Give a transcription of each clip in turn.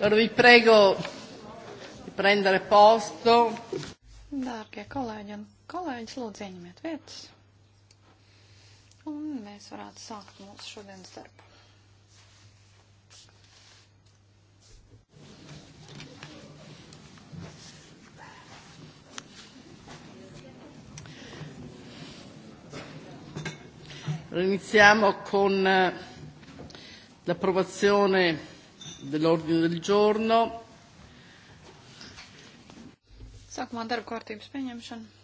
Allora vi prego di prendere posto. Dārgie kolēģi un kolēģis, lūdzu ieņemiet vietas. Un mēs varētu sākt mūsu šodienas darbu. Iniziamo con eh, l'approvazione dell'ordine del giorno. Sākumā darba kārtības pieņemšana.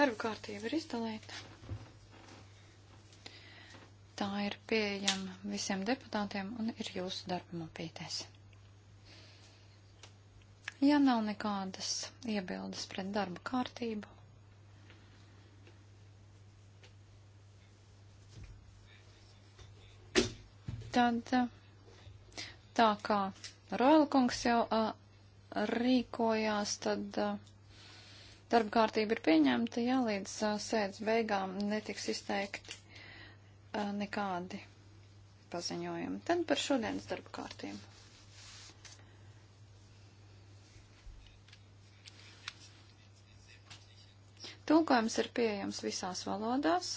Darba kārtība ir izdalīta. Tā ir pieejama visiem deputātiem un ir jūsu darba mapītēs. Ja nav nekādas iebildes pret darba kārtību, Tad eh, tā kā Roela kungs jau uh, rīkojās, tad uh, darba kārtība ir pieņemta, ja līdz uh, sēdes beigām netiks izteikti uh, nekādi paziņojumi. Tad par šodienas darba kārtību. Tūkojums ir pieejams visās valodās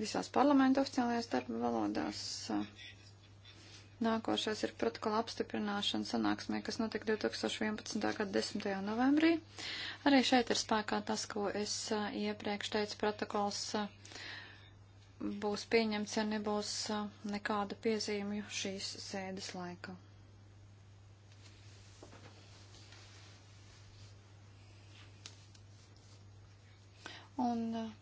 visās parlamenta oficiālajās darba valodās. Nākošais ir protokola apstiprināšana sanāksmē, kas notika 2011. gada 10. novembrī. Arī šeit ir spēkā tas, ko es iepriekš teicu, protokols būs pieņemts, ja nebūs nekādu piezīmju šīs sēdes laika. Un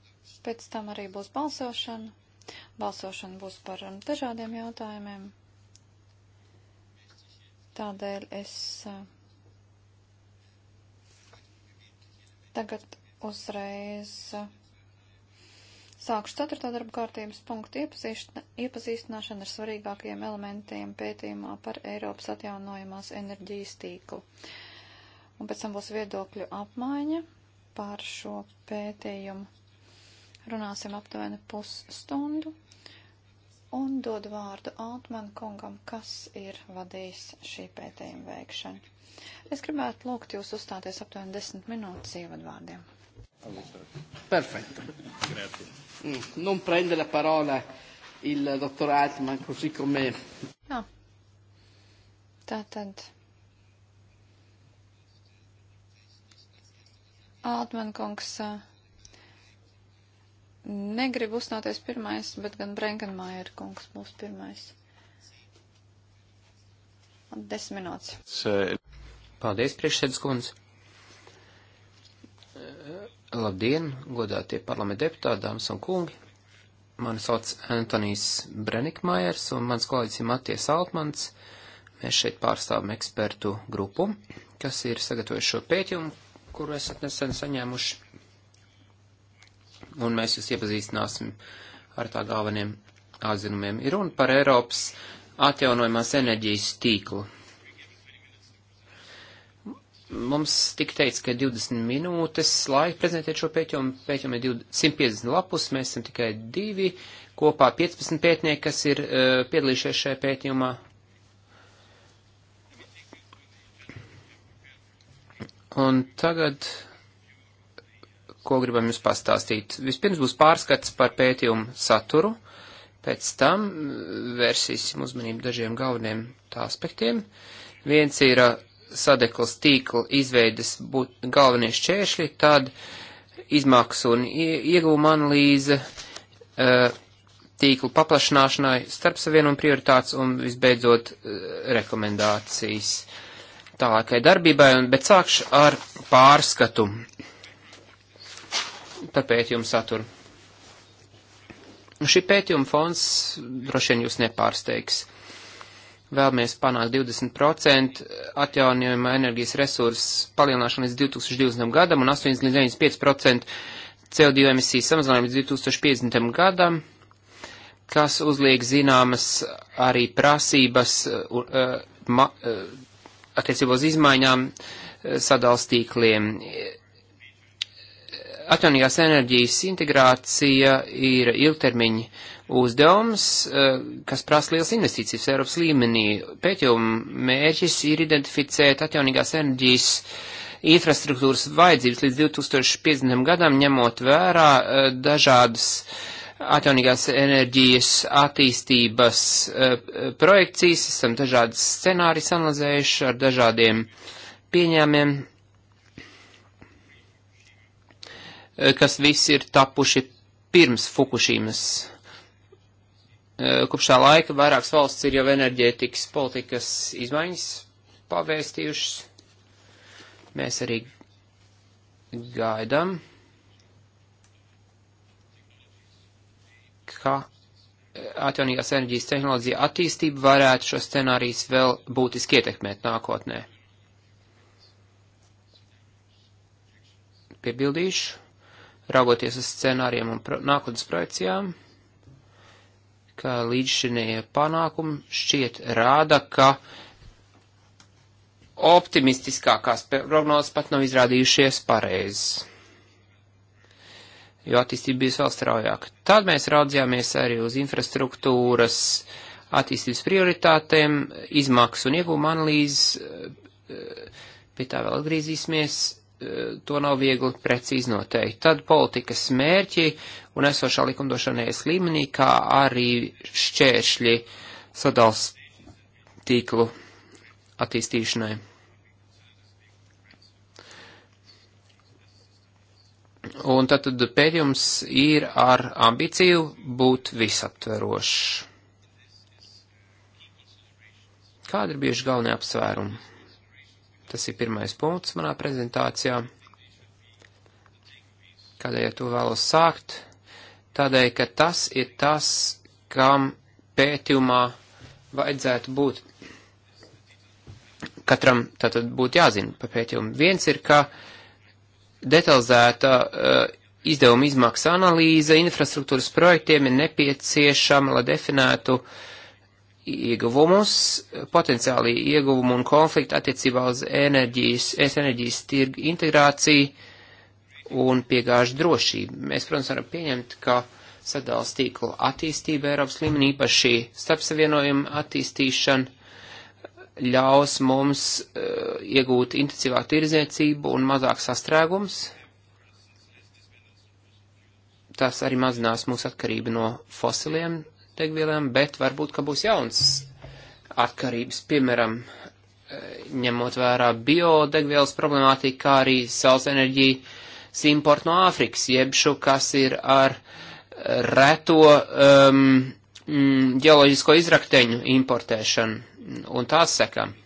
Pēc tam arī būs balsošana. Balsošana būs par um, dažādiem jautājumiem. Tādēļ es uh, tagad uzreiz uh, sākšu ceturtā darba kārtības punktu iepazīstināšanu ar svarīgākajiem elementiem pētījumā par Eiropas atjaunojamās enerģijas tīklu. Un pēc tam būs viedokļu apmaiņa par šo pētījumu Runāsim aptuveni pusstundu un dod vārdu Altmanu kungam, kas ir vadījis šī pētījuma veikšanu. Es gribētu lūgt jūs uzstāties aptuveni desmit minūtes ievadvārdiem. Perfetto. Grazie. Mm, non prende la parola il dottor Altman così come... Jā. Tātad. Altman kungs. Uh, negribu uzstāties pirmais, bet gan Brenkenmaier kungs būs pirmais. Desmit minūtes. Paldies, priekšsēdus kundze. Eh, labdien, godātie parlamenta deputāti, dāmas un kungi. Mani sauc Antonijs Brenikmajers un mans kolēģis ir Matties Altmans. Mēs šeit pārstāvam ekspertu grupu, kas ir sagatavojuši šo pētījumu, kuru esat nesen saņēmuši un mēs jūs iepazīstināsim ar tā galveniem atzinumiem. Ir runa par Eiropas atjaunojumās enerģijas tīklu. Mums tik teica, ka 20 minūtes laika prezentēt šo pētījumu, pētījumu ir 150 lapus, mēs esam tikai divi, kopā 15 pētnieki, kas ir uh, piedalījušies šajā pētījumā. Un tagad ko gribam jums pastāstīt. Vispirms būs pārskats par pētījumu saturu, pēc tam mm, versīsim uzmanību dažiem galveniem tā aspektiem. Viens ir sadeklas tīkla izveidas būt galvenie šķēršļi, tad izmaksu un ieguvuma analīze, tīklu paplašināšanai, starpsavienuma prioritātes un visbeidzot rekomendācijas tālākai darbībai, un, bet sākšu ar pārskatu par pētījumu saturu. Šī pētījuma fonds droši vien jūs nepārsteigs. Vēlamies panākt 20% atjaunojuma enerģijas resursu palielināšanu līdz 2020. gadam un 8,95% CO2 emisiju samazinājumu līdz 2050. gadam, kas uzliek zināmas arī prasības uh, ma, uh, attiecībā uz izmaiņām e, sadalstīkliem. Uh, atjaunīgās enerģijas integrācija ir ilgtermiņa uzdevums, e, kas prasa liels investīcijas Eiropas līmenī. Pētījuma mērķis ir identificēt atjaunīgās enerģijas infrastruktūras vajadzības līdz 2050. gadam, ņemot vērā e, dažādas atjaunīgās enerģijas attīstības e, projekcijas. Esam dažādas scenārijas analizējuši ar dažādiem pieņēmiem Eh, kas visi ir tapuši pirms Fukušīmas. Eh, kopš tā laika vairākas valsts ir jau enerģētikas politikas izmaiņas pavēstījušas. Mēs arī gaidām, ka eh, atjaunīgās enerģijas tehnoloģija attīstība varētu šo scenārijas vēl būtiski ietekmēt nākotnē. Piebildīšu raugoties uz scenāriem un pro nākotnes projekcijām, ka līdzšinie panākumi šķiet rāda, ka optimistiskākās prognozes pat nav izrādījušies pareizes, jo attīstība bija vēl straujāka. Tad mēs raudzījāmies arī uz infrastruktūras attīstības prioritātēm, izmaksu un iegūmu analīzes, eh, pie tā vēl atgriezīsimies, E, to nav viegli precīzi noteikt. Tad politikas mērķi un esošā likumdošanais līmenī, kā arī šķēršļi sadals tīklu attīstīšanai. Un tad, tad pēdījums ir ar ambīciju būt visaptverošs. Kāda ir bieži galvenā apsvēruma? Tas ir pirmais punkts manā prezentācijā. Kādēļ ja to vēlos sākt? Tādēļ, ka tas ir tas, kam pētījumā vajadzētu būt. Katram tātad būtu jāzina par pētījumu. Viens ir, ka detalizēta uh, izdevuma izmaksa analīze infrastruktūras projektiem ir nepieciešama, lai definētu uh, ieguvumus, potenciāli ieguvumu un konfliktu attiecībā uz enerģijas, es enerģijas tirgu integrāciju un piegāžu drošību. Mēs, protams, varam pieņemt, ka sadals tīkla attīstība Eiropas līmenī, īpaši starpsavienojuma attīstīšana, ļaus mums uh, iegūt intensīvāku tirzniecību un mazāk sastrēgums. Tas arī mazinās mūsu atkarību no fosiliem degvielām, bet varbūt, ka būs jauns atkarības, piemēram, e, ņemot vērā biodegvielas problemātiku, kā arī saules enerģijas importu no Āfrikas, jeb šo, kas ir ar reto um, mm, ģeoloģisko izrakteņu importēšanu un tās sekām.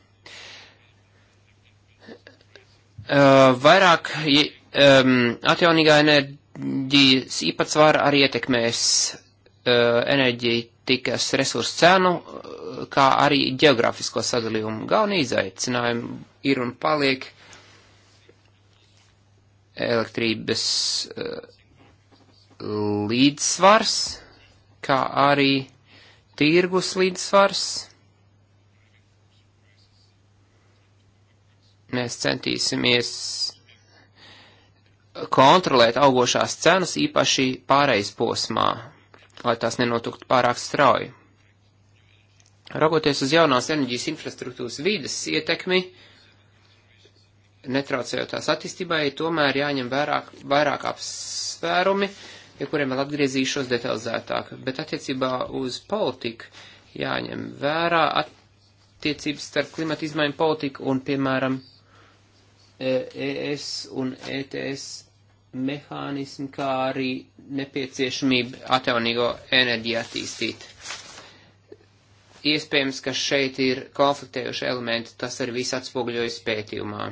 Uh, vairāk um, atjaunīgā enerģijas īpatsvara arī ietekmēs Eh, enerģētikas resursu cenu, eh, kā arī geogrāfisko sadalījumu. Galvenie izaicinājumi ir un paliek elektrības eh, līdzsvars, kā arī tirgus līdzsvars. Mēs centīsimies kontrolēt augošās cenas, īpaši pārejas posmā, lai tās nenotuktu pārāk strauji. Raugoties uz jaunās enerģijas infrastruktūras vīdes ietekmi, netraucējot tās attīstībai, tomēr jāņem vairāk, vairāk apsvērumi, pie kuriem vēl atgriezīšos detalizētāk. Bet attiecībā uz politiku jāņem vērā attiecības starp klimata izmaiņu politiku un, piemēram, ES e un ETS mehānismi, kā arī nepieciešamību atjaunīgo enerģiju attīstīt. Iespējams, ka šeit ir konfliktējuši elementi, tas arī viss atspoguļojas pētījumā.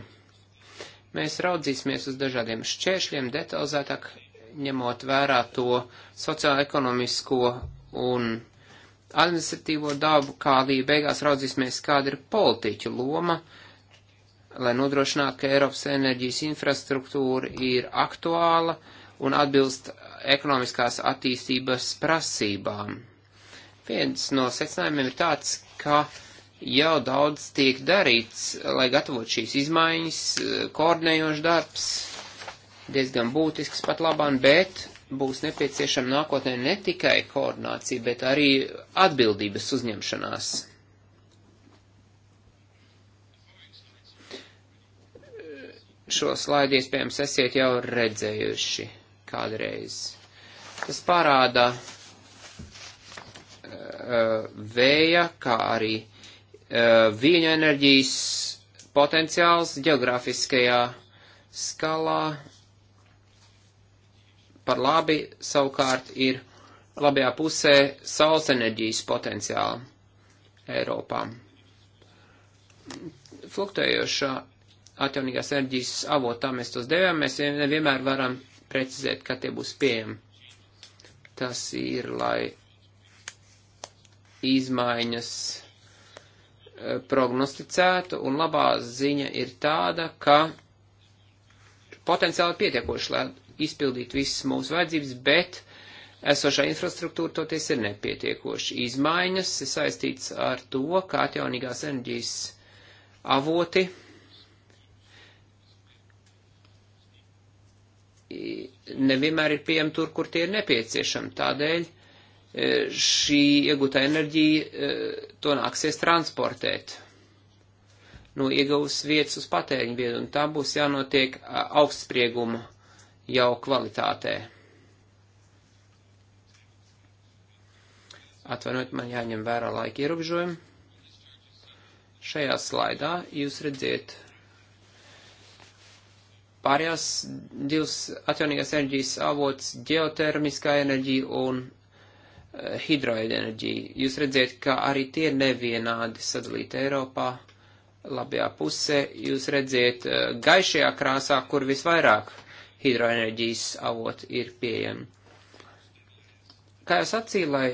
Mēs raudzīsimies uz dažādiem šķēršļiem detalizētāk, ņemot vērā to sociālo-ekonomisko un administratīvo dabu, kā arī beigās raudzīsimies, kāda ir politiķu loma, lai nodrošinātu, ka Eiropas enerģijas infrastruktūra ir aktuāla un atbilst ekonomiskās attīstības prasībām. Viens no secinājumiem ir tāds, ka jau daudz tiek darīts, lai gatavot šīs izmaiņas, koordinējošs darbs, diezgan būtisks pat labāk, bet būs nepieciešama nākotnē ne tikai koordinācija, bet arī atbildības uzņemšanās. Šo slaidu iespējams esiet jau redzējuši kādreiz. Tas parāda uh, vēja, kā arī uh, viņa enerģijas potenciāls geogrāfiskajā skalā par labi savukārt ir labajā pusē saules enerģijas potenciāla Eiropā. Fluktējošā atjaunīgās enerģijas avotā mēs tos devām, mēs vienmēr varam precizēt, kad tie būs pieejami. Tas ir, lai izmaiņas e, prognosticētu, un labā ziņa ir tāda, ka potenciāli pietiekoši, lai izpildītu visas mūsu vajadzības, bet esošā infrastruktūra toties ir nepietiekoši. Izmaiņas ir saistīts ar to, ka atjaunīgās enerģijas avoti nevienmēr ir pieejami tur, kur tie ir nepieciešami. Tādēļ e, šī iegūtā enerģija e, to nāksies transportēt no ieguvas vietas uz patēriņu vietu, un tā būs jānotiek augstsprieguma jau kvalitātē. Atvainojiet, man jāņem vērā laika ierobežojumi. Šajā slaidā jūs redziet Pārējās divas atjaunīgās enerģijas avots - ģeotermiskā enerģija un eh, hidroenerģija. Jūs redzēt, ka arī tie nevienādi sadalīti Eiropā. Labajā pusē jūs redzēt eh, gaišajā krāsā, kur visvairāk hidroenerģijas avoti ir pieejami. Kā jau sacīju, lai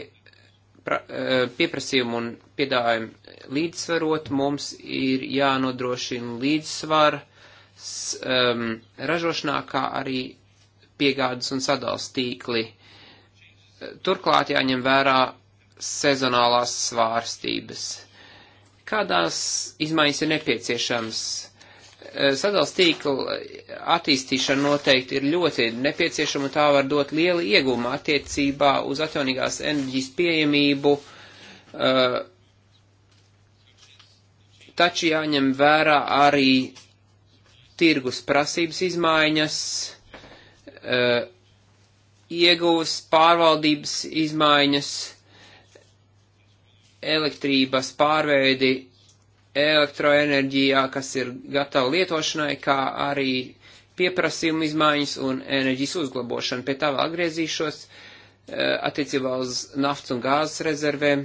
pra, eh, pieprasījumu un piedāvājumu līdzsvarot, mums ir jānodrošina līdzsvara s, um, ražošanā, kā arī piegādes un sadals tīkli. Turklāt jāņem vērā sezonālās svārstības. Kādās izmaiņas ir nepieciešams? Eh, sadals tīkla attīstīšana noteikti ir ļoti nepieciešama un tā var dot lielu iegūmu attiecībā uz atjaunīgās enerģijas pieejamību, eh, taču jāņem vērā arī tirgus prasības izmaiņas, eh, ieguvas pārvaldības izmaiņas, elektrības pārveidi elektroenerģijā, kas ir gatava lietošanai, kā arī pieprasījuma izmaiņas un enerģijas uzglabošana. Pie tā vēl atgriezīšos eh, attiecībā uz naftas un gāzes rezervēm,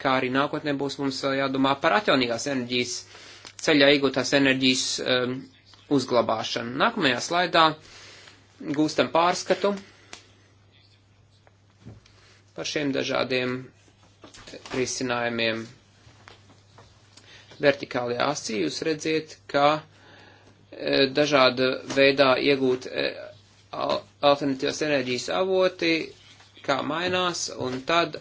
kā arī nākotnē būs mums vēl jādomā par atjaunīgās enerģijas ceļā iegūtās enerģijas um, uzglabāšanu. Nākamajā slaidā gūstam pārskatu par šiem dažādiem risinājumiem. Vertikālajā asī jūs redziet, ka e, dažāda veidā iegūt e, alternatīvas enerģijas avoti, kā mainās, un tad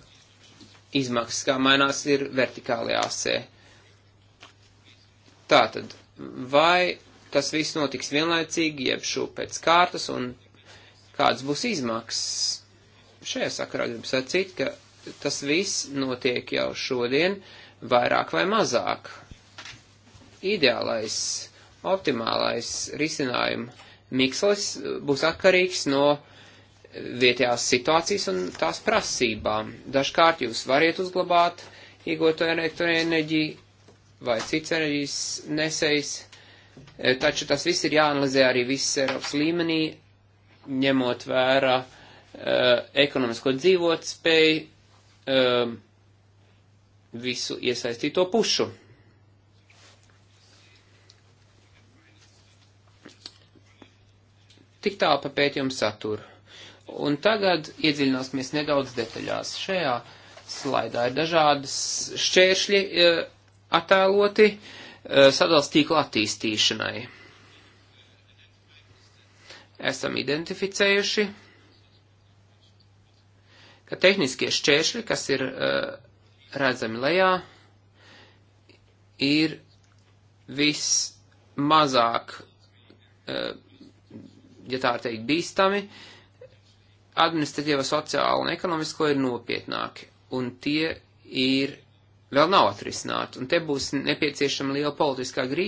izmaksas, kā mainās, ir vertikālajā asē. Tātad, vai tas viss notiks vienlaicīgi, jeb šo pēc kārtas, un kādas būs izmaksas. Šajā sakarā gribu sacīt, ka tas viss notiek jau šodien, vairāk vai mazāk. Ideālais, optimālais risinājuma mikslis būs atkarīgs no vietējās situācijas un tās prasībām. Dažkārt jūs variet uzglabāt iegūto elektroenerģiju vai cits enerģijas nesējs E, taču tas viss ir jāanalizē arī viss Eiropas līmenī, ņemot vērā uh, ekonomisko dzīvotspēju uh, visu iesaistīto pušu. Tik tālu pa pētījumu saturu. Un tagad iedziļināsimies nedaudz detaļās. Šajā slaidā ir dažādas šķēršļi uh, attēloti. Uh, Eh, sadalstīklu attīstīšanai. Esam identificējuši, ka tehniskie šķēršļi, kas ir eh, redzami lejā, ir vismazāk, eh, ja tā teikt, bīstami, administratīvo, sociālo un ekonomisko ir nopietnāki, un tie ir vēl nav atrisināta. Un te būs nepieciešama liela politiskā grī,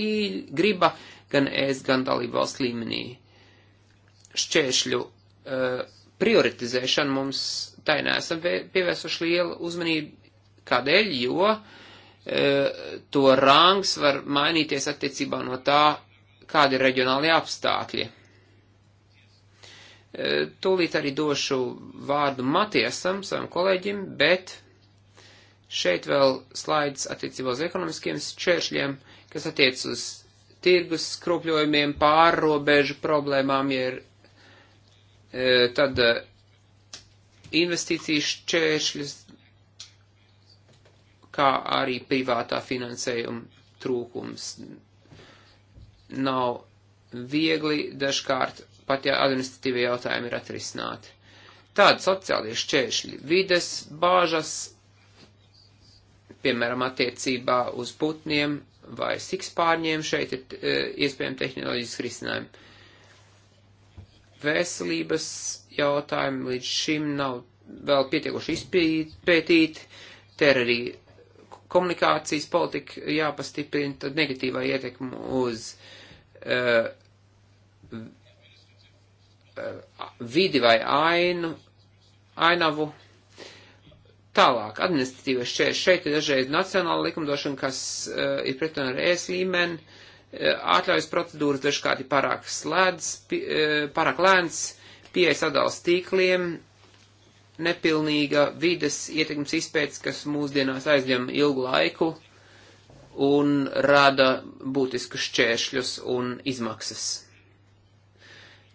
griba gan es, gan dalību valsts līmenī. Šķēršļu uh, prioritizēšana mums tai nesam pievērsuši lielu uzmanību. Kādēļ? Jo uh, to rangs var mainīties attiecībā no tā, kādi ir reģionālie apstākļi. Uh, tūlīt arī došu vārdu Matiesam, savam kolēģim, bet Šeit vēl slaids attiecībā uz ekonomiskiem šķēršļiem, kas attiec uz tirgus skrupļojumiem, pārrobežu problēmām, ja ir e, tad e, investīciju šķēršļus, kā arī privātā finansējuma trūkums. Nav viegli dažkārt pat ja administratīvie jautājumi ir atrisināti. Tādi sociālie šķēršļi, vides, bāžas, piemēram, attiecībā uz putniem vai sikspārņiem šeit ir e, iespējami tehnoloģiski risinājumi. Veselības jautājumi līdz šim nav vēl pietiekuši izpētīti, te ir arī komunikācijas politika jāpastiprina, tad negatīvā ietekma uz uh, vidi vai ainu, ainavu. Uh, Tālāk, administratīvas šķērs. Šeit ir dažreiz nacionāla likumdošana, kas uh, ir pretrunā ar ES līmeni, uh, atļaujas procedūras dažkārt ir pārāk slēdz, pi, uh, pārāk lēns, pieeja sadals tīkliem, nepilnīga vides ietekmes izpētes, kas mūsdienās aizņem ilgu laiku un rada būtiskus šķēršļus un izmaksas.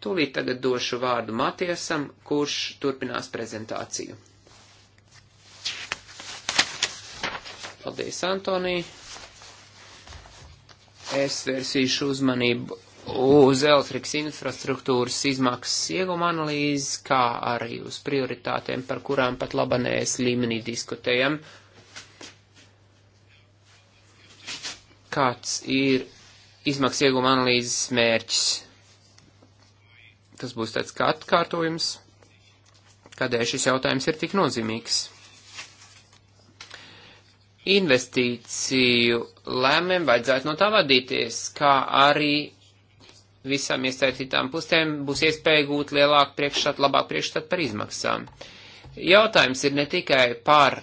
Tūlīt tagad došu vārdu Matiesam, kurš turpinās prezentāciju. Paldies, Antonī. Es vērsīšu uzmanību uz elektrikas infrastruktūras izmaksas ieguma analīzi, kā arī uz prioritātēm, par kurām pat labanēs līmenī diskutējam. Kāds ir izmaksas ieguma analīzes mērķis? Tas būs tāds kā atkārtojums. Kādēļ šis jautājums ir tik nozīmīgs? investīciju lēmēm vajadzētu no tā vadīties, kā arī visām iesaistītām pusēm būs iespēja gūt lielāku priekšstatu, labāku priekšstatu par izmaksām. Jautājums ir ne tikai par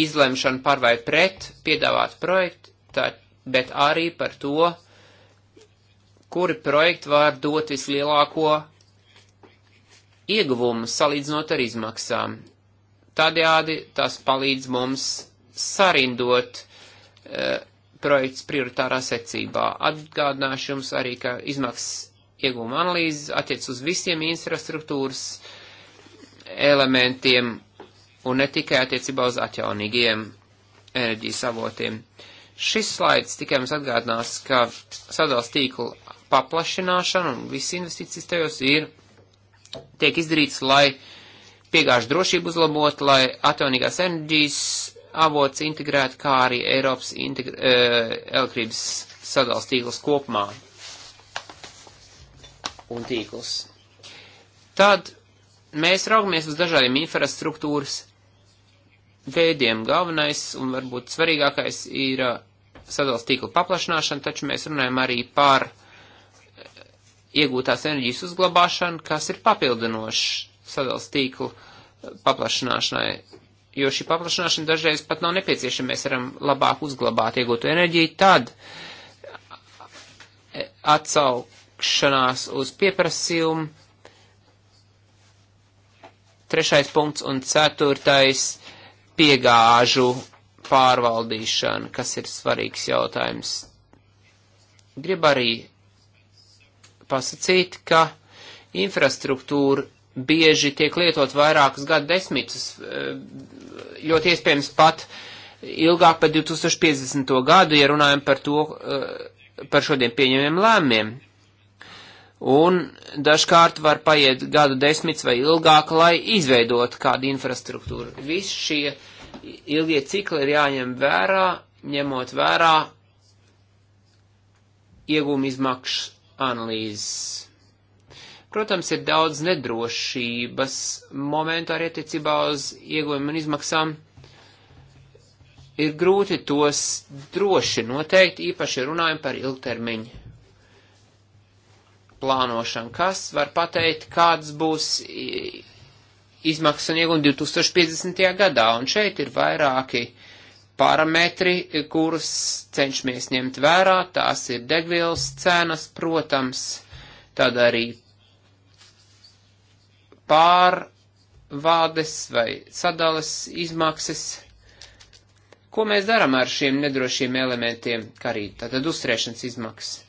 izlemšanu par vai pret piedāvāt projektu, tā, bet arī par to, kuri projekti var dot vislielāko ieguvumu salīdzinot ar izmaksām. Tādējādi tas palīdz mums sarindot e, projekts prioritārā secībā. Atgādināšu jums arī, ka izmaksas iegūma analīzes attiec uz visiem infrastruktūras elementiem un ne tikai attiecībā uz atjaunīgiem enerģijas avotiem. Šis slaids tikai mums atgādinās, ka sadals tīklu paplašināšana un visas investīcijas tajos ir tiek izdarīts, lai uh, piegāžu drošību uzlabot, lai atjaunīgās enerģijas avots integrētu, kā arī Eiropas integra, uh, elektrības sadals tīkls kopumā un tīkls. Tad mēs raugamies uz dažādiem infrastruktūras veidiem. Galvenais un varbūt svarīgākais ir uh, e, sadals tīkla paplašināšana, taču mēs runājam arī par e, iegūtās enerģijas uzglabāšanu, kas ir papildinošs sadals tīklu paplašināšanai. Jo šī paplašināšana dažreiz pat nav nepieciešama. Mēs varam labāk uzglabāt iegūtu enerģiju. Tad atsaukšanās uz pieprasījumu. Trešais punkts un ceturtais piegāžu pārvaldīšana, kas ir svarīgs jautājums. Grib arī pasakīt, ka infrastruktūra bieži tiek lietot vairākus gadu desmitus, eh, ļoti iespējams pat ilgāk par 2050. gadu, ja runājam par to, eh, par šodien pieņemiem lēmiem. Un dažkārt var paiet gadu desmits vai ilgāk, lai izveidot kādu infrastruktūru. Visi šie ilgie cikli ir jāņem vērā, ņemot vērā iegūmu izmakšu analīzes Protams, ir daudz nedrošības momentu arī attiecībā uz ieguvumiem un izmaksām. Ir grūti tos droši noteikt, īpaši runājam par ilgtermiņu plānošanu. Kas var pateikt, kāds būs izmaksas un ieguvumi 2050. gadā? Un šeit ir vairāki parametri, kurus cenšamies ņemt vērā. Tās ir degvielas cenas, protams, tad arī pārvādes vai sadales izmaksas. Ko mēs darām ar šiem nedrošiem elementiem, kā arī tātad uzturēšanas izmaksas?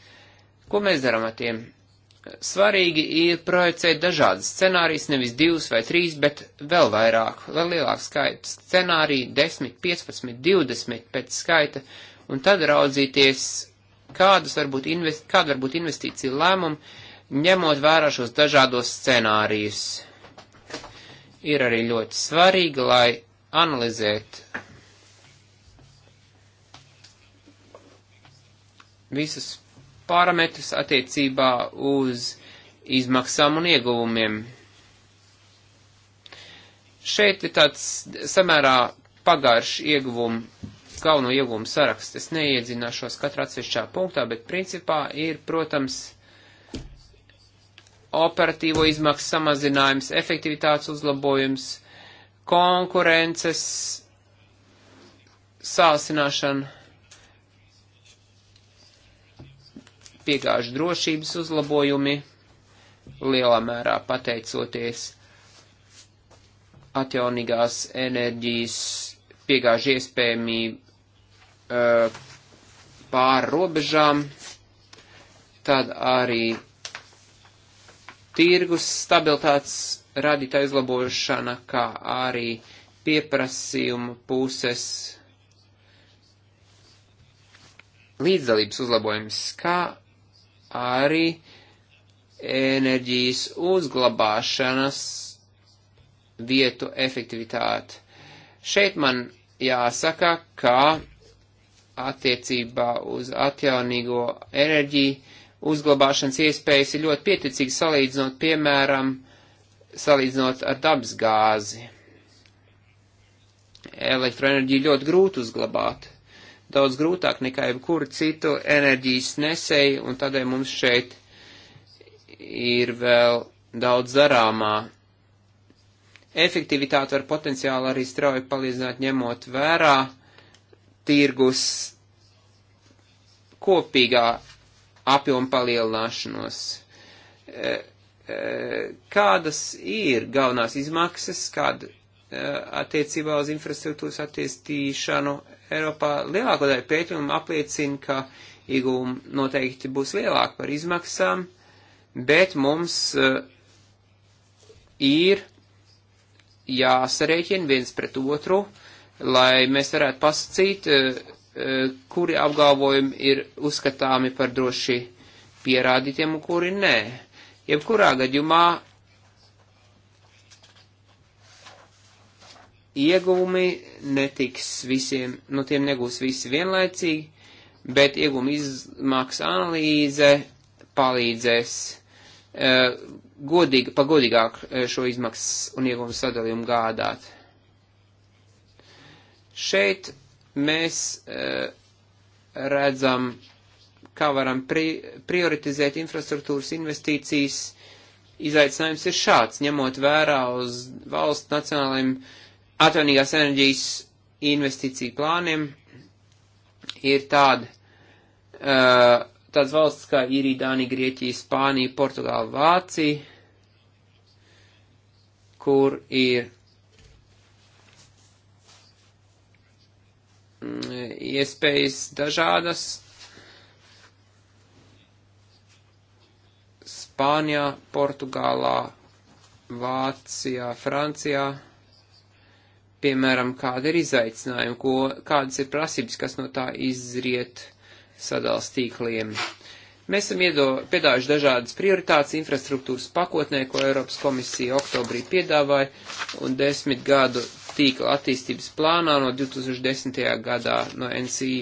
Ko mēs darām ar tiem? Svarīgi ir projicēt dažādas scenārijas, nevis divas vai trīs, bet vēl vairāk, vēl lielāku skaitu scenāriju, 10, 15, 20 pēc skaita, un tad raudzīties, kādas varbūt, invest, kāda varbūt investīcija lēmumi, ņemot vērā šos dažādos scenārijus ir arī ļoti svarīga, lai analizētu visus parametrus attiecībā uz izmaksām un ieguvumiem. Šeit ir tāds samērā pagāršs ieguvumu, galveno ieguvumu saraksts. Es neiedzināšos katrā atsevišķā punktā, bet principā ir, protams, operatīvo izmaksu samazinājums, efektivitātes uzlabojums, konkurences sāsināšana, piegāžu drošības uzlabojumi, lielā mērā pateicoties atjaunīgās enerģijas piegāžu iespējamību pār robežām, tad arī tirgus stabilitātes radīta izlabošana, kā arī pieprasījuma puses līdzdalības uzlabojums, kā arī enerģijas uzglabāšanas vietu efektivitāti. Šeit man jāsaka, ka attiecībā uz atjaunīgo enerģiju uzglabāšanas iespējas ir ļoti pieticīgi salīdzinot, piemēram, salīdzinot ar dabas gāzi. Elektroenerģiju ļoti grūti uzglabāt, daudz grūtāk nekā jebkuru citu enerģijas nesēju, un tādēļ mums šeit ir vēl daudz darāmā. Efektivitāti var potenciāli arī strauji palīdzināt ņemot vērā tirgus kopīgā apjomu palielināšanos. E, e, kādas ir galvenās izmaksas, kāda e, attiecībā uz infrastruktūras attīstīšanu Eiropā? Lielāko daļu pētījumu apliecina, ka iegūmi noteikti būs lielāki par izmaksām, bet mums ir jāsarēķina viens pret otru, lai mēs varētu pasacīt, Eh, kuri apgalvojumi ir uzskatāmi par droši pierādītiem un kuri nē. Jebkurā gadījumā ieguvumi netiks visiem, no tiem negūs visi vienlaicīgi, bet ieguvuma izmaksa analīze palīdzēs e, eh, godīgi, pagodīgāk eh, šo izmaksas un ieguvumu sadalījumu gādāt. Šeit mēs e, redzam, kā varam pri prioritizēt infrastruktūras investīcijas. Izaicinājums ir šāds, ņemot vērā uz valsts nacionālajiem atjaunīgās enerģijas investīciju plāniem, ir tāda, e, tāds valsts kā Irija, Dānija, Grieķija, Spānija, Portugāla, Vācija, kur ir iespējas dažādas. Spānijā, Portugālā, Vācijā, Francijā. Piemēram, kāda ir izaicinājuma, ko, kādas ir prasības, kas no tā izriet sadals tīkliem. Mēs esam piedāvājuši dažādas prioritātes infrastruktūras pakotnē, ko Eiropas komisija oktobrī piedāvāja, un desmit gadu tīkla attīstības plānā no 2010. gadā no NCI.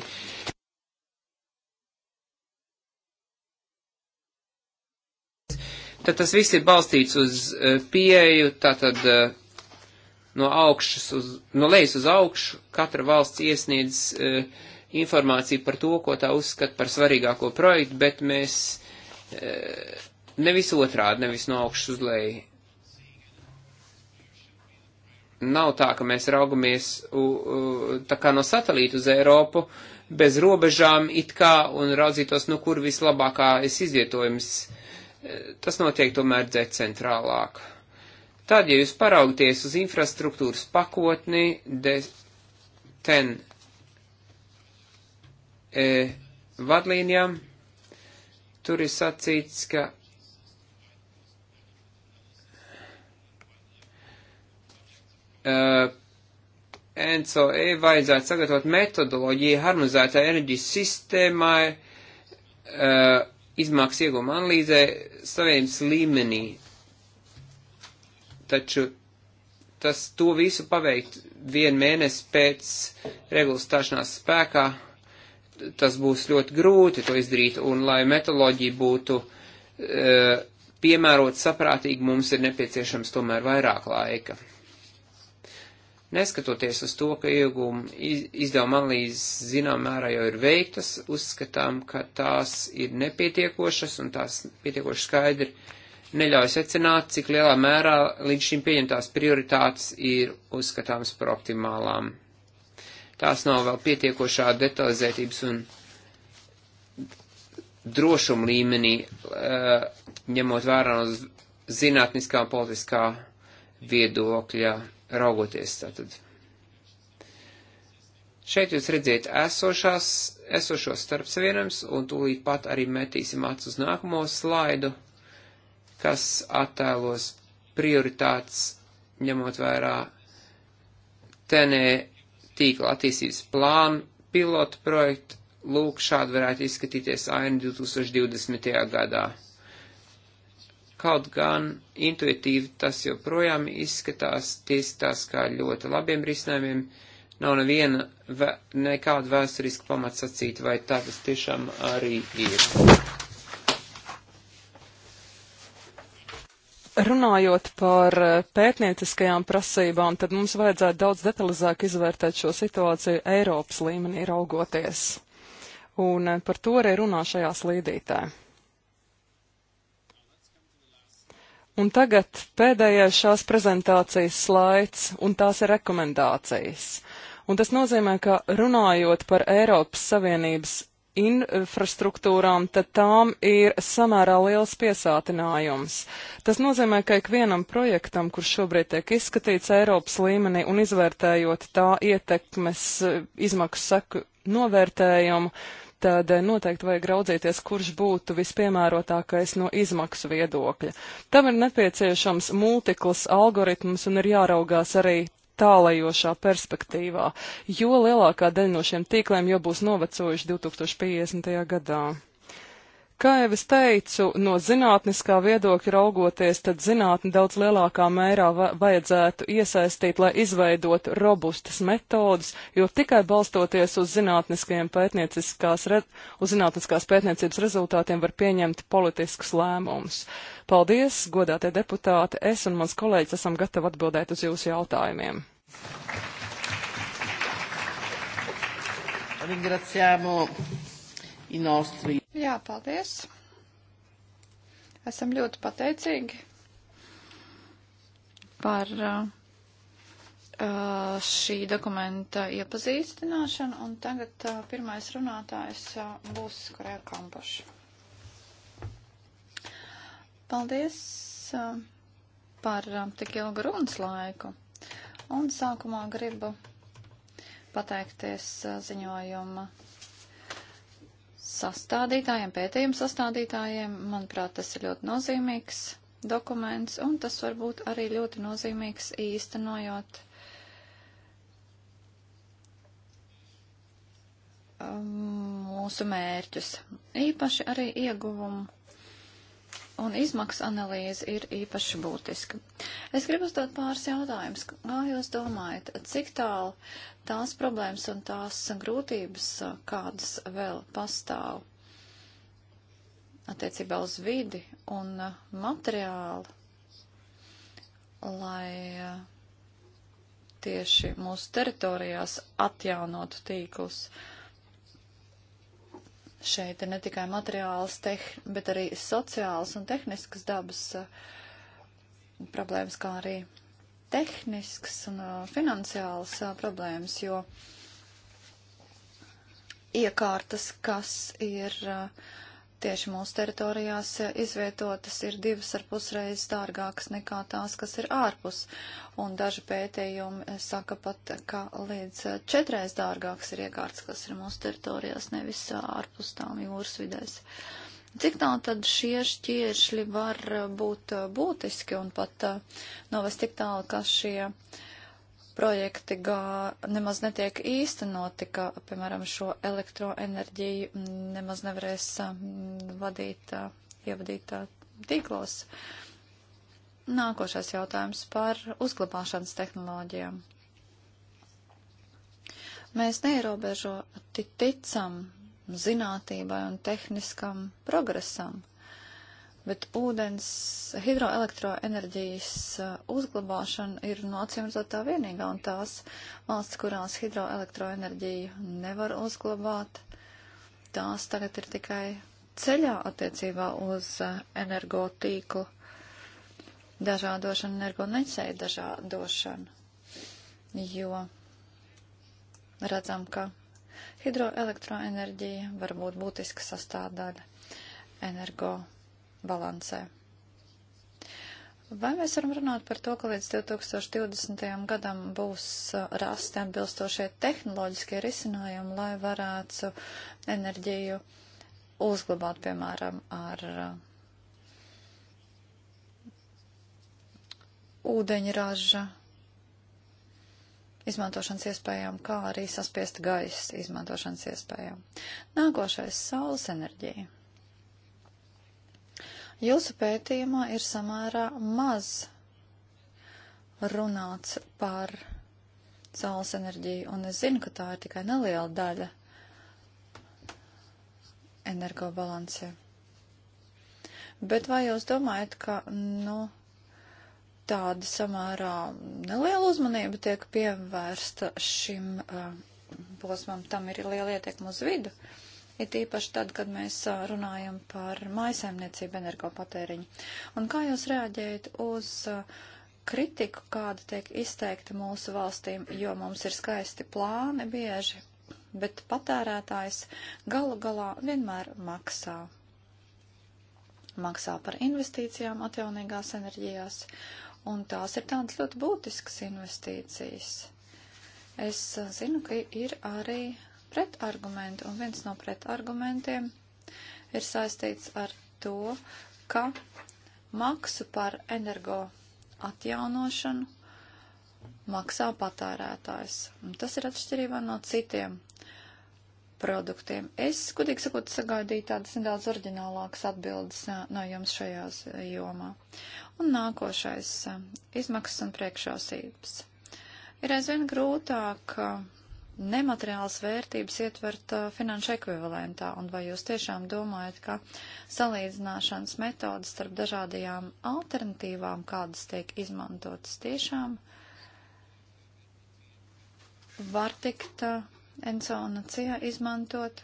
Tad tas viss ir balstīts uz eh, pieeju, tātad eh, no augšas uz, no lejas uz augšu katra valsts iesniedz eh, informāciju par to, ko tā uzskata par svarīgāko projektu, bet mēs nevis otrādi, nevis no augšas uz leju Nav tā, ka mēs raugamies u, u, tā kā no satelīta uz Eiropu bez robežām it kā un raudzītos, nu kur vislabākais izvietojums. E, tas notiek tomēr decentrālāk. Tad, ja jūs paraugties uz infrastruktūras pakotni, de, ten e, vadlīnijām, tur ir sacīts, ka uh, eh, NCOE vajadzētu sagatavot metodoloģiju harmonizētā enerģijas sistēmai, uh, izmaksu ieguma analīzē savienības līmenī. Taču tas to visu paveikt vienu mēnesi pēc regulas stāšanās spēkā, tas būs ļoti grūti to izdarīt, un lai metodoloģija būtu e, piemērot saprātīgi, mums ir nepieciešams tomēr vairāk laika. Neskatoties uz to, ka iegūma izdevuma analīzes zinām mērā jau ir veiktas, uzskatām, ka tās ir nepietiekošas un tās pietiekoši skaidri neļauj secināt, cik lielā mērā līdz šim pieņemtās prioritātes ir uzskatāmas par optimālām. Tās nav vēl pietiekošā detalizētības un drošuma līmenī, eh, ņemot vērā no zinātniskā un politiskā viedokļa raugoties. Tātad. Šeit jūs redziet esošās, esošos starpsavienojums, un tūlīt pat arī metīsim acu uz nākamo slaidu, kas attēlos prioritātes, ņemot vērā tenē tīkla attīstības plānu, pilotu projektu, lūk, šādi varētu izskatīties aina 2020. gadā. Kaut gan intuitīvi tas joprojām izskatās tiesitās kā ļoti labiem risinājumiem, nav neviena, vē, nekāda vēsturiska pamats sacīt, vai tā tas tiešām arī ir. Runājot par eh, pētnieciskajām prasībām, tad mums vajadzētu daudz detalizāk izvērtēt šo situāciju Eiropas līmenī raugoties. Un eh, par to arī runā šajā slīdītē. Un tagad pēdējais šās prezentācijas slaids, un tās ir rekomendācijas. Un tas nozīmē, ka runājot par Eiropas Savienības infrastruktūrām, tad tām ir samērā liels piesātinājums. Tas nozīmē, ka ikvienam projektam, kurš šobrīd tiek izskatīts Eiropas līmenī un izvērtējot tā ietekmes izmaksu seku novērtējumu, tad eh, noteikti vajag raudzīties, kurš būtu vispiemērotākais no izmaksu viedokļa. Tam ir nepieciešams multikls algoritms un ir jāraugās arī tālajošā perspektīvā, jo lielākā daļa no šiem tīkliem jau būs novecojuši 2050. gadā. Kā jau es teicu, no zinātniskā viedokļa raugoties, tad zinātni daudz lielākā mērā vajadzētu iesaistīt, lai izveidotu robustas metodas, jo tikai balstoties uz zinātniskajiem pētnieciskās, uz zinātniskās pētniecības rezultātiem var pieņemt politiskus lēmumus. Paldies, godātie deputāti, es un mans kolēģis esam gatavi atbildēt uz jūsu jautājumiem. Ringraziamo i nostri. Jā, paldies. Esam ļoti pateicīgi par uh, uh, šī dokumenta iepazīstināšanu, un tagad uh, pirmais runātājs uh, būs Korea Kampaša. Paldies uh, par uh, tik ilgu runas laiku, un sākumā gribu pateikties uh, ziņojuma sastādītājiem, pētījumu sastādītājiem. Manuprāt, tas ir ļoti nozīmīgs dokuments, un tas var būt arī ļoti nozīmīgs īstenojot um, mūsu mērķus, īpaši arī ieguvumu un izmaksu analīze ir īpaši būtiska. Es gribu uzdot pāris jautājumus. Kā jūs domājat, cik tālu tās problēmas un tās grūtības, kādas vēl pastāv attiecībā uz vidi un materiālu, lai tieši mūsu teritorijās atjaunotu tīklus? Uh, Šeit ir ne tikai materiāls, teh, bet arī sociāls un tehnisks dabas eh, problēmas, kā arī tehnisks un eh, finansiāls eh, problēmas, jo iekārtas, kas ir uh, Tieši mūsu teritorijās izvietotas ir divas ar pusreizes dārgākas nekā tās, kas ir ārpus, un daži pētījumi saka pat, ka līdz četreiz dārgāks ir iekārts, kas ir mūsu teritorijās, nevis ārpus tām jūras vidēs. Cik tā tad šie šķiešļi var būt būtiski un pat novest tik tālu, ka šie uh, projekti gā, nemaz netiek īstenoti, ka, piemēram, šo elektroenerģiju nemaz nevarēs um, vadīt, uh, ievadīt uh, tīklos. Nākošais jautājums par uzglabāšanas tehnoloģijām. Mēs neierobežoti ticam zinātībai un tehniskam progresam bet ūdens hidroelektroenerģijas uh, uzglabāšana ir no acīm redzot tā vienīgā, un tās valsts, kurās hidroelektroenerģiju nevar uzglabāt, tās tagad ir tikai ceļā attiecībā uz uh, energotīklu dažādošanu, energonecēju dažādošanu, jo redzam, ka hidroelektroenerģija var būt būtiska sastāvdaļa energo balansē. Vai mēs varam runāt par to, ka līdz 2020. gadam būs uh, rasti atbilstošie tehnoloģiskie risinājumi, lai varētu enerģiju uzglabāt, piemēram, ar uh, ūdeņraža izmantošanas iespējām, kā arī saspiesta gaisa izmantošanas iespējām. Nākošais - saules enerģija. Jūsu pētījumā ir samērā maz runāts par saules enerģiju, un es zinu, ka tā ir tikai neliela daļa energobalansē. Bet vai jūs domājat, ka, nu, tāda samērā neliela uzmanība tiek pievērsta šim uh, posmam, tam ir liela ietekma uz vidu? Uh, it īpaši tad, kad mēs runājam par maisaimniecību energopatēriņu. Un kā jūs reaģējat uz kritiku, kāda tiek izteikta mūsu valstīm, jo mums ir skaisti plāni bieži, bet patērētājs galu galā vienmēr maksā. Maksā par investīcijām atjaunīgās enerģijās, un tās ir tādas ļoti būtiskas investīcijas. Es zinu, ka ir arī pretargumenti, un viens no pretargumentiem ir saistīts ar to, ka maksu par energo atjaunošanu maksā patērētājs. Un tas ir atšķirībā no citiem produktiem. Es, godīgi sakot, sagaidīju tādas nedaudz oriģinālākas atbildes eh, no jums šajās eh, jomā. Un nākošais eh, - izmaksas un priekšrocības. Ir aizvien grūtāk nemateriālas vērtības ietvert uh, finanšu ekvivalentā, un vai jūs tiešām domājat, ka salīdzināšanas metodas starp dažādajām alternatīvām, kādas tiek izmantotas tiešām, var tikt uh, ENSO un CIA izmantot?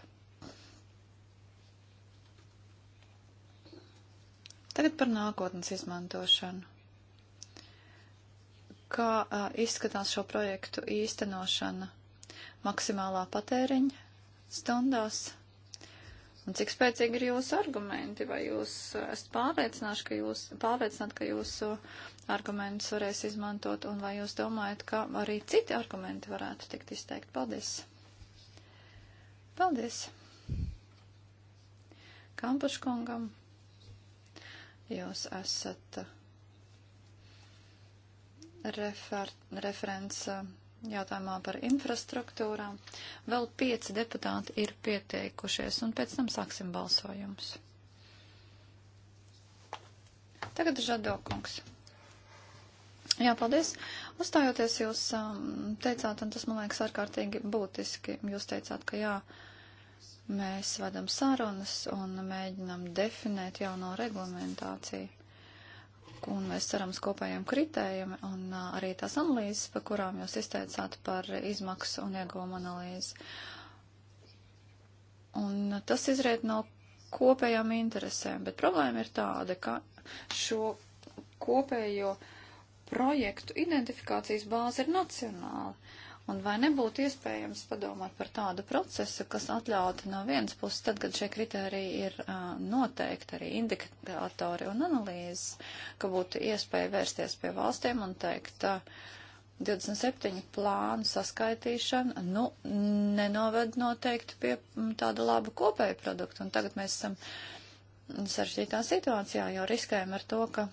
Tagad par nākotnes izmantošanu kā uh, izskatās šo projektu īstenošana maksimālā patēriņa stundās. Un cik spēcīgi ir jūsu argumenti, vai jūs eh, esat pārliecināti, ka, jūs, pārliecināt, ka jūsu argumentus varēs izmantot, un vai jūs domājat, ka arī citi argumenti varētu tikt izteikti? Paldies! Paldies! Kampuškungam, jūs esat eh, refer, referents. Uh, jautājumā par infrastruktūrām. Vēl pieci deputāti ir pieteikušies, un pēc tam sāksim balsojumus. Tagad Žadokungs. Jā, paldies. Uzstājoties jūs um, teicāt, un tas man liekas ārkārtīgi būtiski, jūs teicāt, ka jā, mēs vedam sarunas un mēģinam definēt jauno reglamentāciju un mēs cerams kopējiem kritējiem un arī tās analīzes, par kurām jūs izteicāt par izmaksu un iegūmu analīzi. Un tas izriet no kopējām interesēm, bet problēma ir tāda, ka šo kopējo projektu identifikācijas bāze ir nacionāla. Un vai nebūtu iespējams padomāt par tādu procesu, kas atļautu no vienas puses, tad, kad šie kriteriji ir uh, noteikti, arī indikatori un analīzes, ka būtu iespēja vērsties pie valstiem un teikt, uh, 27 plānu saskaitīšana, nu, nenoved noteikti pie tāda laba kopēja produkta. Un tagad mēs esam sarežģītā situācijā, jo riskējam ar to, ka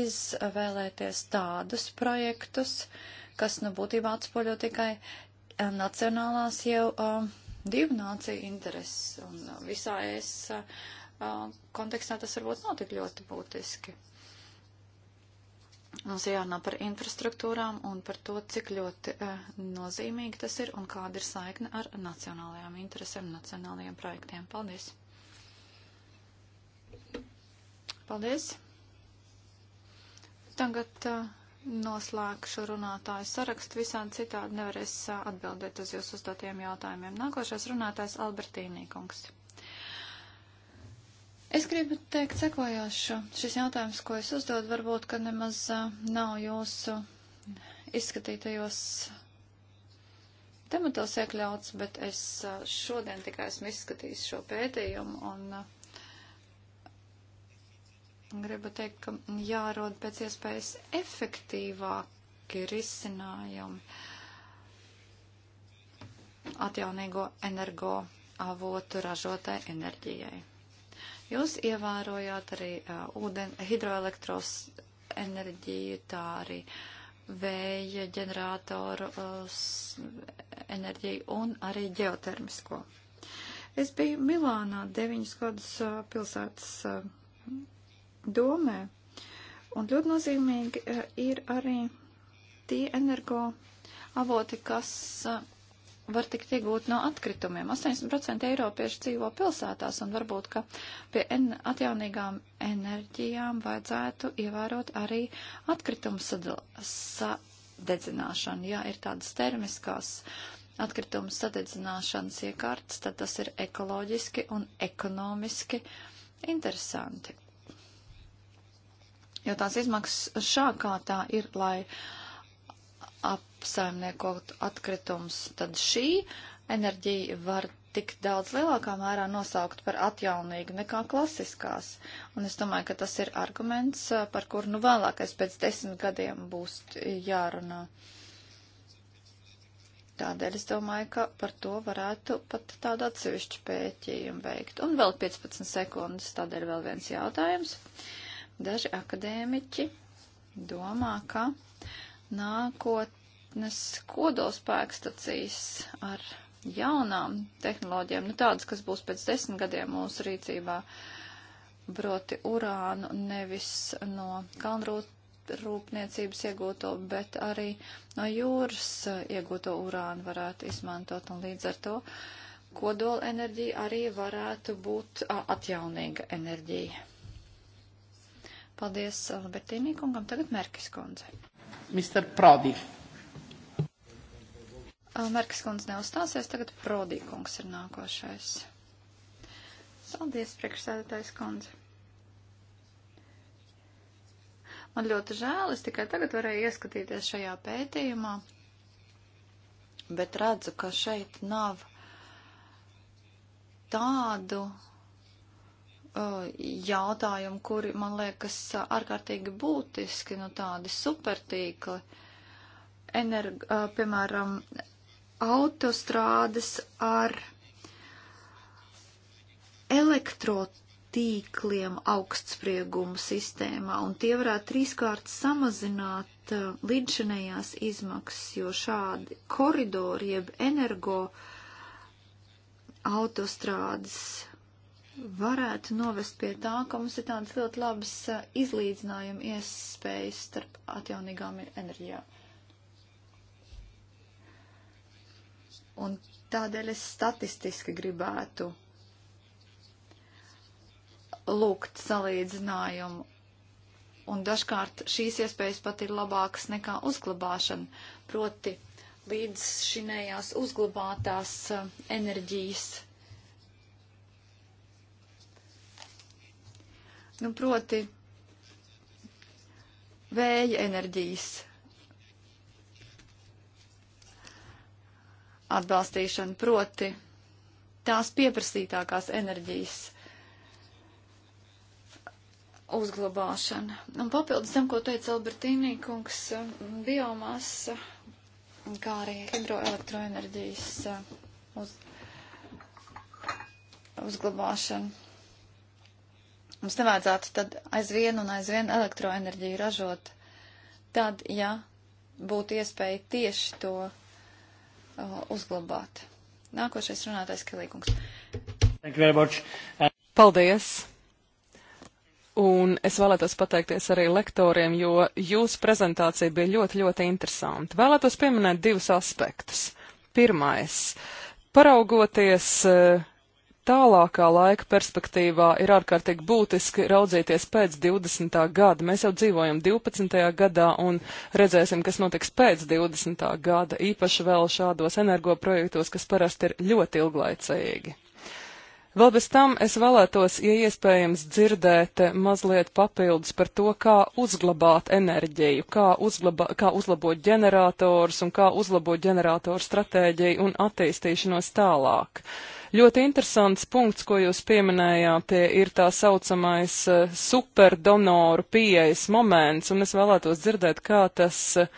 izvēlēties tādus projektus, uh, kas nu būtībā atspoļo tikai eh, nacionālās jau uh, divu nāciju intereses. Un uh, visā es uh, kontekstā tas varbūt nav tik ļoti būtiski. Mums jārunā par infrastruktūrām un par to, cik ļoti uh, nozīmīgi tas ir un kāda ir saikne ar nacionālajām interesēm, nacionālajiem projektiem. Paldies! Paldies! Tagad uh, noslēgšu runātāju sarakstu. Visādi citādi nevarēs atbildēt uz jūsu uzdotiem jautājumiem. Nākošais runātājs Albertīnī kungs. Es gribu teikt sekojošu. Šis jautājums, ko es uzdodu, varbūt, ka nemaz nav jūsu izskatītajos tematos iekļauts, bet es šodien tikai esmu izskatījis šo pētījumu un uh, Gribu teikt, ka jārod pēc iespējas efektīvāki risinājumi atjaunīgo energo avotu ražotai enerģijai. Jūs ievērojāt arī uh, ūden, hidroelektros enerģiju, tā arī vēja ģeneratoru uh, enerģiju un arī ģeotermisko. Es biju Milānā deviņus gadus uh, pilsētas uh, domē. Un ļoti nozīmīgi eh, ir arī tie energo avoti, kas eh, var tikt iegūt no atkritumiem. 80% eiropiešu dzīvo pilsētās, un varbūt, ka pie en atjaunīgām enerģijām vajadzētu ievērot arī atkritumu sadedzināšanu. Ja ir tādas termiskās atkritumu sadedzināšanas iekārtas, tad tas ir ekoloģiski un ekonomiski interesanti jo tās izmaksas šā kā tā ir, lai apsaimniekot atkritums, tad šī enerģija var tik daudz lielākā mērā nosaukt par atjaunīgu nekā klasiskās. Un es domāju, ka tas ir arguments, eh, par kur nu vēlākais pēc desmit gadiem būs jārunā. Tādēļ es domāju, ka par to varētu pat tādu atsevišķu pētījumu veikt. Un vēl 15 sekundes, tādēļ vēl viens jautājums. Uh, Daži akadēmiķi domā, ka nākotnes kodolspēkstacijas ar jaunām tehnoloģijām, nu tādas, kas būs pēc desmit gadiem mūsu rīcībā, proti urānu nevis no kalnrūpniecības iegūto, bet arī no jūras iegūto urānu varētu izmantot un līdz ar to kodola enerģija arī varētu būt atjaunīga enerģija. Paldies Albertīnī kungam. Tagad Merkis kundze. Mr. Prodi. Merkis kundze neuzstāsies, tagad Prodī kungs ir nākošais. Paldies, priekšsēdētājs kundze. Man ļoti žēl, es tikai tagad varēju ieskatīties šajā pētījumā, bet redzu, ka šeit nav tādu Uh, jautājumi, kuri, man liekas, uh, ārkārtīgi būtiski, nu tādi supertīkli. Energ, uh, piemēram, autostrādes ar elektrotīkliem augstsprieguma sistēmā, un tie varētu trīskārt samazināt līdzinējās izmaksas, jo šādi koridori, jeb energo autostrādes varētu novest pie tā, ka mums ir tādas ļoti labas eh, izlīdzinājuma iespējas starp atjaunīgām enerģijām. Un tādēļ es statistiski gribētu lūgt salīdzinājumu. Un dažkārt šīs iespējas pat ir labākas nekā uzglabāšana. Proti, līdz šinējās uzglabātās eh, enerģijas Nu, proti, vēja enerģijas atbalstīšana, proti, tās pieprasītākās enerģijas uzglabāšana. Un papildus tam, ko teica Albertīnī kungs, biomasa, kā arī hidroelektroenerģijas uh, uz, uzglabāšana. Mums nevajadzētu tad aizvien un aizvien elektroenerģiju ražot. Tad, ja būtu iespēja tieši to uh, uzglabāt. Nākošais runātais Kelīgums. Uh, Paldies! Un es vēlētos pateikties arī lektoriem, jo jūsu prezentācija bija ļoti, ļoti interesanta. Vēlētos pieminēt divus aspektus. Pirmais, paraugoties uh, tālākā laika perspektīvā ir ārkārtīgi būtiski raudzīties pēc 20. gada. Mēs jau dzīvojam 12. gadā un redzēsim, kas notiks pēc 20. gada, īpaši vēl šādos energoprojektos, kas parasti ir ļoti ilglaicīgi. Vēl bez tam es vēlētos, ja iespējams, dzirdēt mazliet papildus par to, kā uzglabāt enerģiju, kā, uzglabā, kā uzlabot ģenerators un kā uzlabot ģeneratoru stratēģiju un attīstīšanos tālāk. Uh, Ļoti interesants punkts, ko jūs pieminējāt, ir tā saucamais eh, superdonoru pieejas moments, un es vēlētos dzirdēt, kā tas uh,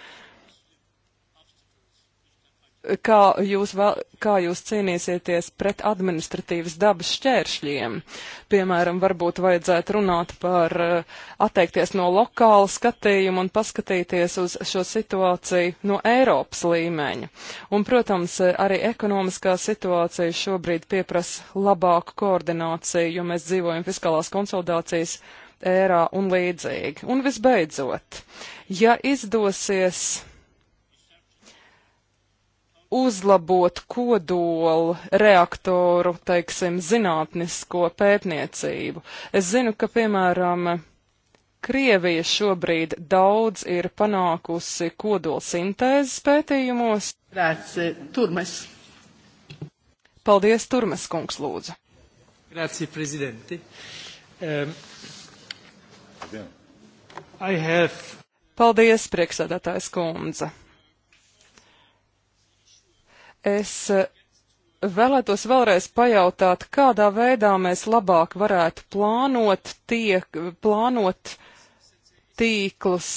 kā jūs, vēl, kā jūs cīnīsieties pret administratīvas dabas šķēršļiem. Piemēram, varbūt vajadzētu runāt par eh, atteikties no lokāla skatījuma un paskatīties uz šo situāciju no Eiropas līmeņa. Un, protams, arī ekonomiskā situācija šobrīd pieprasa labāku koordināciju, jo mēs dzīvojam fiskālās konsolidācijas ērā un līdzīgi. Un visbeidzot, ja izdosies uzlabot kodolu reaktoru, teiksim, zinātnisko pētniecību. Es zinu, ka, piemēram, Krievija šobrīd daudz ir panākusi kodola sintēzes pētījumos. Grāci, turmes. Paldies, Turmes kungs, lūdzu. Grāci, prezidenti. Ehm, um, have... Paldies, priekšsēdētājs kundze. Es eh, vēlētos vēlreiz pajautāt, kādā veidā mēs labāk varētu plānot, tiek, plānot tīklus,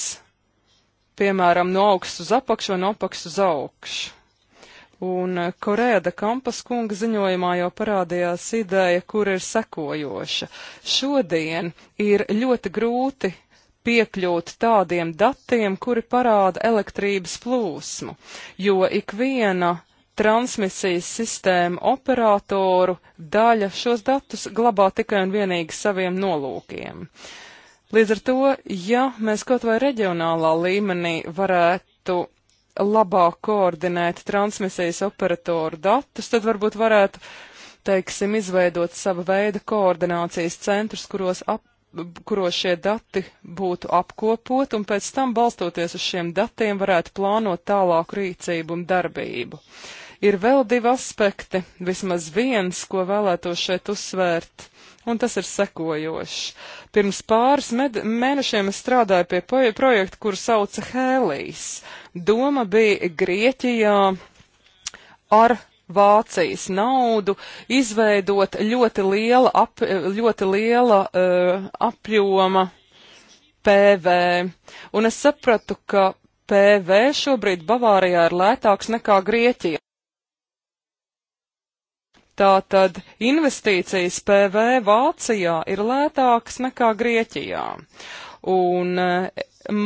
piemēram, no augšas uz apakšu un no apakšas uz augšu. Un eh, Korēda Kampas kunga ziņojumā jau parādījās ideja, kur ir sekojoša. Šodien ir ļoti grūti piekļūt tādiem datiem, kuri parāda elektrības plūsmu, jo ikviena transmisijas sistēmu operatoru daļa šos datus glabā tikai un vienīgi saviem nolūkiem. Līdz ar to, ja mēs kaut vai reģionālā līmenī varētu labāk koordinēt transmisijas operatoru datus, tad varbūt varētu, teiksim, izveidot sava veida koordinācijas centrus, kuros ap kuros šie dati būtu apkopot, un pēc tam, balstoties uz šiem datiem, varētu plānot tālāku rīcību un darbību. Uh, Ir vēl divi aspekti, vismaz viens, ko vēlētos šeit uzsvērt, un tas ir sekojošs. Pirms pāris mēnešiem es strādāju pie projekta, kuru sauca Hēlīs. Doma bija Grieķijā ar Vācijas naudu, izveidot ļoti liela, ap, ļoti liela uh, apjoma PV. Un es sapratu, ka PV šobrīd Bavārijā ir lētāks nekā Grieķijā. Tātad investīcijas PV Vācijā ir lētākas nekā Grieķijā. Un eh,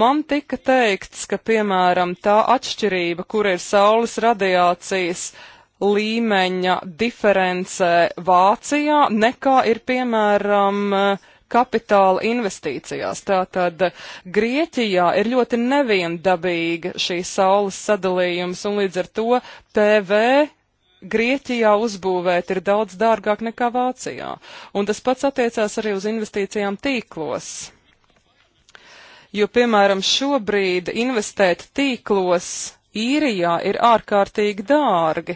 man tika teikts, ka, piemēram, tā atšķirība, kur ir saules radiācijas līmeņa diferencē Vācijā, nekā ir, piemēram, kapitāla investīcijās. Tātad Grieķijā ir ļoti neviendabīga šī saules sadalījums, un līdz ar to PV Grieķijā uzbūvēt ir daudz dārgāk nekā Vācijā. Un tas pats attiecās arī uz investīcijām tīklos. Jo, piemēram, šobrīd investēt tīklos īrijā ir ārkārtīgi dārgi,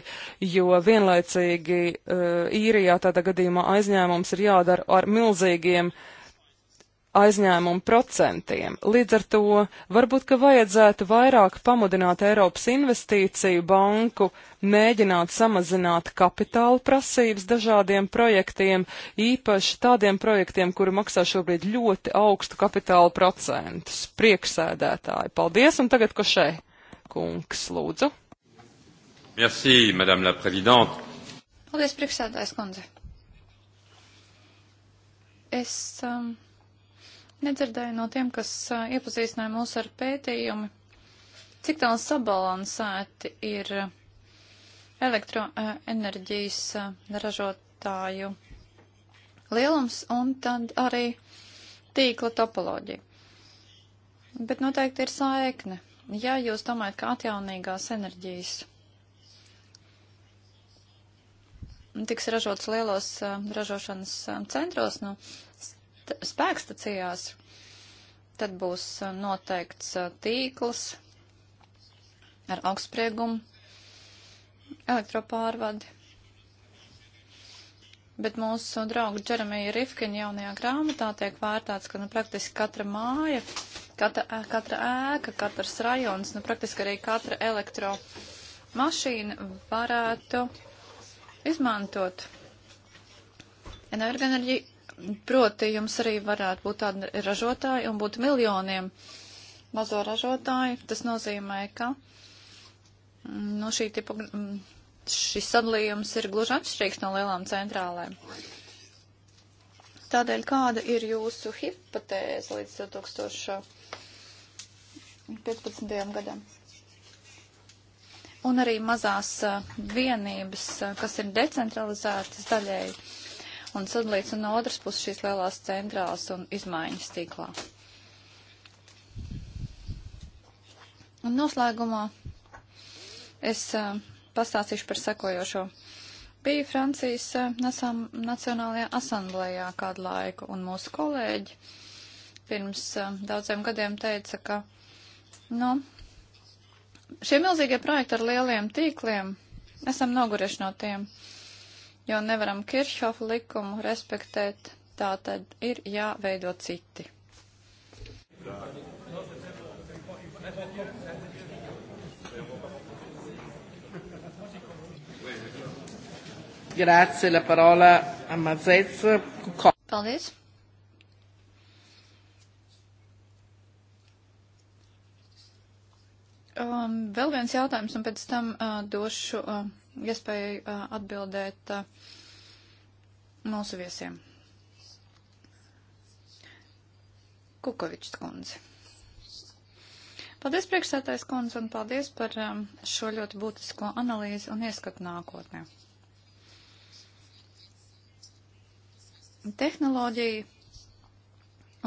jo vienlaicīgi uh, īrijā tādā gadījumā aizņēmums ir jādara ar milzīgiem uh, aizņēmumu procentiem. Līdz ar to varbūt, ka vajadzētu vairāk pamudināt Eiropas investīciju banku, mēģināt samazināt kapitāla prasības dažādiem projektiem, īpaši tādiem projektiem, kuri maksā šobrīd ļoti augstu kapitāla procentus. Prieksēdētāji, paldies, un tagad košē, kungs, lūdzu. Merci, madame la présidente. Paldies, prieksēdājas kundze. Es um, Nedzirdēju no tiem, kas iepazīstināja mūs ar pētījumu, cik tālu sabalansēti ir elektroenerģijas ražotāju lielums un tad arī tīkla topoloģija. Bet noteikti ir saikne. Ja jūs domājat, ka atjaunīgās enerģijas tiks ražotas lielos ražošanas centros, nu, bet spēkstacijās tad būs uh, noteikts uh, tīkls ar augstspriegumu, elektropārvadi. Bet mūsu draugu Džeremija Rifkina jaunajā grāmatā tiek vērtāts, ka nu, praktiski katra māja, katra, katra ēka, katrs rajons, nu, praktiski arī katra elektromašīna varētu izmantot enerģiju Proti jums arī varētu būt tādi ražotāji un būtu miljoniem mazo ražotāju. Tas nozīmē, ka mm, nu, šī tipa, mm, šis sadalījums ir gluži atšķirīgs no lielām centrālēm. Tādēļ kāda ir jūsu hipotēze līdz 2015. gadam? Un arī mazās eh, vienības, eh, kas ir decentralizētas daļēji un sadalīts, un no otras puses šīs lielās centrālas un izmaiņas tīklā. Un noslēgumā es uh, pastāstīšu par sekojošo. Biju Francijas uh, Nacionālajā asamblējā kādu laiku, un mūsu kolēģi pirms uh, daudziem gadiem teica, ka, nu, šie milzīgie projekti ar lieliem tīkliem, esam noguruši no tiem. Uh, jo nevaram Kiršhofa likumu respektēt, tā tad ir jāveido citi. Tā. Grazie, la parola a Mazets. Paldies. Um, vēl viens jautājums, un pēc tam uh, došu uh, iespēju uh, atbildēt uh, mūsu viesiem. Kukovičs kundze. Paldies, priekšsētājs kundze, un paldies par um, šo ļoti būtisko analīzi un ieskatu nākotnē. Tehnoloģija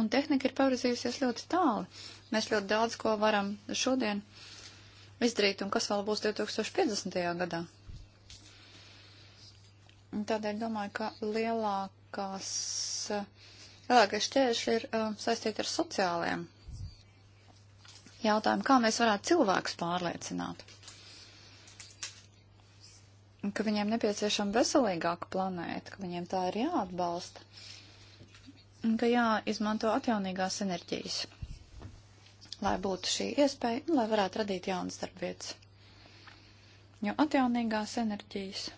un tehnika ir pavirzījusies ļoti tālu. Mēs ļoti daudz ko varam šodien izdarīt, un kas vēl būs 2050. gadā. Tādēļ domāju, ka lielākās, lielākais šķēršļi ir uh, saistīti ar sociālajiem jautājumiem. Kā mēs varētu cilvēkus pārliecināt? Ka viņiem nepieciešama veselīgāka planēta, ka viņiem tā ir jāatbalsta, un ka jāizmanto atjaunīgās enerģijas, lai būtu šī iespēja un lai varētu radīt jaunas darbvietas. Jo atjaunīgās enerģijas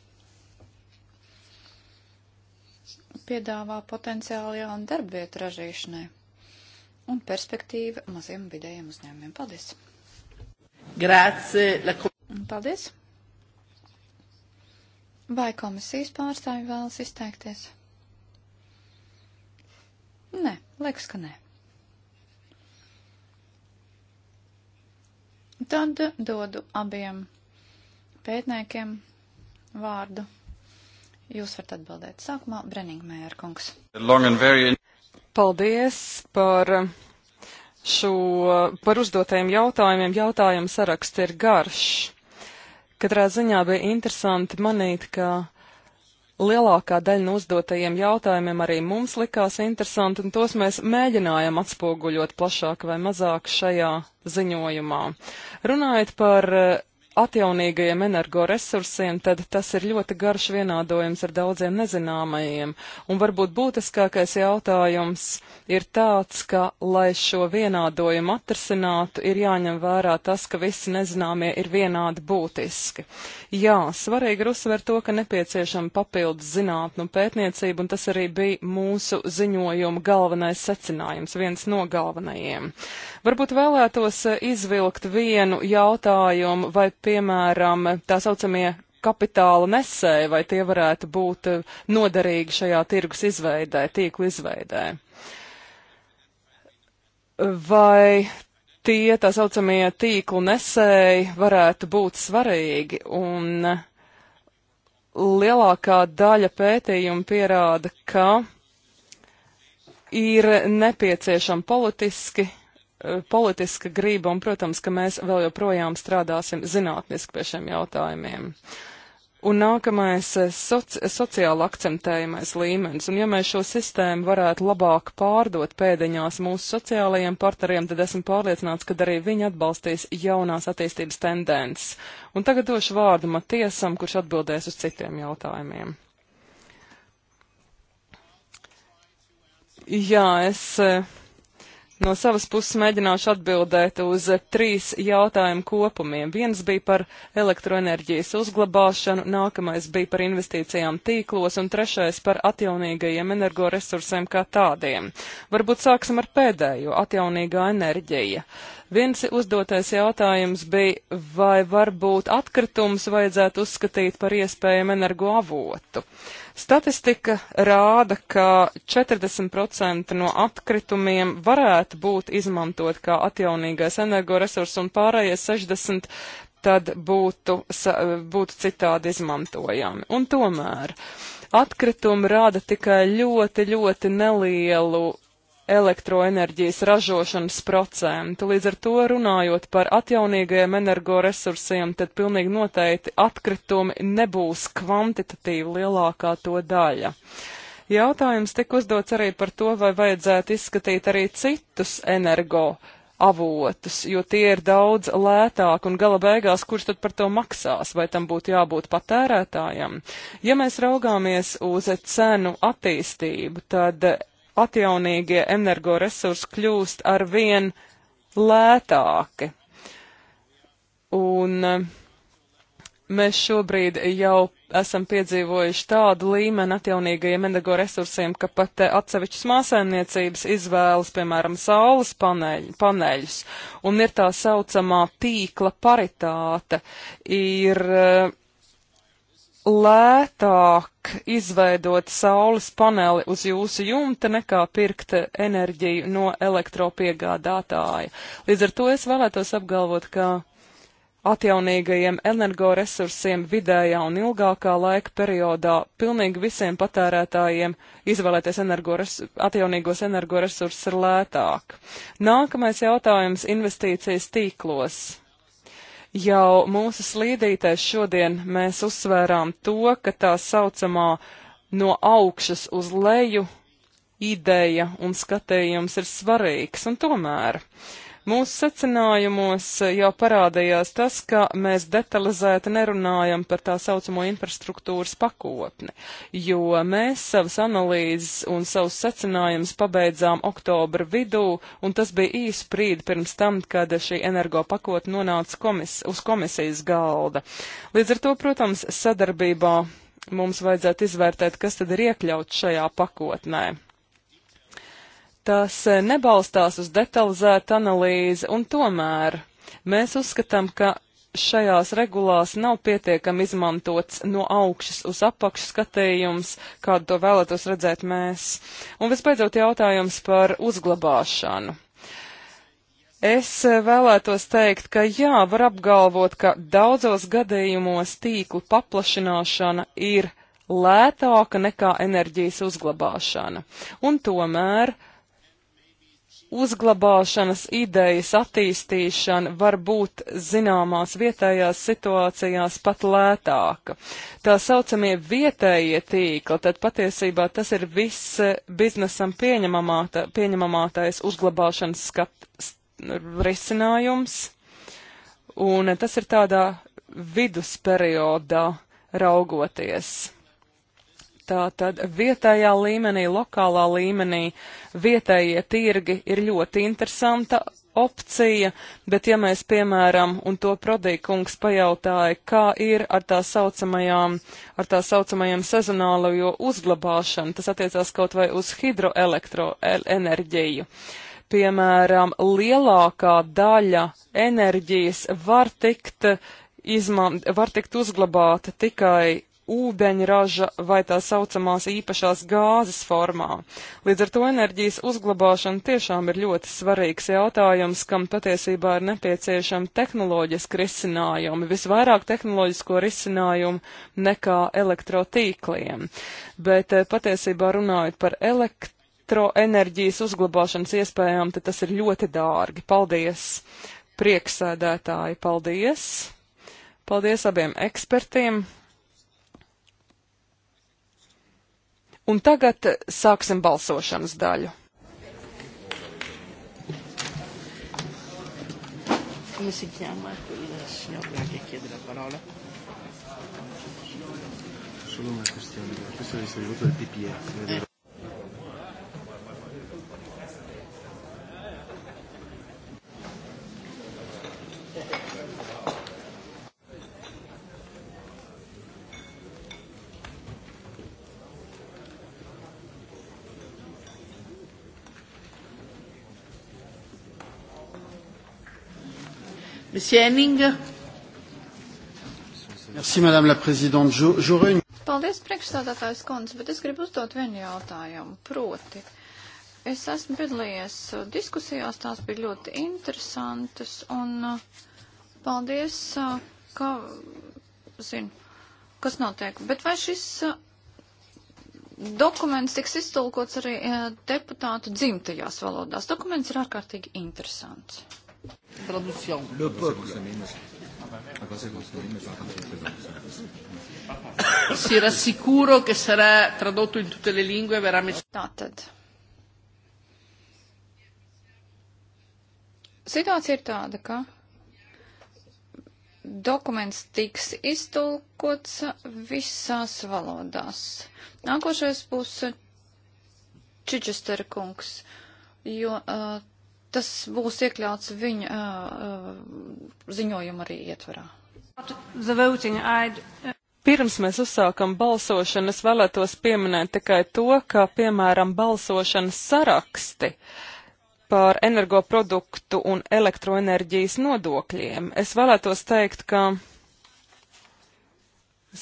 piedāvā potenciāli jaunu darbvietu ražīšanai un perspektīva maziem vidējiem uzņēmumiem. Paldies! Grāci! Paldies! Vai komisijas pārstāvi vēlas izteikties? Nē, liekas, ka nē. Tad dodu abiem pētniekiem vārdu Jūs varat atbildēt sākumā, Breningmēra kungs. Very... Paldies par šo, par uzdotajiem jautājumiem. Jautājumu saraksts ir garš. Katrā ziņā bija interesanti manīt, ka lielākā daļa no uzdotajiem jautājumiem arī mums likās interesanti, un tos mēs mēģinājām atspoguļot plašāk vai mazāk šajā ziņojumā. Runājot par atjaunīgajiem energoresursiem, tad tas ir ļoti garš vienādojums ar daudziem nezināmajiem. Un varbūt būtiskākais jautājums ir tāds, ka, lai šo vienādojumu atrasinātu, ir jāņem vērā tas, ka visi nezināmie ir vienādi būtiski. Jā, svarīgi ir uzsver to, ka nepieciešama papildus zinātnu pētniecību, un tas arī bija mūsu ziņojuma galvenais secinājums, viens no galvenajiem. Varbūt vēlētos izvilkt vienu jautājumu vai piemēram, tā saucamie kapitāla nesēji, vai tie varētu būt eh, noderīgi šajā tirgus izveidē, tīklu izveidē. Vai tie tā saucamie tīklu nesēji varētu būt svarīgi, un lielākā daļa pētījumu pierāda, ka ir nepieciešama politiski politiska grība, un, protams, ka mēs vēl joprojām strādāsim zinātniski pie šiem jautājumiem. Un nākamais eh, soci, sociāli akcentējamais līmenis. Un ja mēs šo sistēmu varētu labāk pārdot pēdiņās mūsu sociālajiem partneriem, tad esmu pārliecināts, ka arī viņi atbalstīs jaunās attīstības tendences. Un tagad došu vārdu Matiesam, kurš atbildēs uz citiem jautājumiem. Jā, es eh, No savas puses mēģināšu atbildēt uz trīs jautājumu kopumiem. Viens bija par elektroenerģijas uzglabāšanu, nākamais bija par investīcijām tīklos un trešais par atjaunīgajiem energoresursiem kā tādiem. Varbūt sāksim ar pēdējo - atjaunīgā enerģija. Viens uzdotais jautājums bija, vai varbūt atkritums vajadzētu uzskatīt par iespējamu energoavotu. avotu. Statistika rāda, ka 40% no atkritumiem varētu būt izmantot kā atjaunīgais energoresurss un pārējie 60 tad būtu, būtu citādi izmantojami. Un tomēr atkritumi rāda tikai ļoti, ļoti nelielu elektroenerģijas ražošanas procentu. Līdz ar to runājot par atjaunīgajiem energoresursiem, tad pilnīgi noteikti atkritumi nebūs kvantitatīvi lielākā to daļa. Jautājums tika uzdots arī par to, vai vajadzētu izskatīt arī citus energo avotus, jo tie ir daudz lētāk un gala beigās, kurš tad par to maksās, vai tam būtu jābūt patērētājam. Ja mēs raugāmies uz cenu attīstību, tad atjaunīgie energoresursi kļūst ar vien lētāki. Un eh, mēs šobrīd jau esam piedzīvojuši tādu līmeni atjaunīgajiem energoresursiem, ka pat eh, atsevišķas māsēmniecības izvēlas, piemēram, saules paneļ, paneļus, un ir tā saucamā tīkla paritāte, ir eh, lētāk izveidot saules paneli uz jūsu jumta nekā pirkt enerģiju no elektropiegādātāja. Līdz ar to es vēlētos apgalvot, ka atjaunīgajiem energoresursiem vidējā un ilgākā laika periodā pilnīgi visiem patērētājiem izvēlēties energores, atjaunīgos energoresursus ir lētāk. Nākamais jautājums - investīcijas tīklos. Jau mūsu slīdītēs šodien mēs uzsvērām to, ka tā saucamā no augšas uz leju ideja un skatījums ir svarīgs, un tomēr Mūsu secinājumos jau parādījās tas, ka mēs detalizēti nerunājam par tā saucamo infrastruktūras pakotni, jo mēs savas analīzes un savus secinājumus pabeidzām oktobra vidū, un tas bija īs brīdi pirms tam, kad šī energo pakotne nonāca komis uz komisijas galda. Līdz ar to, protams, sadarbībā mums vajadzētu izvērtēt, kas tad ir iekļauts šajā pakotnē. Tas eh, nebalstās uz detalizētu analīzi, un tomēr mēs uzskatām, ka šajās regulās nav pietiekami izmantots no augšas uz apakšu skatījums, kādu to vēlētos redzēt mēs. Un visbeidzot jautājums par uzglabāšanu. Es eh, vēlētos teikt, ka jā, var apgalvot, ka daudzos gadījumos tīklu paplašināšana ir lētāka nekā enerģijas uzglabāšana. Un tomēr uzglabāšanas idejas attīstīšana var būt zināmās vietējās situācijās pat lētāka. Tā saucamie vietējie tīkli, tad patiesībā tas ir viss biznesam pieņemamā, pieņemamātais uzglabāšanas skat risinājums, un tas ir tādā vidusperiodā raugoties. Tātad vietējā līmenī, lokālā līmenī vietējie tirgi ir ļoti interesanta opcija, bet ja mēs, piemēram, un to prodīkungs pajautāja, kā ir ar tā saucamajām, ar tā saucamajiem sezonālajo uzglabāšanu, tas attiecās kaut vai uz hidroelektroenerģiju. Piemēram, lielākā daļa enerģijas var tikt, izman, var tikt uzglabāta tikai ūdeņraža vai tā saucamās īpašās gāzes formā. Līdz ar to enerģijas uzglabāšana tiešām ir ļoti svarīgs jautājums, kam patiesībā ir nepieciešama tehnoloģiski risinājumi, visvairāk tehnoloģisko risinājumu nekā elektrotīkliem. Bet eh, patiesībā runājot par elektroenerģijas uzglabāšanas iespējām, tad tas ir ļoti dārgi. Paldies! Prieksēdētāji, paldies! Paldies abiem ekspertiem! Un tagad sāksim balsošanas daļu. Come si chiama il signor là che chiede la parola? Solo una questione, questo è il voto del PPF. Monsieur Henning. Merci, Madame la Présidente. J'aurais une... Paldies, priekšstādātājs kundze, bet es gribu uzdot vienu jautājumu. Proti, es esmu piedalījies diskusijās, tās bija ļoti interesantas, un uh, paldies, uh, ka zinu, kas notiek. Bet vai šis uh, dokuments tiks iztulkots arī deputātu dzimtajās valodās? Dokuments ir ārkārtīgi interesants. Traducción. Le peuple. Si rassicuro che sarà tradotto in tutte le lingue e verrà messo. Tātad. Situācija ir tāda, ka dokuments tiks iztulkots visās valodās. Nākošais būs Čičester kungs, jo uh, tas būs iekļauts viņa uh, uh ziņojuma arī ietverā. Uh, Pirms mēs uzsākam balsošanu, es vēlētos pieminēt tikai to, ka, piemēram, balsošanas saraksti par energoproduktu un elektroenerģijas nodokļiem. Es vēlētos teikt, ka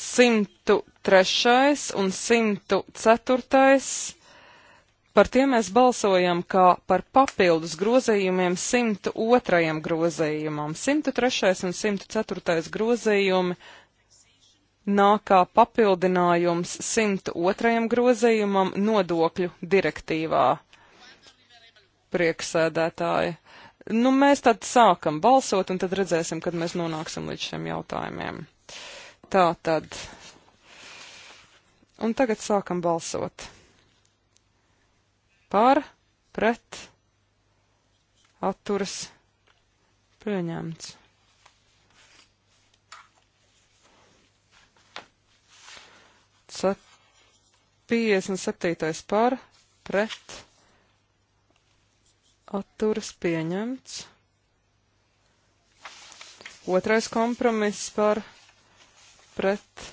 103. un 104 Par tiem mēs balsojam kā par papildus grozījumiem 102. grozījumam. 103. un 104. grozījumi nāk kā papildinājums 102. grozījumam nodokļu direktīvā. Prieksēdētāji. Nu, mēs tad sākam balsot, un tad redzēsim, kad mēs nonāksim līdz šiem jautājumiem. Tā tad. Un tagad sākam balsot par, pret, atturas, pieņemts. Cet 57. par, pret, atturas, pieņemts. Otrais kompromiss par, pret,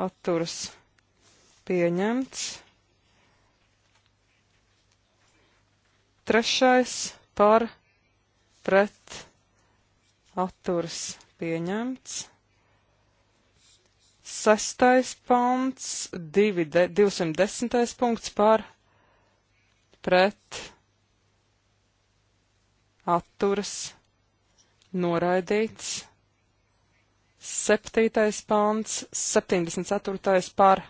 atturas, pieņemts. Trešais par pret atturs pieņemts. Sestais pants, divi, de, 210. punkts par pret atturas noraidīts. Septītais pants, 74. par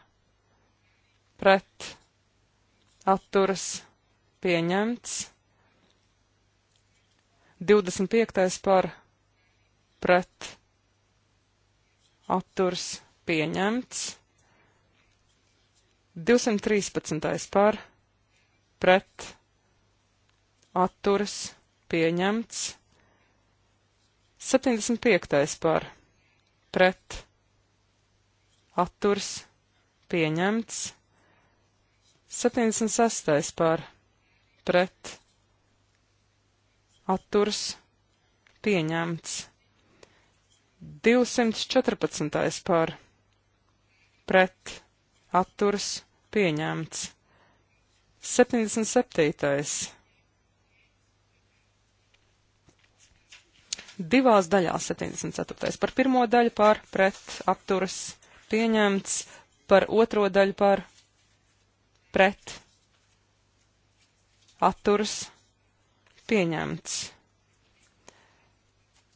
pret atturas noraidīts pieņemts. 25. par pret atturs pieņemts. 213. par pret atturs pieņemts. 75. par pret atturs pieņemts. 76. par pret atturs pieņemts. 214. par pret atturs pieņemts. 77. Divās daļās 74. par pirmo daļu par pret atturs pieņemts, par otro daļu par pret atturas pieņemts.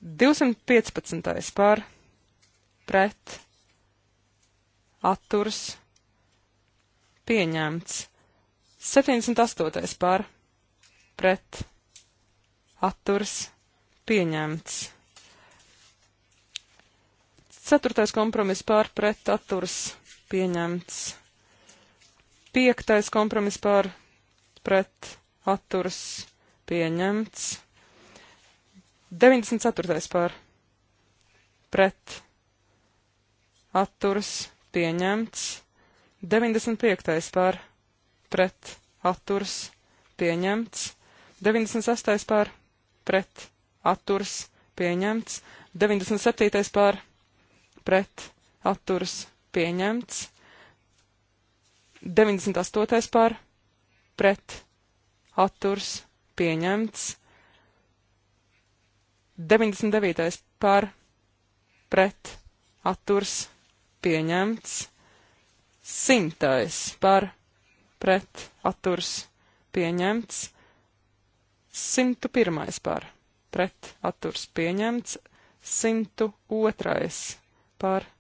215. par pret atturas pieņemts. 78. par pret atturas pieņemts. 4. kompromiss par pret atturas pieņemts. 5. kompromiss par pret atturas pieņemts atturas pieņemts. 94. par pret atturas pieņemts. 95. par pret atturas pieņemts. 96. par pret atturas pieņemts. 97. par pret atturas pieņemts. 98. par pret atturs pieņemts. 99. par pret atturs pieņemts. 100. par pret atturs pieņemts. 101. par pret atturs pieņemts. 102. par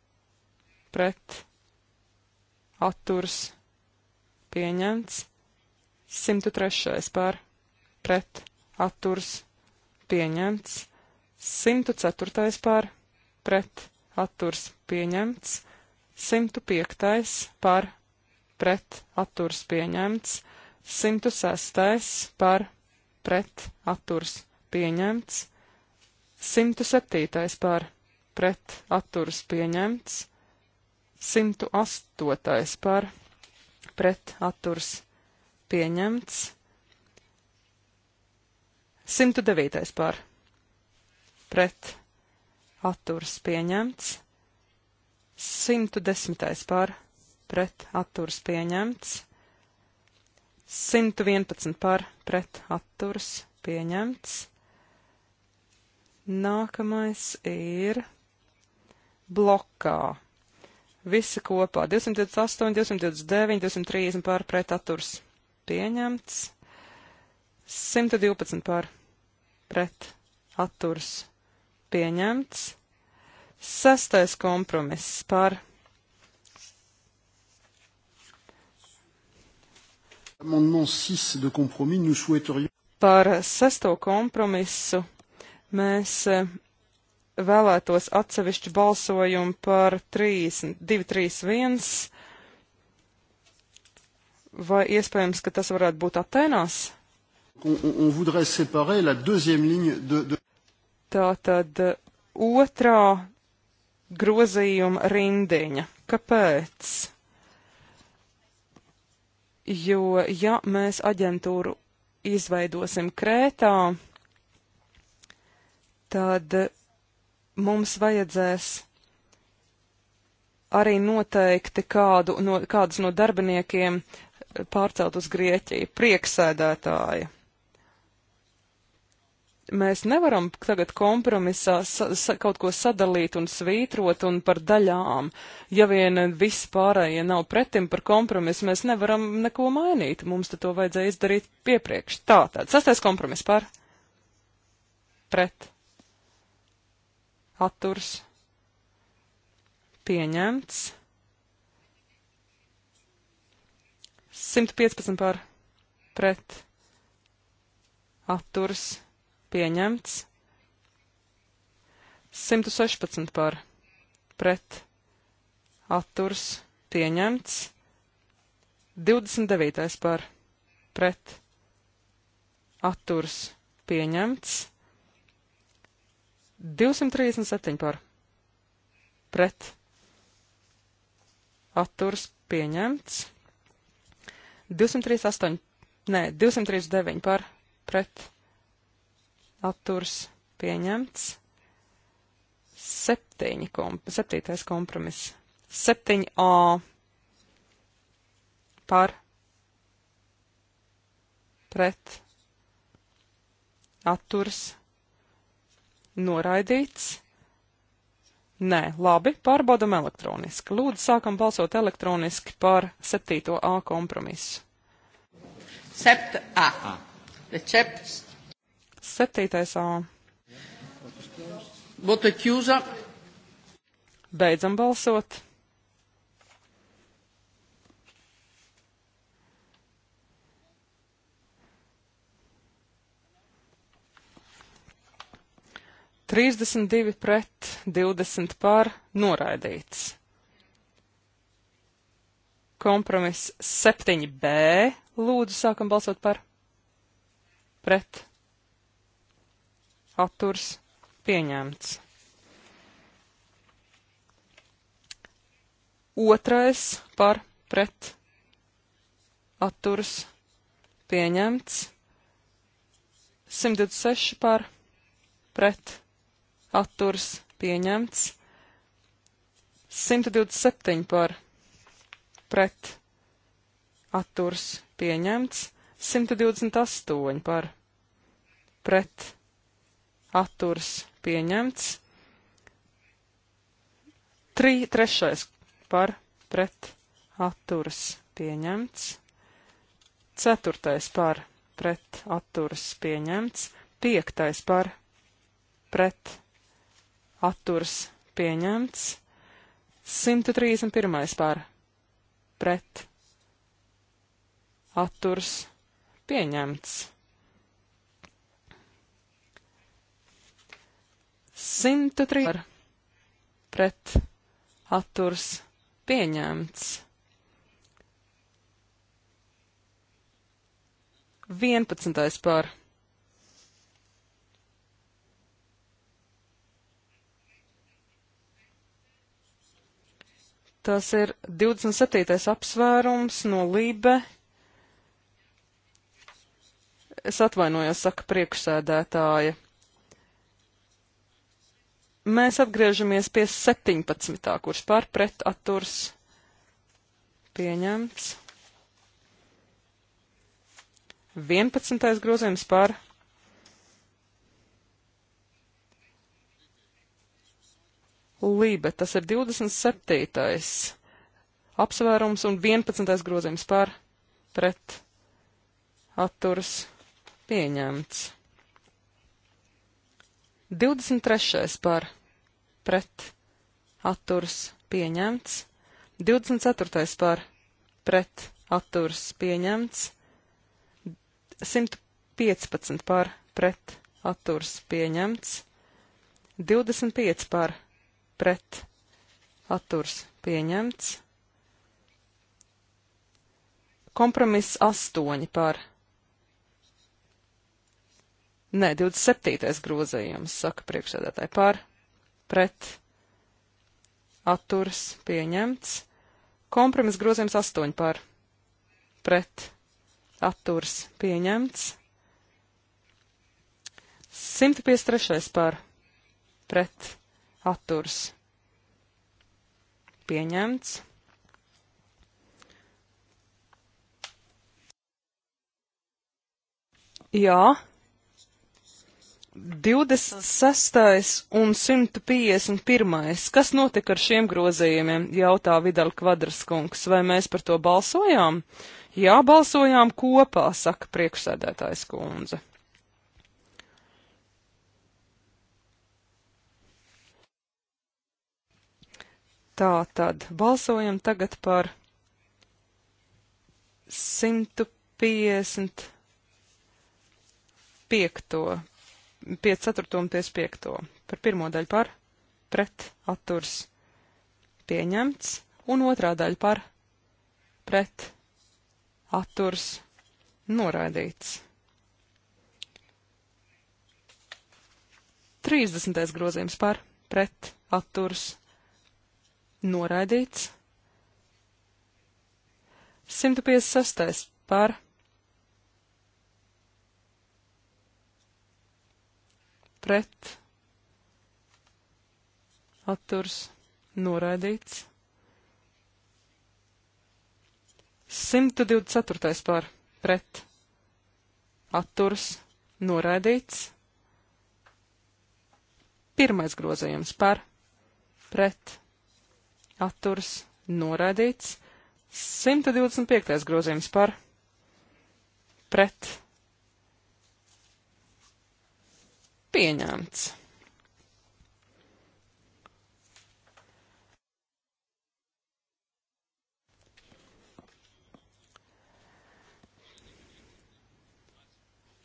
pret atturs pieņemts. 103. par pret atturs pieņemts, 104. par pret atturs pieņemts, 105. par pret atturs pieņemts, 106. par pret atturs pieņemts, 107. par pret atturs pieņemts, 108. par pret atturs pieņemts. 109. par pret atturas pieņemts. 110. par pret atturas pieņemts. 111 par pret atturas pieņemts. Nākamais ir blokā. Visi kopā 228, 229, 230 par pret atturas pieņemts. 112 par pret atturs pieņemts. Sastais kompromiss par. Par sesto kompromisu mēs e, vēlētos atsevišķu balsojumu par 3, 2, 3, 1 Vai iespējams, ka tas varētu būt Atenās? De, de... Tā tad uh, otrā grozījuma rindiņa. Kāpēc? Jo, ja mēs aģentūru izveidosim Krētā, tad uh, mums vajadzēs arī noteikti kādu no, kādus no darbiniekiem pārcelt uz Grieķiju. Prieksēdētāji. Mēs nevaram tagad kompromisā sa, sa, kaut ko sadalīt un svītrot un par daļām. Ja vien visi pārējie nav pretim par kompromisu, mēs nevaram neko mainīt. Mums to vajadzēja izdarīt piepriekš. Tā tad, sastais kompromiss par pret atturs pieņemts. 115 par pret atturs pieņemts. 116 par pret atturs pieņemts. 29 par pret atturs pieņemts. 237 par pret atturs pieņemts. 238, nē, 239 par pret atturs pieņemts. Septiņi komp septītais kompromiss. 7A par pret atturs noraidīts. Nē, labi, pārbaudam elektroniski. Lūdzu, sākam balsot elektroniski par 7a kompromisu. 7a. Septītais A. Būtu ķūza. Beidzam balsot. 32 pret 20 pār noraidīts. Kompromiss 7b. Lūdzu, sākam balsot par. Pret. Atturs pieņemts. Otrais par pret. Atturs pieņemts. 126 par pret atturs pieņemts. 127 par pret atturs pieņemts. 128 par pret atturs pieņemts. 3. Trešais par pret atturs pieņemts. 4. par pret atturs pieņemts. 5. par pret atturs pieņemts atturs pieņemts. 131. par pret atturs pieņemts. 103 par pret atturs pieņemts. 11. par pret Tas ir 27. apsvērums no Lībe. Es atvainojos, saka priekšsēdētāja. Mēs atgriežamies pie 17. kurš pār pret atturs pieņemts. 11. grozījums par Lībe, tas ir 27. apsvērums un 11. grozījums par pret atturas pieņemts. 23. par pret atturas pieņemts. 24. par pret atturas pieņemts. 115 par pret atturas pieņemts. 25 par pret pret atturs pieņemts. Kompromiss 8 par. Nē, 27. grozījums, saka priekšsēdētāji par, pret, atturs, pieņemts. Kompromis grozījums 8 par, pret, atturs, pieņemts. 153. par, pret, atturs pieņemts. Jā. 26. un 151. Kas notika ar šiem grozījumiem? jautā Vidal Kvadraskungs. Vai mēs par to balsojām? Jā, balsojām kopā, saka priekšsēdētājs kundze. Tā tad balsojam tagad par 155. 54. un 55. par pirmo daļu par pret atturs pieņemts un otrā daļa par pret atturs noraidīts. 30. grozījums par pret atturs noraidīts. 156. par pret atturs noraidīts. 124. par pret atturs noraidīts. Pirmais grozījums par pret atturs atturs noraidīts. 125. grozījums par pret pieņemts.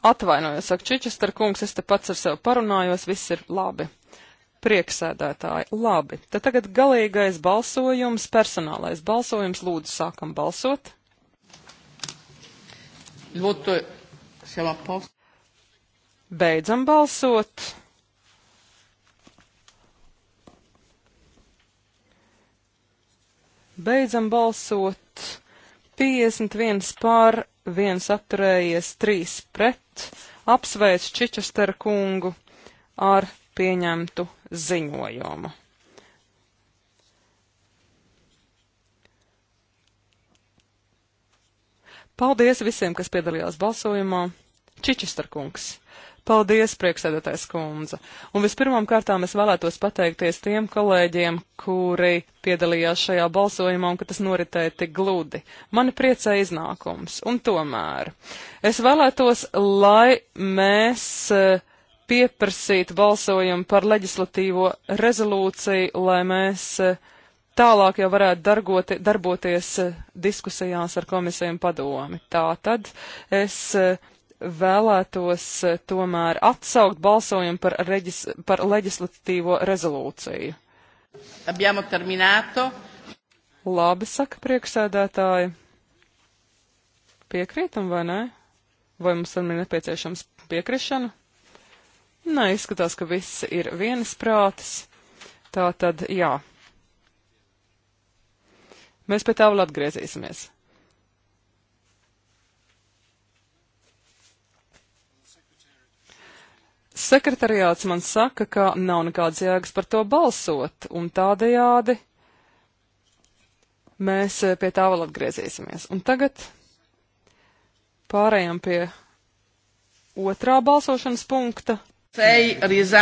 Atvainojos, saka Čičester kungs, es te pats ar sevi parunājos, viss ir labi. Prieksēdētāji, labi, tad tagad galīgais balsojums, personālais balsojums, lūdzu, sākam balsot. Lūdzu, Beidzam balsot. Beidzam balsot. 51 pār, 1 atturējies, 3 pret. Apsveic Čičester kungu ar pieņemtu ziņojumu. Paldies visiem, kas piedalījās balsojumā. Čičistarkungs. Paldies, prieksēdētais kundze. Un vispirmām kārtām es vēlētos pateikties tiem kolēģiem, kuri piedalījās šajā balsojumā un ka tas noritēja tik gludi. Mani priecē iznākums. Un tomēr es vēlētos, lai mēs uh, pieprasīt balsojumu par leģislatīvo rezolūciju, lai mēs e, tālāk jau varētu dargoti, darboties e, diskusijās ar komisiju un padomi. Tā tad es e, vēlētos tomēr atsaukt balsojumu par, reģis, par leģislatīvo rezolūciju. Abbiamo terminato. Labi, saka priekšsēdētāji. Piekrītam vai nē? Vai mums ir nepieciešams piekrišana? Nē, izskatās, ka viss ir vienas prātas. Tā tad, jā. Mēs pie tā vēl atgriezīsimies. Sekretariāts man saka, ka nav nekādas jēgas par to balsot, un tādējādi mēs pie tā vēl atgriezīsimies. Un tagad pārējām pie otrā balsošanas punkta Tā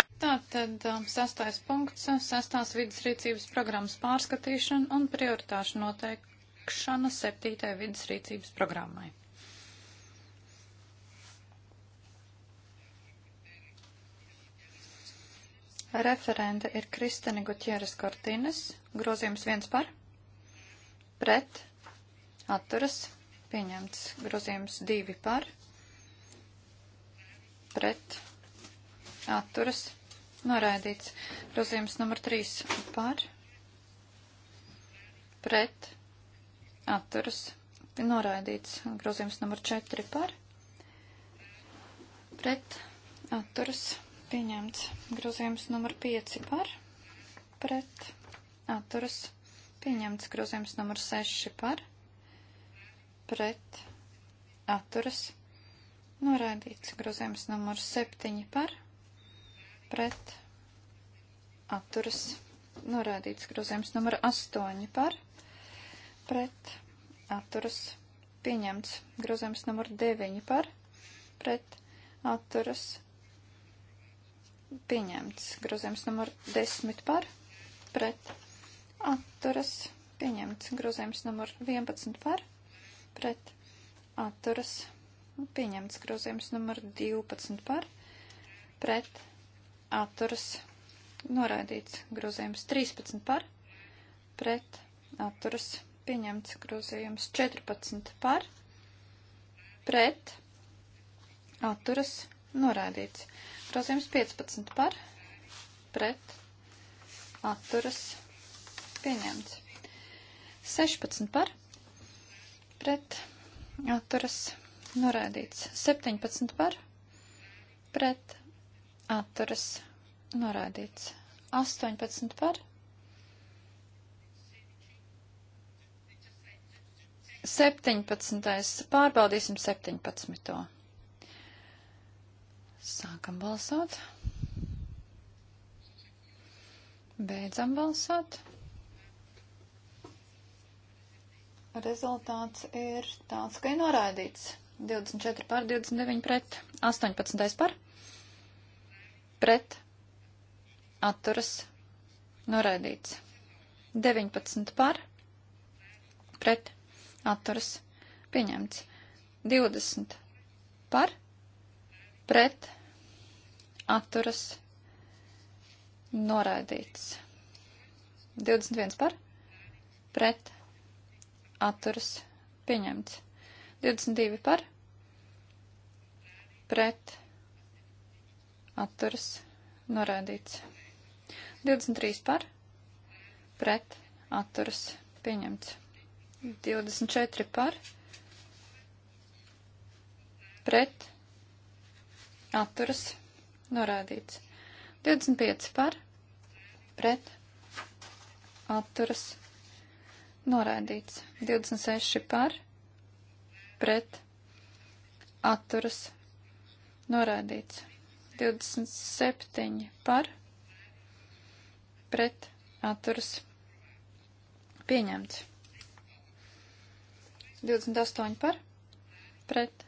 tad um, sastais punkts - sastās vidas rīcības programmas pārskatīšana un prioritāšu noteikšana septītai vidas rīcības programmai. Referente ir Kristene Gutieres Kortines. Grozījums viens par. Pret. Atturas. Pieņemts. Grozījums divi par. Pret atturas noraidīts. Grozījums numur 3 par pret atturas noraidīts. Grozījums numur 4 par pret atturas pieņemts. Grozījums numur 5 par pret atturas pieņemts. Grozījums numur 6 par pret atturas noraidīts. Grozījums numur 7 par pret pret atturas norādīts grozījums numur 8 par pret atturas pieņemts grozījums numur 9 par pret atturas pieņemts grozījums numur 10 par pret atturas pieņemts grozījums numur 11 par pret atturas pieņemts grozījums numur 12 par pret atturas noraidīts grozījums 13 par, pret atturas pieņemts grozījums 14 par, pret atturas noraidīts grozījums 15 par, pret atturas pieņemts 16 par, pret atturas noraidīts 17 par, pret atturas norādīts. 18 par. Septiņpadsmitais. Pārbaudīsim septiņpadsmito. Sākam balsot. Beidzam balsot. Rezultāts ir tāds, ka ir noraidīts. 24 par 29 pret 18 par pret atturas noraidīts. 19 par pret atturas pieņemts. 20 par pret atturas noraidīts. 21 par pret atturas pieņemts. 22 par pret atturas norādīts. 23 par pret atturas pieņemts. 24 par pret atturas norādīts. 25 par pret atturas norādīts. 26 par pret atturas norādīts. 27 par pret atturas pieņemts. 28 par pret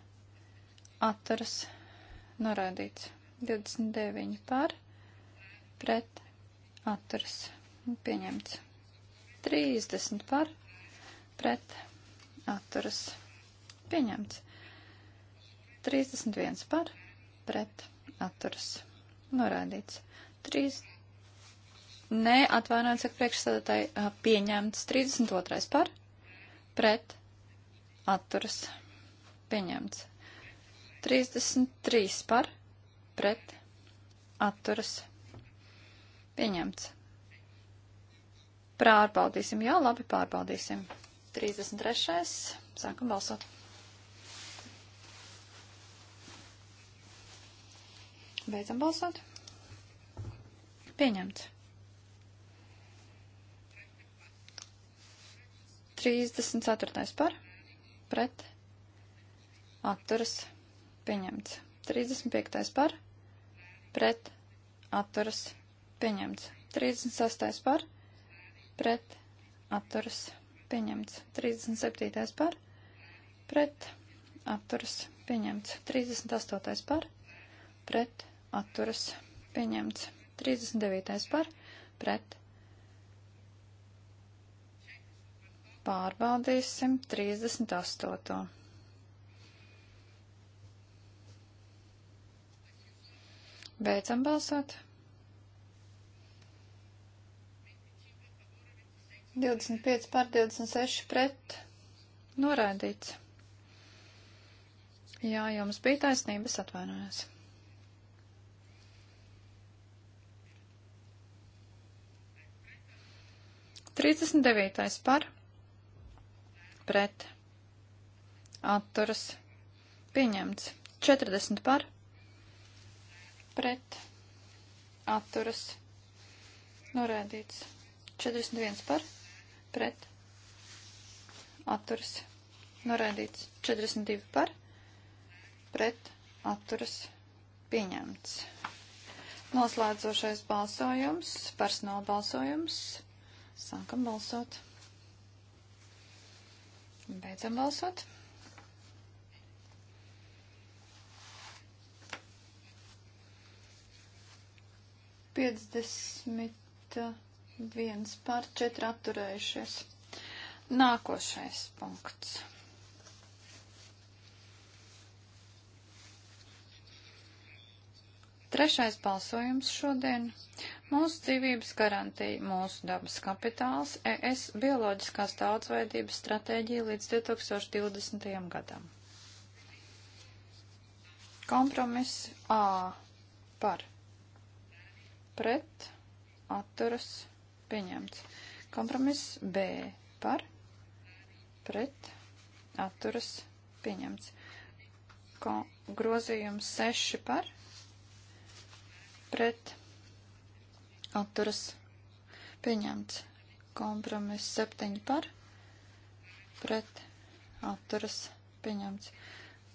atturas norādīts. 29 par pret atturas pieņemts. 30 par pret atturas pieņemts. 31 par pret atturas norādīts. 3. Nē, atvainojiet, saka priekšsēdētāji, pieņemts 32. par, pret, atturas, pieņemts. 33 par, pret, atturas, pieņemts. Pārbaudīsim, jā, labi, pārbaudīsim. 33. Sākam balsot. Beidzam balsot. Pieņemts. 34. par, pret, atturas, pieņemts. 35. par, pret, atturas, pieņemts. 36. par, pret, atturas, pieņemts. 37. par, pret, atturas, pieņemts. 38. par, pret, atturas pieņemts. 39. par pret. Pārbaudīsim 38. Beidzam balsot. 25 pār 26 pret noraidīts. Jā, jums bija taisnības atvainojās. 39. par pret atturas pieņemts. 40 par pret atturas norēdīts. 41 par pret atturas norēdīts. 42 par pret atturas pieņemts. Noslēdzošais balsojums, personāla balsojums. Sākam balsot. Beidzam balsot. Piecdesmit viens pār četri atturējušies. Nākošais punkts. Trešais balsojums šodien - mūsu dzīvības garantija, mūsu dabas kapitāls, ES bioloģiskās daudzveidības stratēģija līdz 2020. gadam. Kompromiss A par pret atturas pieņemts. Kompromiss B par pret atturas pieņemts. Ko, grozījums 6 par pret pret atturas pieņemts. Kompromiss 7 par pret atturas pieņemts.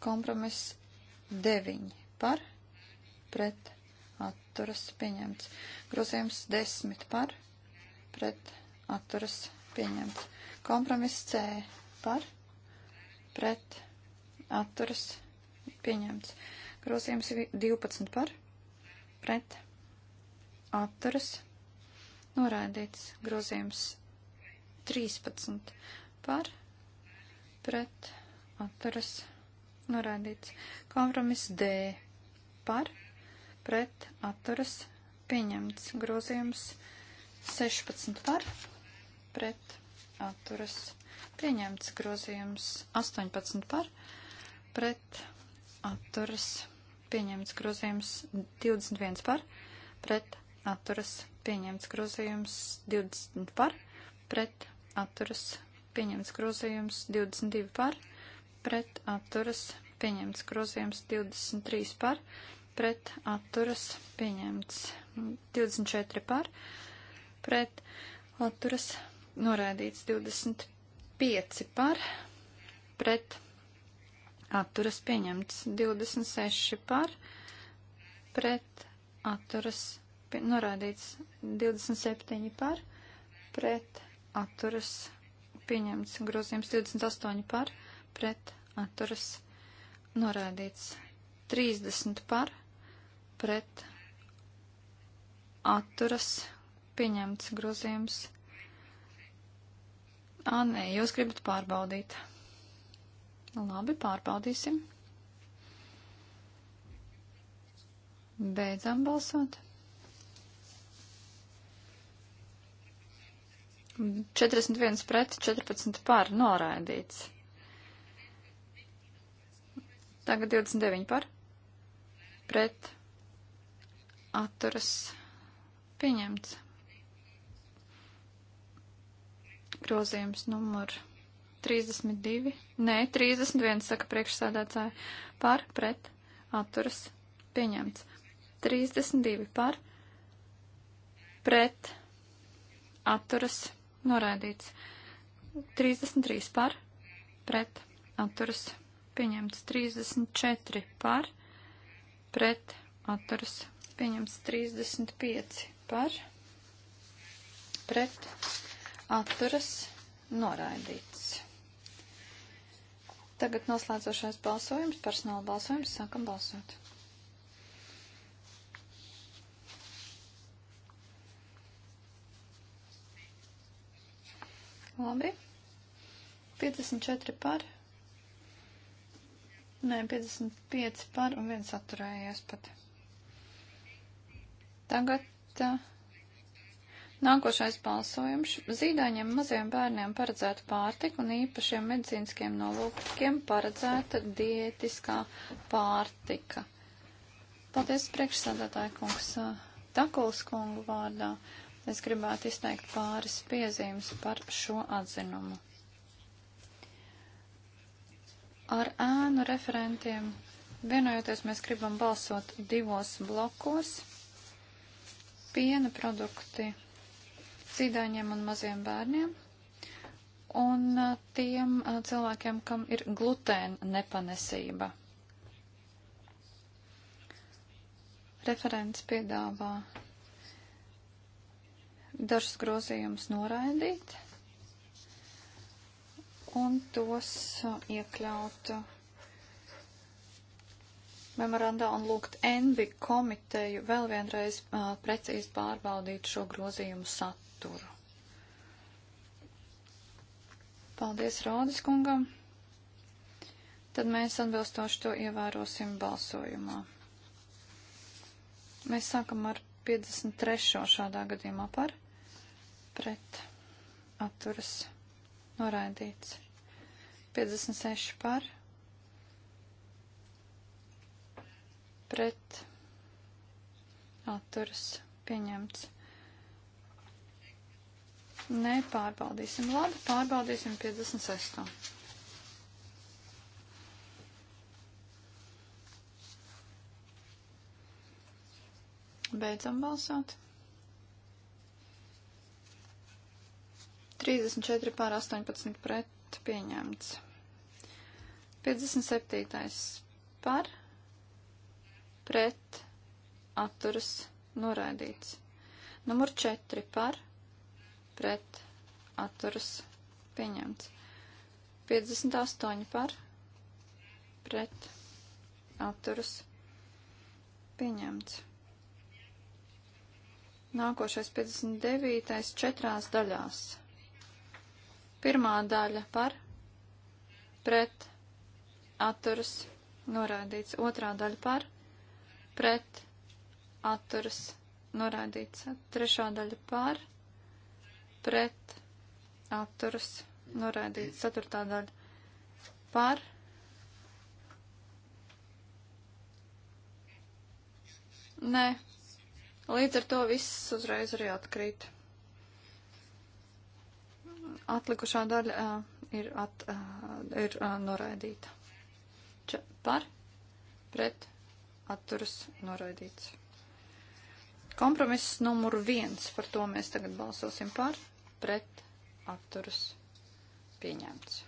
Kompromiss 9 par pret atturas pieņemts. Grozījums 10 par pret atturas pieņemts. Kompromiss C par pret atturas pieņemts. Grozījums 12 par pret pret atturas noraidīts grozījums 13 par pret atturas noraidīts kompromiss D par pret atturas pieņemts grozījums 16 par pret atturas pieņemts grozījums 18 par pret atturas pieņemts pieņemts grozījums 21 par, pret atturas pieņemts grozījums 20 par, pret atturas pieņemts grozījums 22 par, pret atturas pieņemts grozījums 23 par, pret atturas pieņemts 24 par, pret atturas noraidīts 25 par, pret atturas atturas pieņemts. 26 par pret atturas norādīts. 27 par pret atturas pieņemts. Grozījums 28 par pret atturas norādīts. 30 par pret atturas pieņemts grozījums. Ā, nē, jūs gribat pārbaudīt. Labi, pārbaudīsim. Beidzam balsot. 41 pret, 14 par, noraidīts. Tagad 29 par, pret, atturas, pieņemts. Grozījums numur 1. 32, nē, 31, saka priekšsādātāja, par, pret, atturas, pieņemts. 32 par, pret, atturas, noraidīts. 33 par, pret, atturas, pieņemts. 34 par, pret, atturas, pieņemts. 35 par, pret, atturas, noraidīts. Tagad noslēdzošais balsojums, personāla balsojums, sākam balsot. Labi. 54 par. Nē, 55 par un viens atturējies pat. Tagad. Uh, Nākošais balsojums - zīdaiņiem maziem bērniem paredzēta pārtika un īpašiem medicīniskiem nolūkiem paredzēta diētiskā pārtika. Paldies priekšsādātāja kungs Takuls kungu vārdā. Es gribētu izteikt pāris piezīmes par šo atzinumu. Ar ēnu referentiem vienojoties mēs gribam balsot divos blokos. Piena produkti zīdaiņiem un maziem bērniem un tiem cilvēkiem, kam ir glutēna nepanesība. Referents piedāvā dažus grozījumus noraidīt un tos iekļaut memorandā un lūgt Envi komiteju vēl vienreiz uh, precīzi pārbaudīt šo grozījumu saturu saturu. Paldies Rodas kungam. Tad mēs atbilstoši to ievērosim balsojumā. Mēs sākam ar 53. šādā gadījumā par pret atturas noraidīts. 56 par pret atturas pieņemts. Nē, pārbaudīsim. Labi, pārbaudīsim 56. Beidzam balsot. 34 pār 18 pret pieņemts. 57. par pret atturas noraidīts. Numur 4 par pret atturas pieņemts. 58 par pret atturas pieņemts. Nākošais 59. četrās daļās. Pirmā daļa par pret atturas noraidīts. Otrā daļa par pret atturas noraidīts. Trešā daļa par pret pret atturas noraidīts. Ceturtā daļa par nē. Līdz ar to viss uzreiz arī atkrīt. Atlikušā daļa uh, ir, at, uh, ir uh, noraidīta. Ča, par, pret, atturas noraidīts. Kompromiss numur viens, par to mēs tagad balsosim par, pret atturas pieņemts.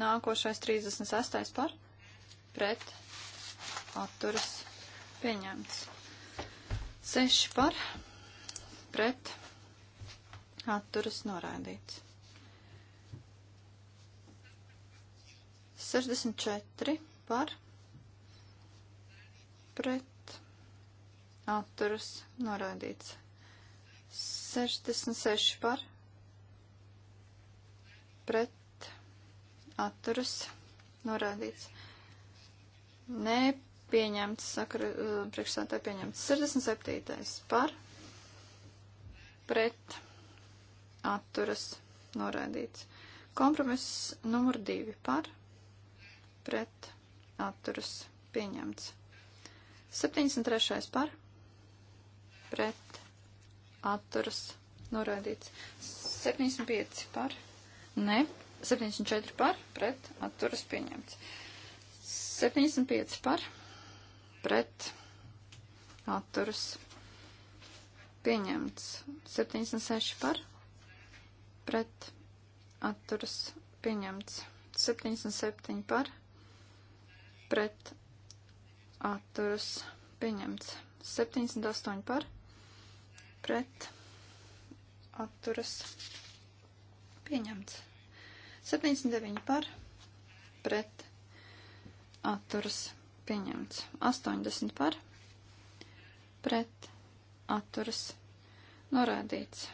Nākošais 38 par pret atturas pieņemts. 6 par pret atturas noraidīts. 64 par pret atturas noraidīts. 66 par pret atturas norādīts. Nepieņemts, saka priekšsētā pieņemts. 67. Eh, par pret atturas norādīts. Kompromiss numur 2 par pret atturas pieņemts. 73. par pret atturas noraidīts. 75 par, ne, 74 par, pret, atturas pieņemts. 75 par, pret, atturas pieņemts. 76 par, pret, atturas pieņemts. 77 par, pret, atturas pieņemts. 78 par, pret, pret atturas pieņemts. 79 par pret atturas pieņemts. 80 par pret atturas norādīts.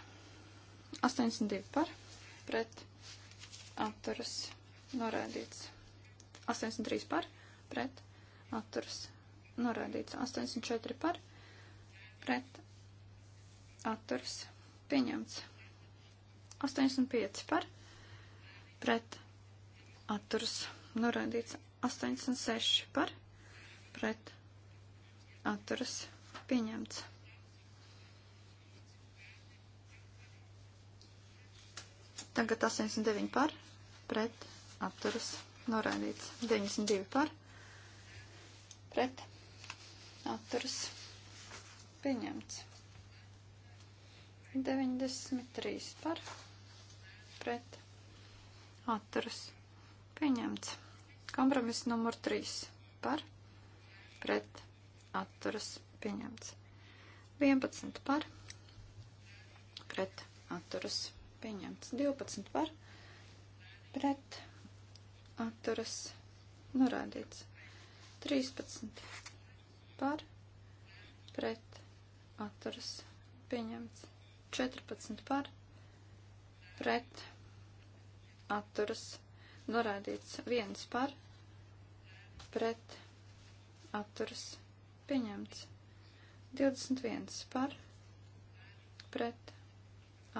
82 par pret atturas norādīts. 83 par pret atturas norādīts. 84 par pret atturas pieņemts. 85 par pret atturas noraidīts. 86 par pret atturas pieņemts. Tagad 89 par, pret, atturas, noraidīts. 92 par, pret, atturas, pieņemts. 93 par pret atturas pieņemts. Kompromiss numur 3 par pret atturas pieņemts. 11 par pret atturas pieņemts. 12 par pret atturas norādīts. 13 par pret atturas pieņemts. 14 par pret atturas norādīts 1 par pret atturas pieņemts 21 par pret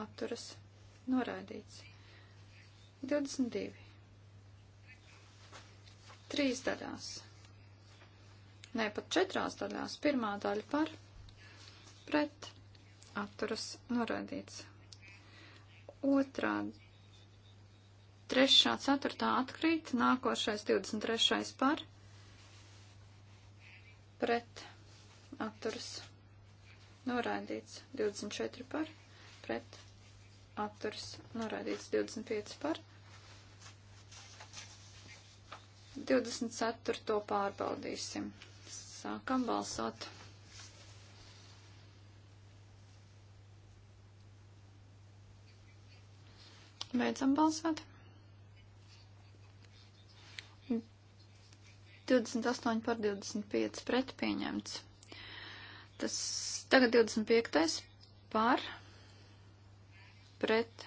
atturas norādīts 22 3 daļās ne pat 4 daļās pirmā daļa par pret atturas noraidīts. Otrā, trešā, ceturtā atkrīt, nākošais 23. par pret atturas noraidīts 24 par pret atturas noraidīts 25 par 24. pārbaudīsim. Sākam balsot. Beidzam balsot. 28 par 25 pret pieņemts. Tas tagad 25. par pret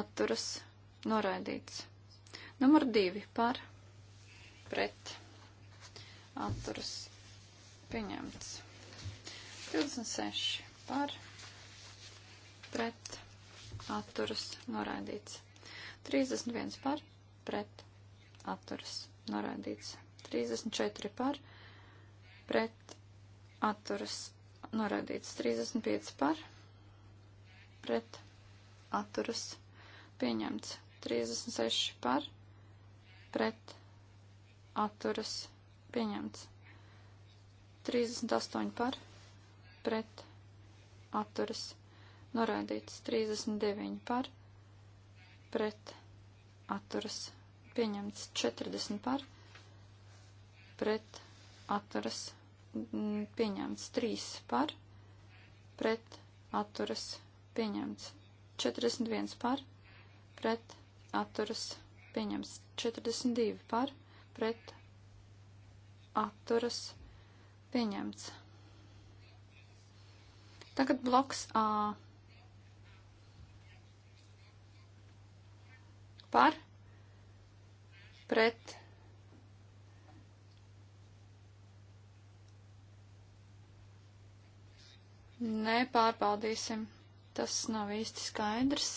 atturas noraidīts. Numur 2 par pret atturas pieņemts. 26 par pret atturas atturas noraidīts. 31 par pret atturas noraidīts. 34 par pret atturas noraidīts. 35 par pret atturas pieņemts. 36 par pret atturas pieņemts. 38 par pret atturas pieņemts noraidīts 39 par, pret atturas pieņemts 40 mm, par, pret atturas pieņemts 3 par, pret atturas pieņemts 41 par, pret atturas pieņemts 42 par, pret atturas pieņemts. Tagad bloks A par pret nepārbaudīsim. Tas nav īsti skaidrs.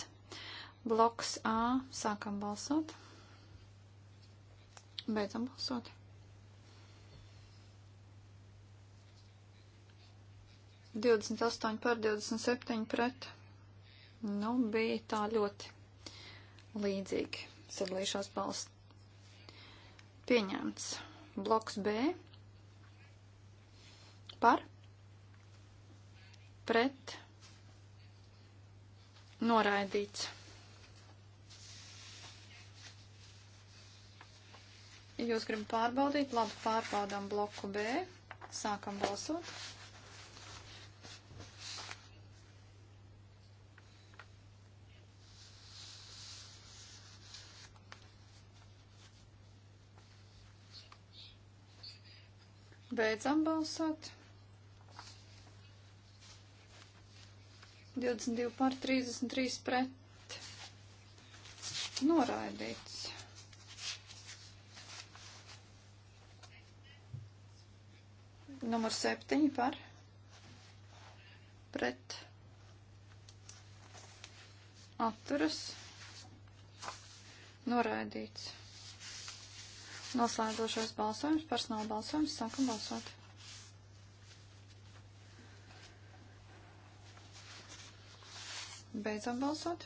Bloks A. Sākam balsot. Beidzam balsot. Divdesmit astoņi par divdesmit septiņi pret. Nu, bija tā ļoti līdzīgi sadalīšos balsts. Pieņemts. Bloks B. Par. Pret. Noraidīts. Jūs gribat pārbaudīt? Labi, pārbaudām bloku B. Sākam balsot. Beidzam balsot. 22 par 33 pret. Noraidīts. Numur 7 par pret atturas noraidīts. Noslēdzošais balsojums, personāla balsojums, sākam balsot. Beidzam balsot.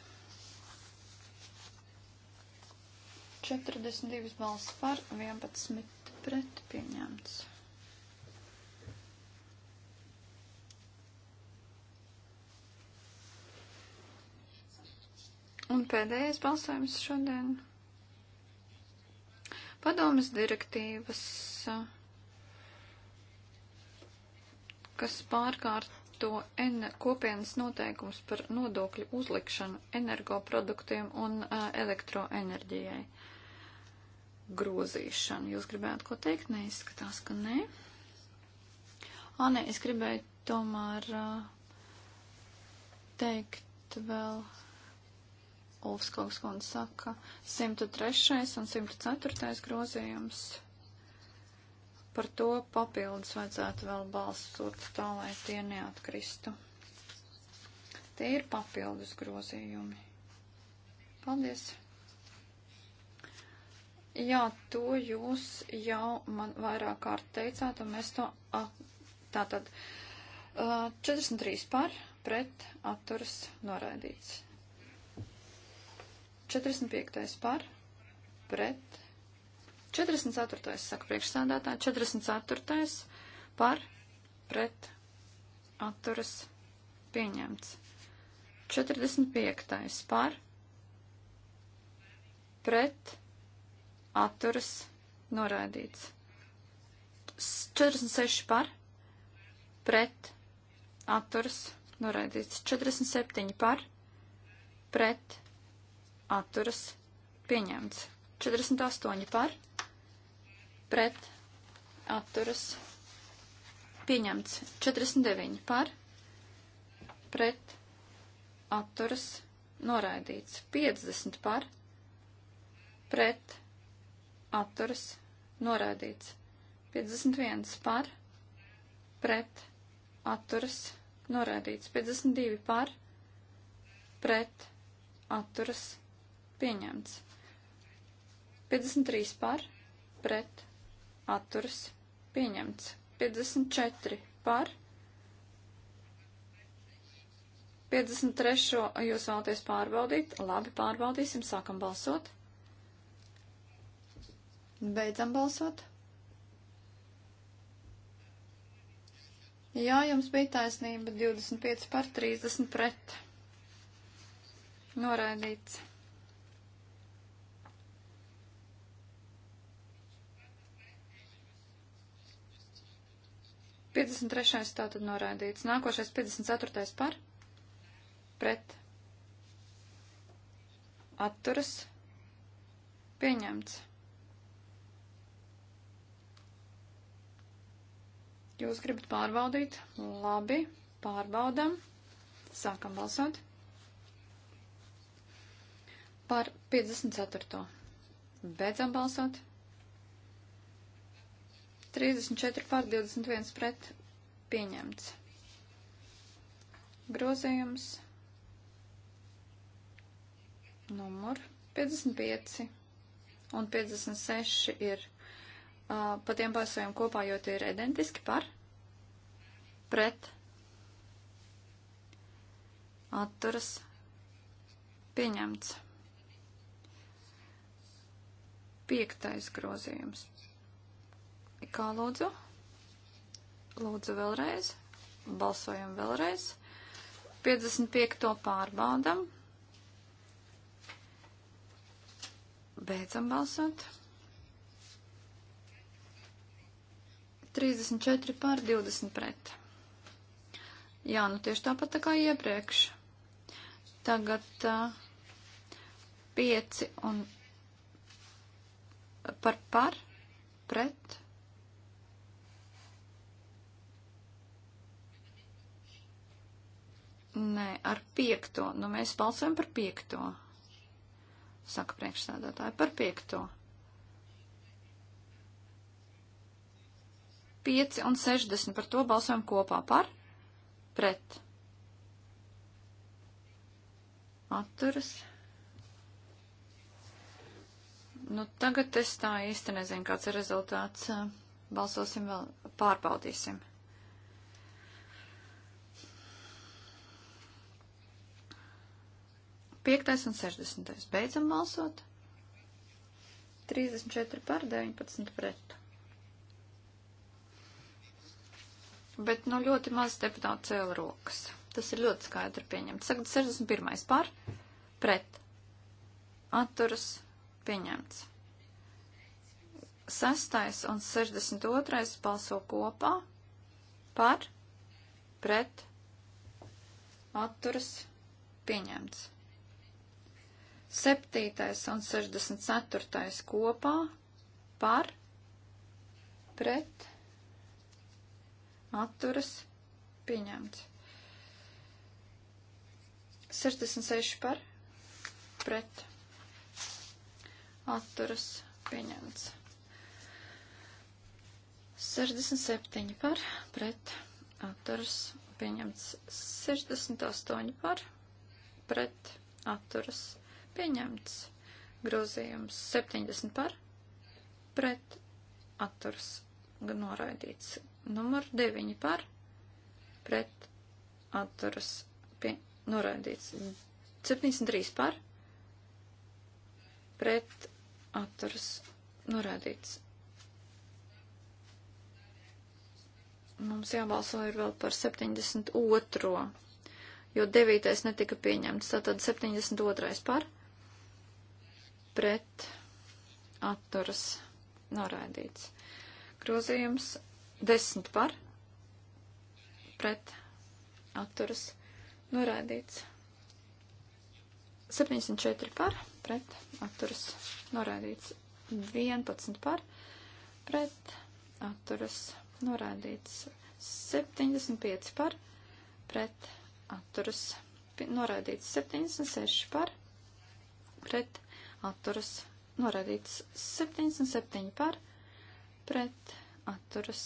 42 balss par, 11 pret pieņemts. Un pēdējais balsojums šodien. Padomas direktīvas, kas pārkārto en, kopienas noteikums par nodokļu uzlikšanu energoproduktiem un uh, elektroenerģijai grozīšanu. Jūs gribētu ko teikt? Neizskatās, ka nē. Ā, nē, es gribēju tomēr uh, teikt vēl Ulfskogs kundze saka, 103. un 104. grozījums. Par to papildus vajadzētu vēl balsot tā, lai tie neatkristu. Tie ir papildus grozījumi. Paldies! Jā, to jūs jau man vairāk kārt teicāt, un mēs to tātad 43 par pret atturas noraidīts. 45. par, pret, 44. saka priekšsādātāji, 44. par, pret, atturas, pieņemts. 45. par, pret, atturas, noraidīts. 46 par, pret, atturas, noraidīts. 47 par, pret, atturas pieņemts. 48 par, pret, atturas pieņemts. 49 par, pret, atturas noraidīts. 50 par, pret, atturas noraidīts. 51 par, pret, atturas noraidīts. 52 par, pret, atturas noraidīts atturas Pieņemts. 53 par, pret, atturas, pieņemts. 54 par, 53. jūs vēlaties pārbaudīt, labi, pārbaudīsim, sākam balsot. Beidzam balsot. Jā, jums bija taisnība 25 par 30 pret. Noraidīts. 53. tātad noraidīts. Nākošais 54. par pret atturas pieņemts. Jūs gribat pārbaudīt? Labi, pārbaudam. Sākam balsot. Par 54. Beidzam balsot. 34 pār 21 pret pieņemts. Grozījums numur 55 un 56 ir uh, pa tiem balsojumiem kopā, jo tie ir identiski par pret atturas pieņemts. Piektais grozījums Kā lūdzu? Lūdzu vēlreiz. Balsojam vēlreiz. 55. to pārbaudam. Beidzam balsot. 34 pār 20 pret. Jā, nu tieši tāpat tā kā iepriekš. Tagad uh, 5 un par par pret Nē, ar piekto. Nu, mēs balsojam par piekto. Saka priekšsēdētāji par piekto. 5 un 60 par to balsojam kopā par, pret. Atturas. Nu, tagad es tā īsti nezinu, kāds ir rezultāts. Balsosim vēl, pārbaudīsim. 5. un 60. Beidzam balsot. 34 par 19 pret. Bet, nu, ļoti maz deputāti cēla rokas. Tas ir ļoti skaidri pieņemts. Tagad 61. par pret. Atturas pieņemts. 6. un 62. balso kopā par pret. Atturas pieņemts. 7. un 64. kopā par pret atturas pieņemts. 66 par pret atturas pieņemts. 67 par pret atturas pieņemts. 68 par pret atturas pieņemts Pieņemts. Grozījums 70 par. Pret. Atturs. Noraidīts. Numur 9 par. Pret. Atturs. Pie, noraidīts. 73 par. Pret. Atturs. Noraidīts. mums jābalso ir vēl par 72. jo 9. netika pieņemts. Tātad 72. par pret atturas noraidīts. Grozījums 10 par pret atturas noraidīts. 74 par pret atturas noraidīts. 11 par pret atturas noraidīts. 75 par pret atturas noraidīts. 76 par pret atturas noraidīts 77 par, pret atturas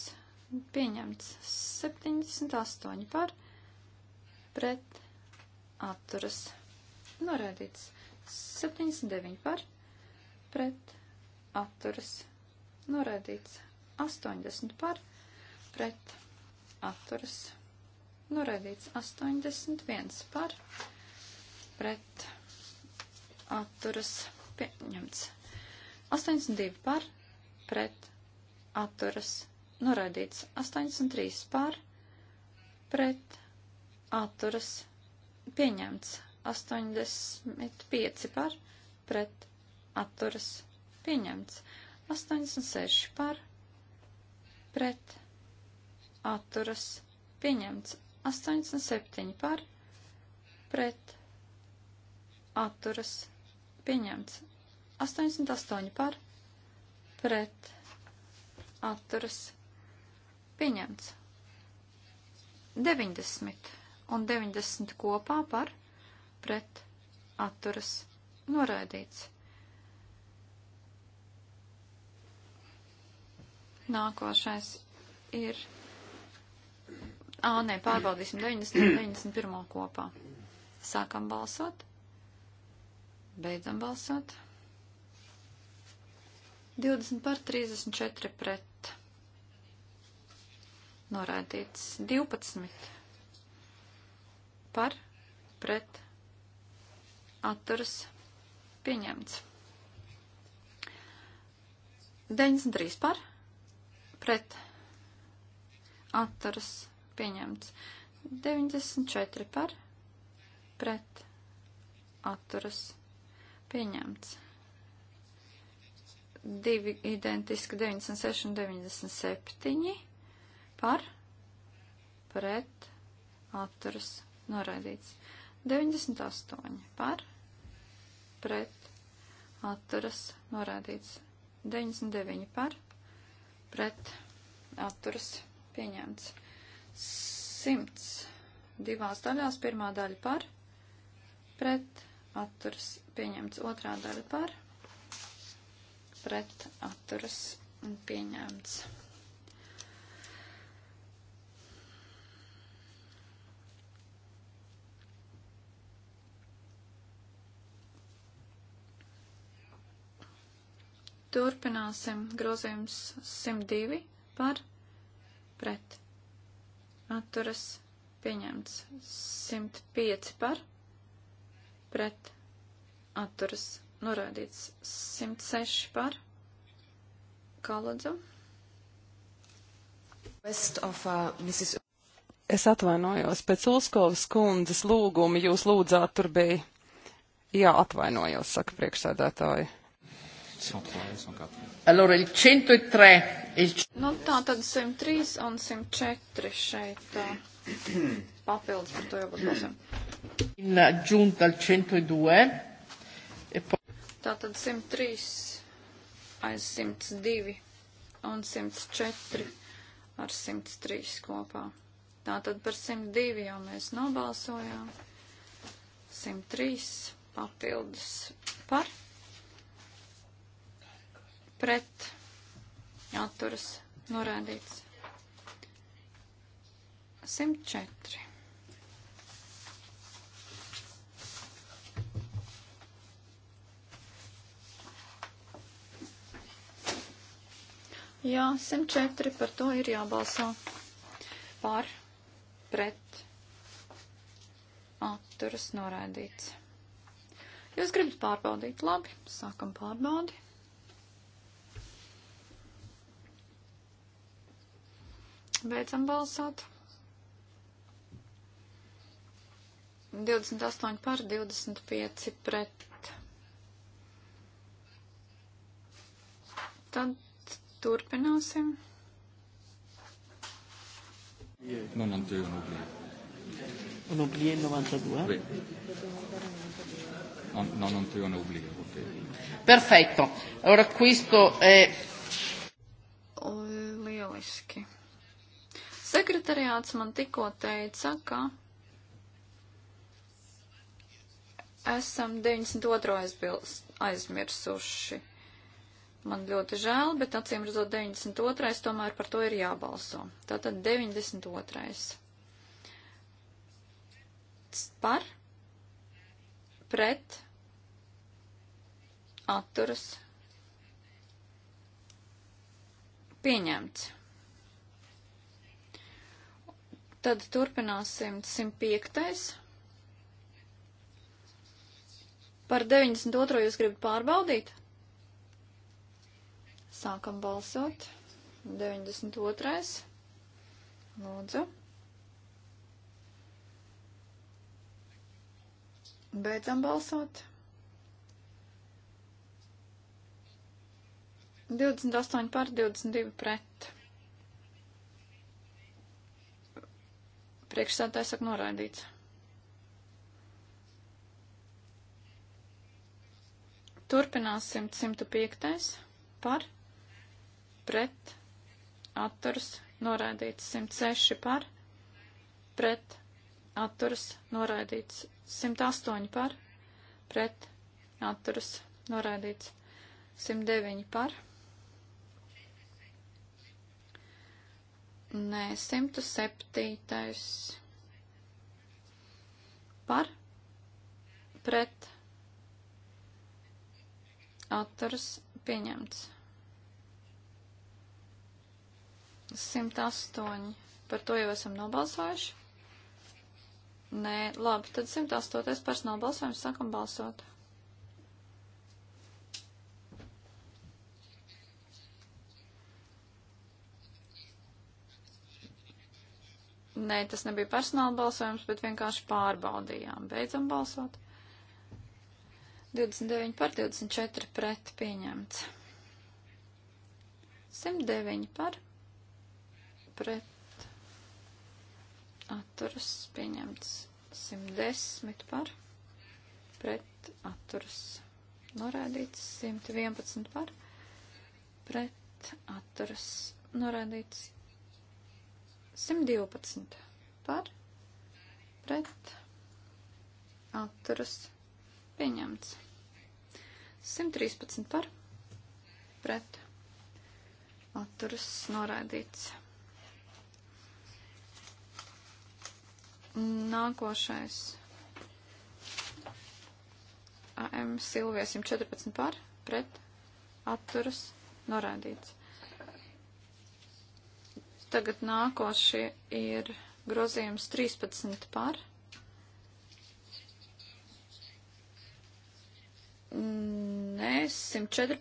pieņemts 78 par, pret atturas noraidīts 79 par, pret atturas noraidīts 80 par, pret atturas noraidīts 81 par, pret atturas noraidīts pieņemts. 82 par, pret, atturas, noraidīts. 83 par, pret, atturas, pieņemts. 85 par, pret, atturas, pieņemts. 86 par, pret, atturas, pieņemts. 87 par, pret, atturas, pieņemts atturas pieņemts. 88 par pret atturas pieņemts. 90 un 90 kopā par pret atturas noraidīts. Nākošais ir. Ā, nē, pārbaudīsim 90 un 91 kopā. Sākam balsot. Beidzam balsot. 20 par 34 pret. Norādīts 12 par pret atturas pieņemts. 93 par pret atturas pieņemts. 94 par pret atturas pieņemts atturas Pieņemts. Divi identiski 96 un 97 par, pret, atturas, noraidīts. 98 par, pret, atturas, noraidīts. 99 par, pret, atturas, pieņemts. 100 divās daļās, pirmā daļa par, pret, atturas pieņemts otrā daļa par, pret atturas pieņemts. Turpināsim grozījums 102 par pret. Atturas pieņemts 105 par pret pret atturas norādīts 106 par Kalodzu. Of, uh, Mrs. Es atvainojos, pēc Ulskovas kundzes lūguma jūs lūdzāt tur bija. Jā, atvainojos, saka priekšsēdētāji. Allora, il 103. Il... Nu, tā tad 103 un 104 šeit uh, papildus par to jau būtu. Giunta al 102. E poi... Tātad 103 aiz 102 un 104 ar 103 kopā. Tātad par 102 jau mēs nobalsojām. 103 papildus par pret atturas norādīts. 104. Jā, 104 par to ir jābalso. Par, pret, atturas noraidīts. Jūs gribat pārbaudīt? Labi, sākam pārbaudi. Beidzam balsot. 28 par 25 pret. Tad Turpināsim. Non anche un oublié. Un oublié 92? Oui. Non, non anche un oublié. Okay. Perfetto. Ora questo è... Lieliski. Sekretariāts man tikko teica, ka esam 92. aizmirsuši. Man ļoti žēl, bet acīm redzot 92. tomēr par to ir jābalso. Tātad 92. Par, pret, atturas, pieņemts. Tad turpināsim 105. Par 92. jūs gribat pārbaudīt? Sākam balsot. 92. Lūdzu. Beidzam balsot. 28 par 22 pret. Priekšsēdētājs saka noraidīts. Turpināsim 105. par pret, atturas, noraidīts 106 par, pret, atturas, noraidīts 108 par, pret, atturas, noraidīts 109 par. Nē, 107. par, pret, atturas, pieņemts. 108. Par to jau esam nobalsojuši? Nē, labi, tad 108. personāla balsojums sākam balsot. Nē, tas nebija personāla balsojums, bet vienkārši pārbaudījām. Beidzam balsot. 29 par 24 pret pieņemts. 109 par pret atturas pieņemts 110 par pret atturas norādīts 111 par pret atturas norādīts 112 par pret atturas pieņemts 113 par pret atturas norādīts 112. Nākošais. AM Silvija 114 par, pret, atturas, norādīts. Tagad nākošie ir grozījums 13 par. Nē, 114.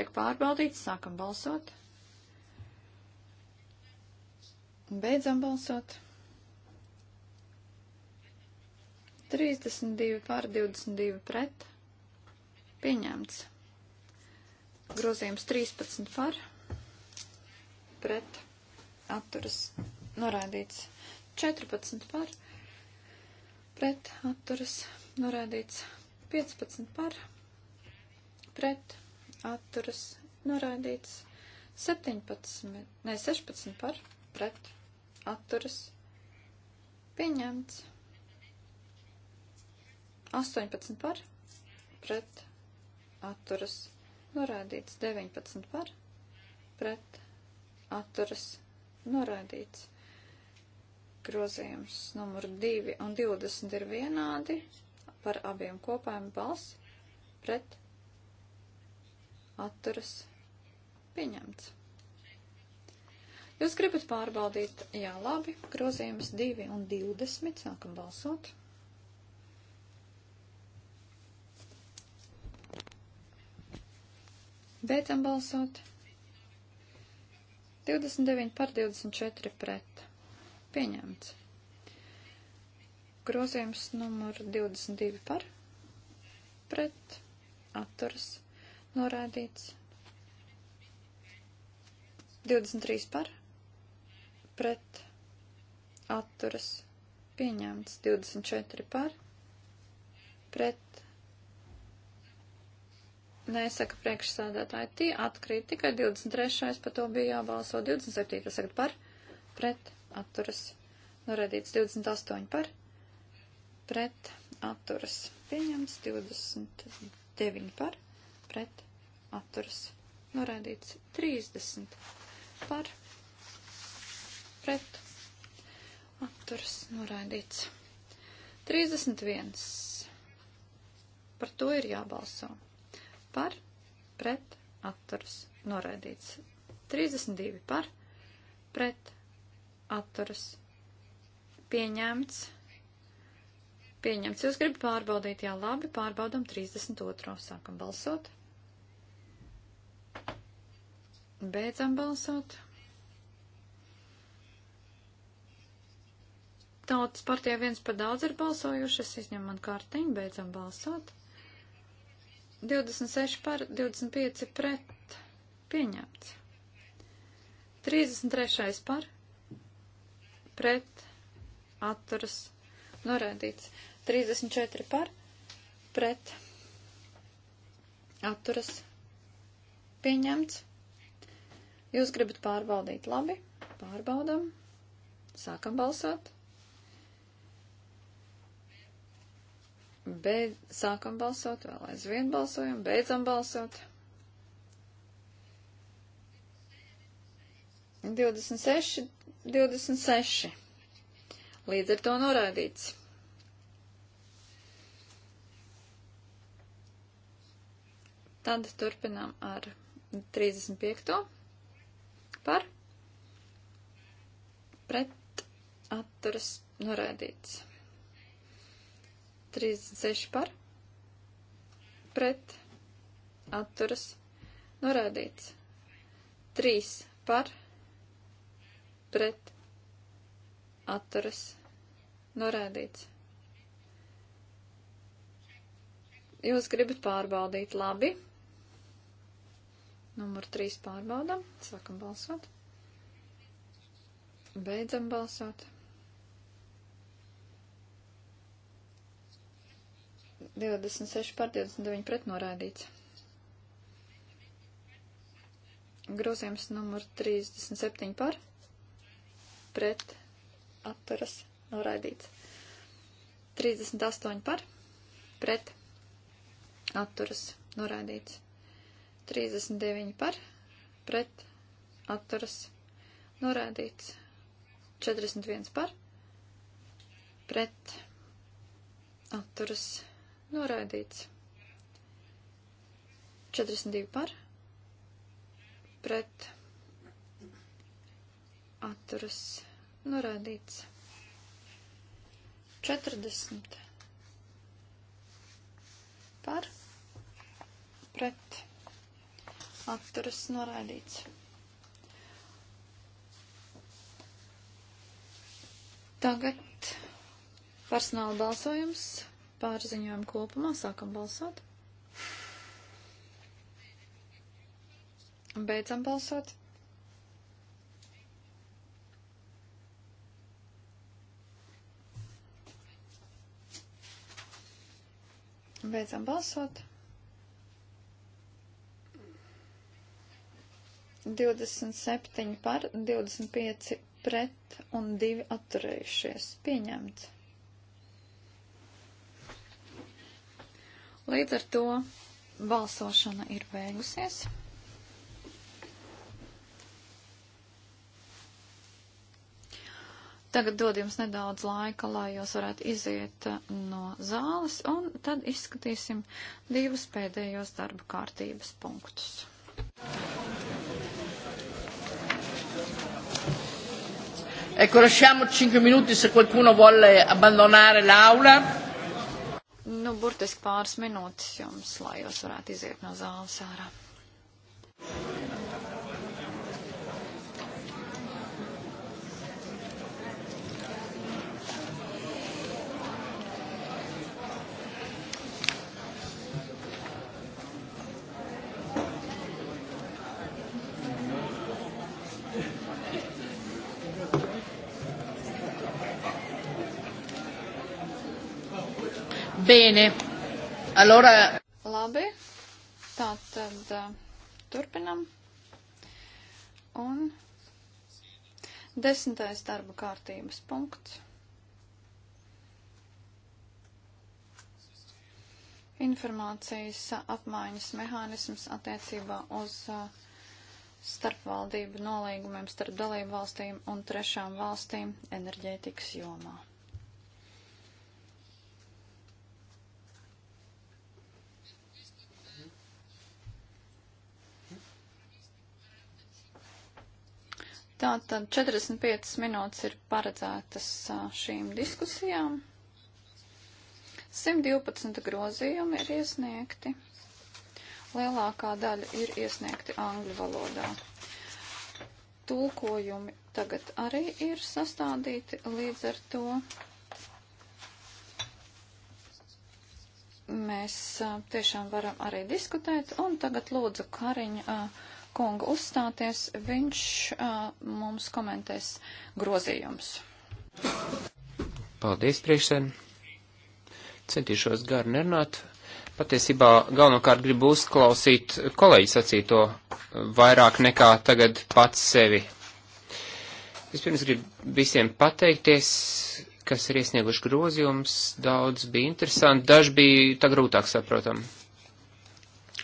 tiek pārbaudīts, sākam balsot. Beidzam balsot. 32 pār 22 pret. Pieņemts. Grozījums 13 par. Pret. Atturas. Norādīts. 14 par. Pret. Atturas. Norādīts. 15 par. Pret. Atturas. Norādīts. 17. Ne, 16 par. Pret. Atturas. Pieņemts. 18 par, pret, atturas, noraidīts. 19 par, pret, atturas, noraidīts. Grozījums numur 2 un 20 ir vienādi par abiem kopējiem balss, pret, atturas, pieņemts. Jūs gribat pārbaudīt, jā, labi, grozījums 2 un 20, sākam balsot. Beidzam balsot. 29 par 24 pret. Pieņemts. Grozījums numur 22 par. Pret. Atturs. Norādīts. 23 par. Pret. Atturs. Pieņemts. 24 par. Pret. Nesaka priekšsādātāji, tie atkrīt tikai 23. par to bija jābalso 27. tagad par, pret, atturas, norēdīts 28 par, pret, atturas, pieņems 29 par, pret, atturas, norēdīts 30 par, pret, atturas, norēdīts 31. Par to ir jābalso par, pret, atturas, noraidīts. 32 par, pret, atturas, pieņemts. Pieņemts. Jūs gribat pārbaudīt, jā, labi, pārbaudam 32. Sākam balsot. Beidzam balsot. Tautas partijā viens par daudz ir balsojuši, es izņemu man kartiņu, beidzam balsot. 26 par, 25 pret. Pieņemts. 33 par, pret, atturas, norēdīts. 34 par, pret, atturas, pieņemts. Jūs gribat pārbaudīt labi, pārbaudam, sākam balsot. Beid, sākam balsot, vēl aizvien balsojam, beidzam balsot. 26, 26. Līdz ar to noraidīts. Tad turpinām ar 35. par pret atturas norēdīts. 36 par, pret, atturas, norādīts. 3 par, pret, atturas, norādīts. Jūs gribat pārbaudīt labi. Numur 3 pārbaudam, sākam balsot. Beidzam balsot. 26 par 29 pret noraidīts. Grozījums numur 37 par pret atturas noraidīts. 38 par pret atturas noraidīts. 39 par pret atturas noraidīts. 41 par pret atturas noraidīts Noraidīts. 42 par. Pret. Atturas. Noraidīts. 40 par. Pret. Atturas. Noraidīts. 42. Tagad personāla balsojums pārziņojumu kopumā. Sākam balsot. Beidzam balsot. Beidzam balsot. 27 par, 25 pret un 2 atturējušies. Pieņemts. Līdz ar to balsošana ir beigusies. Tagad dod jums nedaudz laika, lai jūs varētu iziet uh, no zāles, un tad izskatīsim divus pēdējos darba kārtības punktus. Ecco, lasciamo 5 minuti se qualcuno vuole abbandonare l'aula. Nu, burtiski pāris minūtes jums, lai jūs varētu iziet no zāles ārā. Bene. Allora... Labi. Tā tad uh, turpinam. Un desmitais darba kārtības punkts. Informācijas apmaiņas mehānisms attiecībā uz uh, starpvaldību nolīgumiem starp dalību valstīm un trešām valstīm enerģētikas jomā. Tātad 45 minūtes ir paredzētas šīm diskusijām. 112 grozījumi ir iesniegti. Lielākā daļa ir iesniegti angļu valodā. Tulkojumi tagad arī ir sastādīti līdz ar to. Mēs a, tiešām varam arī diskutēt, un tagad lūdzu Kariņu. Uh, kunga uzstāties, viņš uh, mums komentēs grozījums. Paldies, priekšsēd. Centīšos garu nerunāt. Patiesībā galvenokārt gribu uzklausīt kolēģi sacīto vairāk nekā tagad pats sevi. Vispirms gribu visiem pateikties, kas ir iesnieguši grozījums, daudz bija interesanti, daži bija tā grūtāk saprotam.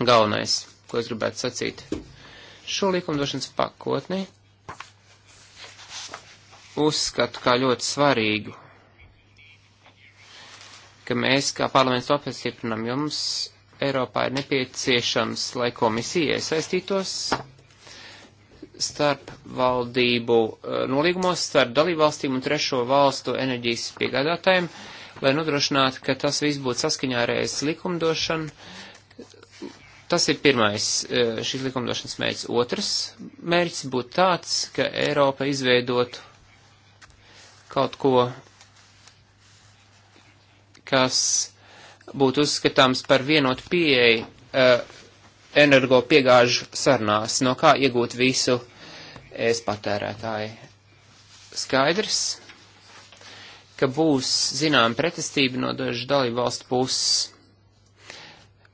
Galvenais, ko es gribētu sacīt šo likumdošanas pakotni uzskatu kā ļoti svarīgu, ka mēs kā parlaments to apstiprinam. Jums Eiropā ir nepieciešams, lai komisija iesaistītos starp valdību eh, nolīgumos, starp dalībvalstīm un trešo valstu enerģijas piegādātājiem, lai nodrošinātu, ka tas viss būtu saskaņā ar ES likumdošanu Tas ir pirmais eh, šīs likumdošanas mērķis. Otrs mērķis būtu tāds, ka Eiropa izveidotu kaut ko, kas būtu uzskatāms par vienotu pieeju uh, eh, energo piegāžu sarnās, no kā iegūt visu es patērētāju. Skaidrs, ka būs zinām pretestība no dažu dalību valstu puses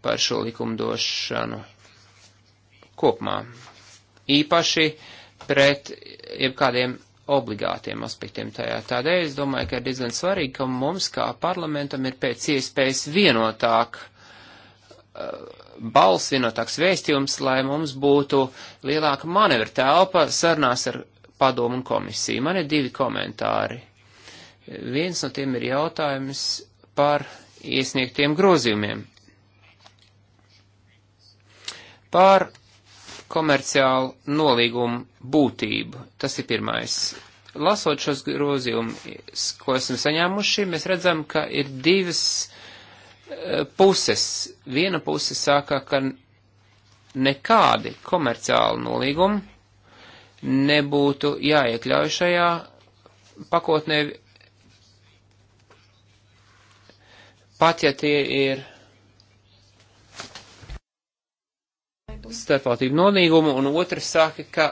par šo likumdošanu kopumā. Īpaši pret jebkādiem obligātiem aspektiem tajā. Tādēļ es domāju, ka ir diezgan svarīgi, ka mums kā parlamentam ir pēc iespējas vienotāk uh, balss, vienotāks vēstījums, lai mums būtu lielāka manevra telpa sarunās ar padomu un komisiju. Man ir divi komentāri. Viens no tiem ir jautājums par iesniegtiem grozījumiem. Pār komerciālu nolīgumu būtību. Tas ir pirmais. Lasot šos grozījumus, ko esam saņēmuši, mēs redzam, ka ir divas eh, puses. Viena puse saka, ka nekādi komerciāli nolīgumi nebūtu jāiekļauj šajā pakotnē, pat ja tie ir starpvaldību nolīgumu, un otrs saka, ka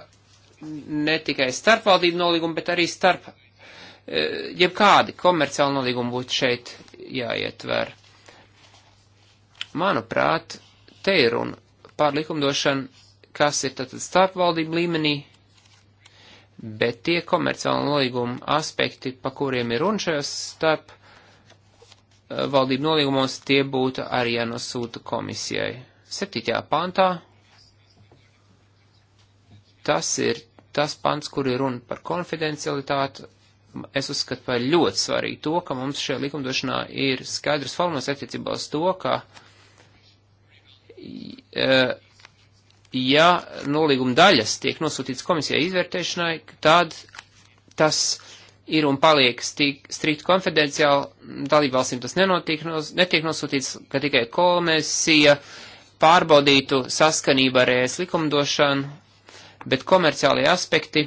ne tikai starpvaldību nolīgumu, bet arī starp e, jebkādi komerciāli nolīgumi būtu šeit jāietver. Manuprāt, te ir runa par likumdošanu, kas ir tātad starpvaldību līmenī, bet tie komerciāli nolīguma aspekti, pa kuriem ir runa šajos starp e, valdību nolīgumos, tie būtu arī jānosūta komisijai. 7. pantā Tas ir tas pants, kur ir runa par konfidencialitāti. Es uzskatu par ļoti svarīgi to, ka mums šajā likumdošanā ir skaidrs formulas attiecībā uz to, ka e, ja nolīguma daļas tiek nosūtītas komisijai izvērtēšanai, tad tas ir un paliek strikt konfidenciāli, dalībvalstīm tas nenotiek, nos, netiek nosūtīts, ka tikai komisija pārbaudītu saskanību ar ES likumdošanu bet komerciālie aspekti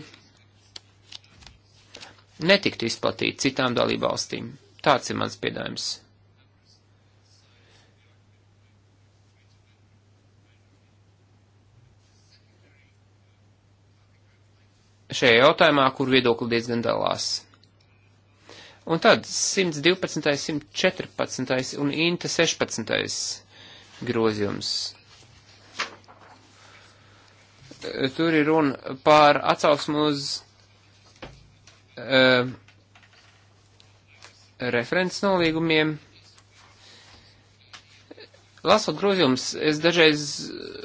netiktu izplatīti citām dalībvalstīm. Tāds ir mans piedājums. Šajā jautājumā, kur viedokli diezgan dalās. Un tad 112, 114 un Inta 16 grozījums tur ir runa par atsauksmu uz uh, referents nolīgumiem. Lasot grūzījums, es dažreiz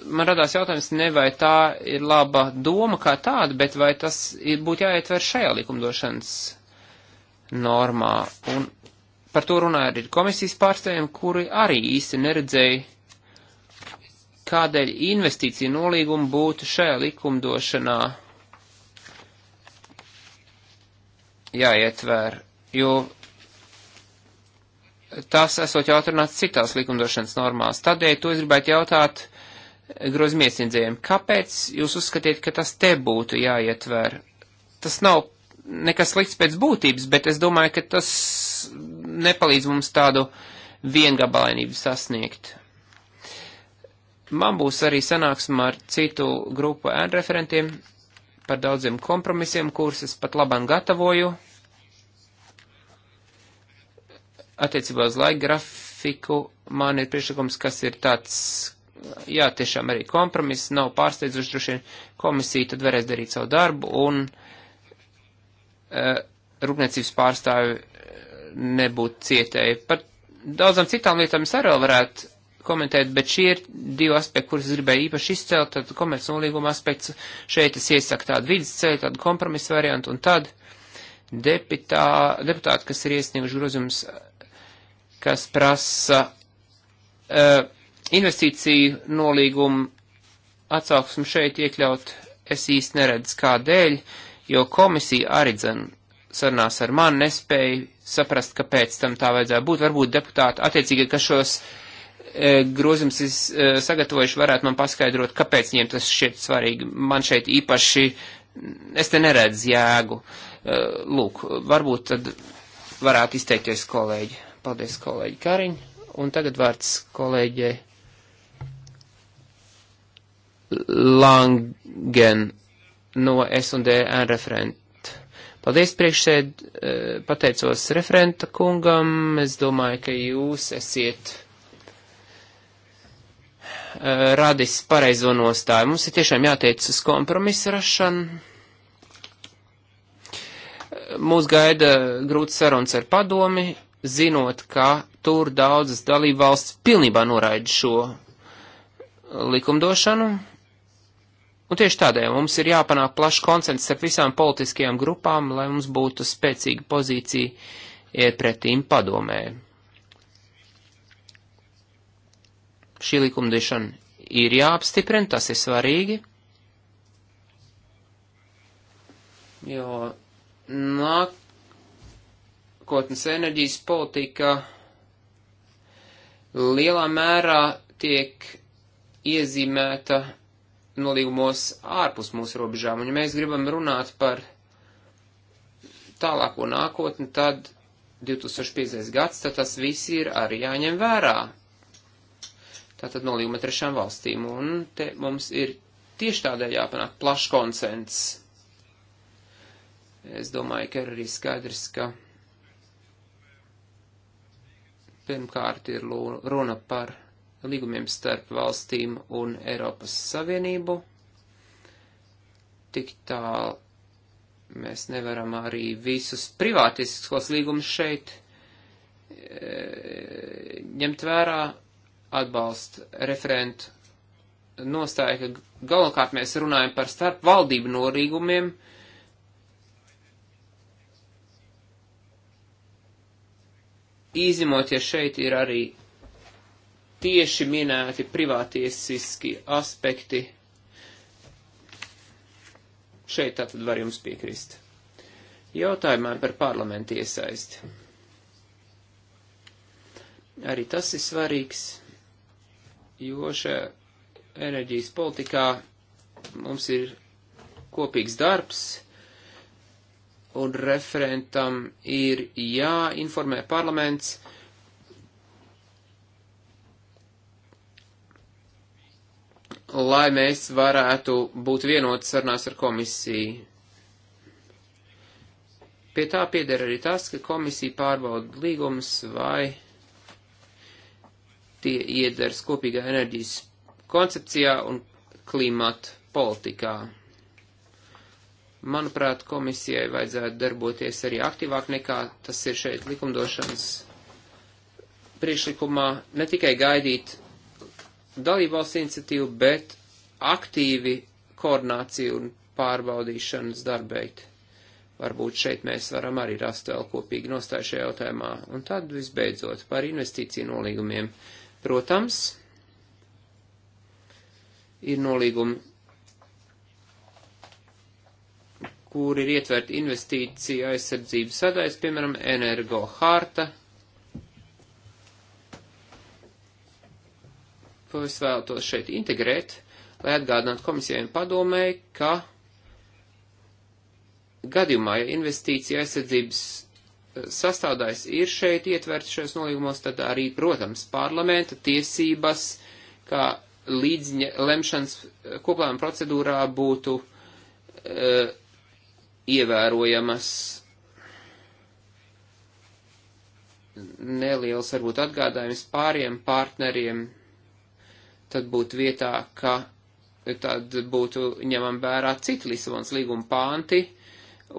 man radās jautājums, ne vai tā ir laba doma kā tāda, bet vai tas būtu jāietver šajā likumdošanas normā. Un par to runāja arī komisijas pārstāvjiem, kuri arī īsti neredzēja kādēļ investīcija nolīguma būtu šajā likumdošanā jāietver, jo tas esot jau atrunāts citās likumdošanas normās. Tādēļ to es gribētu jautāt grozmiesniedzējiem, kāpēc jūs uzskatiet, ka tas te būtu jāietver? Tas nav nekas slikts pēc būtības, bet es domāju, ka tas nepalīdz mums tādu viengabalainību sasniegt. Man būs arī sanāksme ar citu grupu ēnreferentiem par daudziem kompromisiem, kurus es pat labam gatavoju. Attiecībā uz laika grafiku man ir priekšlikums, kas ir tāds, jā, tiešām arī kompromiss, nav pārsteidzuši, droši vien komisija tad varēs darīt savu darbu un uh, rūpniecības pārstāvi e, nebūtu cietēji. Par daudzām citām lietām es arī varētu komentēt, bet šie ir divi aspekti, kurus gribēju īpaši izcelt. Tad komerc nolīguma aspekts šeit es iesaku tādu vidusceļu, tādu kompromisu variantu, un tad deputā, deputāti, kas ir iesnieguši grozījums, kas prasa uh, investīciju nolīgumu atsauksmu šeit iekļaut, es īsti neredzu kādēļ, jo komisija arī dzen sarunās ar mani nespēja saprast, kāpēc tam tā vajadzēja būt. Varbūt deputāti attiecīgi, kas šos uh, E, grozījums ir e, sagatavojuši, varētu man paskaidrot, kāpēc viņiem tas šķiet svarīgi. Man šeit īpaši, es te neredzu jēgu. E, lūk, varbūt tad varētu izteikties kolēģi. Paldies, kolēģi Kariņ. Un tagad vārds kolēģei Langen no S&D referent. Paldies priekšsēd, pateicos referenta kungam. Es domāju, ka jūs esiet Eh, radis pareizo nostāju. Mums ir tiešām jātiec uz kompromisu rašanu. Mūs gaida grūts sarunas ar padomi, zinot, ka tur daudzas dalība valsts pilnībā noraida šo likumdošanu. Un tieši tādēļ mums ir jāpanāk plašs konsens ar visām politiskajām grupām, lai mums būtu spēcīga pozīcija iepretīm padomēm. šī likumdešana ir jāapstiprina, tas ir svarīgi, jo nākotnes enerģijas politika lielā mērā tiek iezīmēta nolīgumos ārpus mūsu robežām, un ja mēs gribam runāt par tālāko nākotni, tad 2050. gads, tad tas viss ir arī jāņem vērā tātad nolīguma trešām valstīm. Un te mums ir tieši tādēļ jāpanāk plašs konsens. Es domāju, ka ir arī skaidrs, ka pirmkārt ir runa par līgumiem starp valstīm un Eiropas Savienību. Tik tālu mēs nevaram arī visus privātiskos līgumus šeit e, ņemt vērā, atbalstu referentu nostāja, ka galvenokārt mēs runājam par starp valdību norīgumiem. Īzimoties šeit ir arī tieši minēti privātiesiski aspekti. Šeit tātad var jums piekrist. Jautājumā par parlamentu iesaisti. Arī tas ir svarīgs jo šajā enerģijas politikā mums ir kopīgs darbs, un referentam ir jāinformē parlaments. lai mēs varētu būt vienoti sarunās ar komisiju. Pie tā pieder arī tas, ka komisija pārbauda līgumus vai tie iedars kopīgā enerģijas koncepcijā un klimata politikā. Manuprāt, komisijai vajadzētu darboties arī aktīvāk nekā tas ir šeit likumdošanas priekšlikumā, ne tikai gaidīt dalībvalsts iniciatīvu, bet aktīvi koordināciju un pārbaudīšanas darbeit. Varbūt šeit mēs varam arī rast vēl kopīgi nostāju šajā jautājumā. Un tad visbeidzot par investīciju nolīgumiem. Uh, Protams, ir nolīgumi, kur ir ietverti investīcija aizsardzības sadaļas, piemēram, energo harta. Ko es vēlētos šeit integrēt, lai atgādinātu komisijai un padomēji, ka gadījumā, ja investīcija aizsardzības sastāvdaļas ir šeit ietverts šajos nolīgumos, tad arī, protams, parlamenta tiesības, kā līdz lemšanas koplējuma procedūrā būtu e, ievērojamas. Neliels varbūt atgādājums pāriem partneriem, tad būtu vietā, ka tad būtu ņemam vērā citi Lisabonas līguma pānti, e,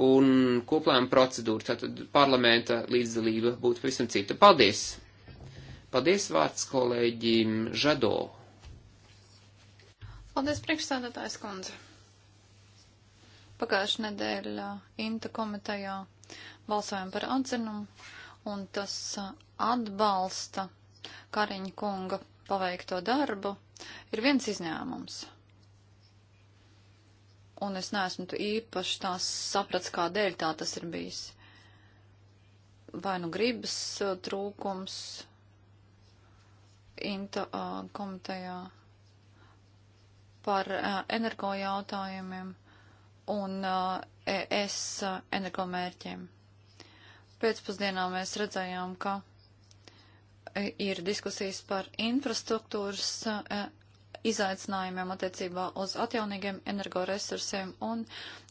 un koplēma procedūra, tātad parlamenta līdzdalība būtu pavisam cita. Paldies! Paldies vārds kolēģim Žado. Paldies priekšstādātājs kundze. Pagājušajā nedēļā Inta komitejā balsojam par atzinumu, un tas atbalsta Kariņa kunga paveikto darbu. Ir viens izņēmums un es neesmu īpaši tās saprats, kādēļ tā tas ir bijis. Vai nu gribas eh, trūkums Inta eh, komitejā par eh, energo jautājumiem un ES e energo mērķiem. Pēcpusdienā mēs redzējām, ka ir diskusijas par infrastruktūras izaicinājumiem attiecībā uz atjaunīgiem energoresursiem. Un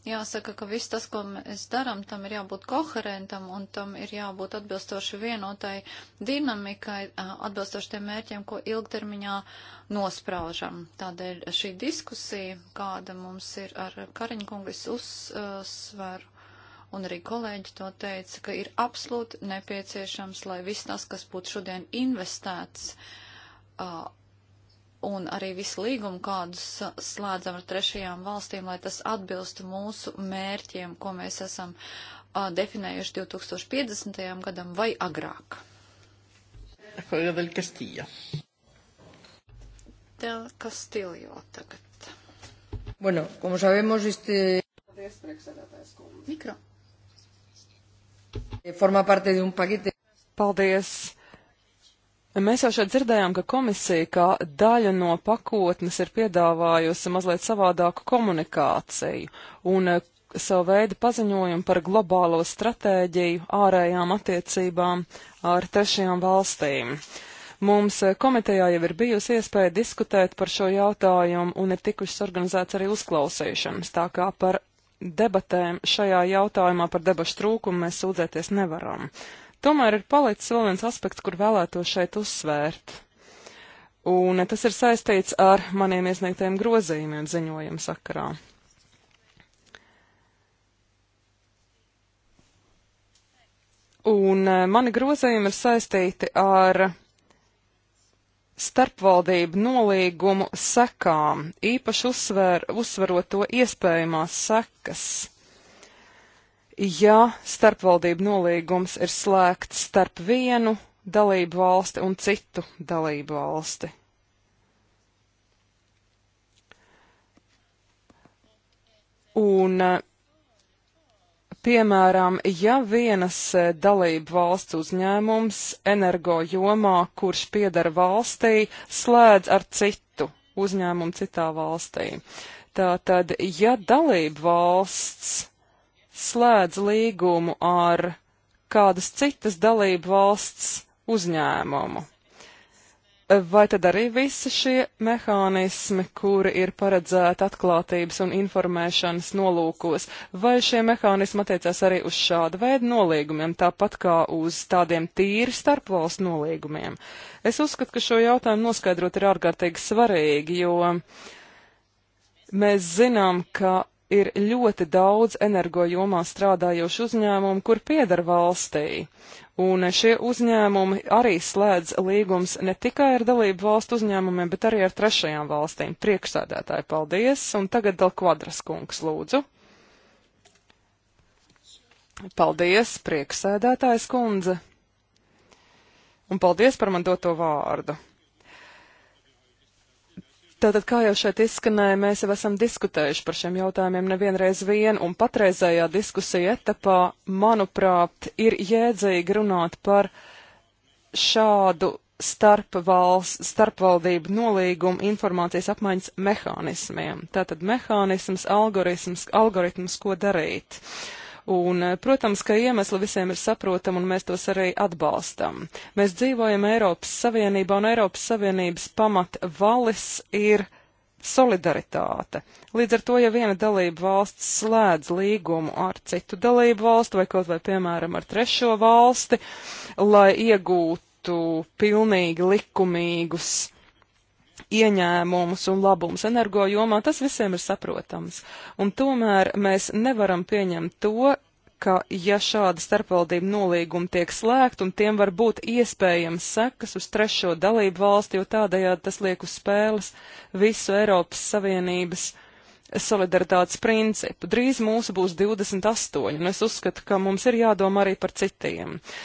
jāsaka, ka viss tas, ko mēs darām, tam ir jābūt koherentam un tam ir jābūt atbilstoši vienotai dinamikai, atbilstoši tiem mērķiem, ko ilgtermiņā nospraužam. Tādēļ šī diskusija, kāda mums ir ar Kariņkungas uzsveru, un arī kolēģi to teica, ka ir absolūti nepieciešams, lai viss tas, kas būtu šodien investēts, uh, un arī visu līgumu, kādus slēdzam ar trešajām valstīm, lai tas atbilstu mūsu mērķiem, ko mēs esam uh, definējuši 2050. gadam vai agrāk. Del Castillo. Del Castillo tagad. Bueno, como sabemos, este... Mikro. Forma parte de un paquete. Paldies Mēs jau šeit dzirdējām, ka komisija kā daļa no pakotnes ir piedāvājusi mazliet savādāku komunikāciju un eh, savu veidu paziņojumu par globālo stratēģiju ārējām attiecībām ar trešajām valstīm. Mums eh, komitejā jau ir bijusi iespēja diskutēt par šo jautājumu un ir tikušas organizēts arī uzklausīšanas, tā kā par debatēm šajā jautājumā par debašu trūkumu mēs sūdzēties nevaram. Tomēr ir palicis vēl viens aspekts, kur vēlētos šeit uzsvērt. Un tas ir saistīts ar maniem iesniegtajiem grozījumiem ziņojumu sakarā. Un eh, mani grozījumi ir saistīti ar starpvaldību nolīgumu sekām, īpaši uzsver, uzsverot to iespējamās sekas ja starpvaldību nolīgums ir slēgts starp vienu dalību valsti un citu dalību valsti. Un, eh, piemēram, ja vienas eh, dalību valsts uzņēmums energo jomā, kurš piedara valstī, slēdz ar citu uzņēmumu citā valstī. Tātad, ja dalību valsts slēdz līgumu ar kādas citas dalību valsts uzņēmumu. Vai tad arī visi šie mehānismi, kuri ir paredzēti atklātības un informēšanas nolūkos, vai šie mehānismi attiecās arī uz šādu veidu nolīgumiem, tāpat kā uz tādiem tīri starpvalstu nolīgumiem? Es uzskatu, ka šo jautājumu noskaidrot ir ārkārtīgi svarīgi, jo mēs zinām, ka ir ļoti daudz energojumā strādājošu uzņēmumu, kur pieder valstī. Un šie uzņēmumi arī slēdz līgums ne tikai ar dalību valstu uzņēmumiem, bet arī ar trešajām valstīm. Priekšsēdētāji, paldies! Un tagad vēl kvadras kungs, lūdzu. Paldies, priekšsēdētājs kundze! Un paldies par man doto vārdu! Tātad, kā jau šeit izskanēja, mēs jau esam diskutējuši par šiem jautājumiem nevienreiz vien, un patreizējā diskusija etapā, manuprāt, ir jēdzīgi runāt par šādu starpvalsts, starpvaldību nolīgumu informācijas apmaiņas mehānismiem. Tātad mehānisms, algoritms, algoritms, ko darīt. Uh, Un, eh, protams, ka iemesli visiem ir saprotami un mēs tos arī atbalstam. Mēs dzīvojam Eiropas Savienībā un Eiropas Savienības pamat valis ir solidaritāte. Līdz ar to, ja viena dalība valsts slēdz līgumu ar citu dalību valstu vai kaut vai, piemēram, ar trešo valsti, lai iegūtu pilnīgi likumīgus ieņēmumus un labumus energojomā, tas visiem ir saprotams. Un tomēr mēs nevaram pieņemt to, ka ja šāda starpvaldību nolīguma tiek slēgt un tiem var būt iespējams sekas uz trešo dalību valsti, jo tādējādi tas liek uz spēles visu Eiropas Savienības solidaritātes principu. Drīz mūsu būs 28, un es uzskatu, ka mums ir jādomā arī par citiem. Uh,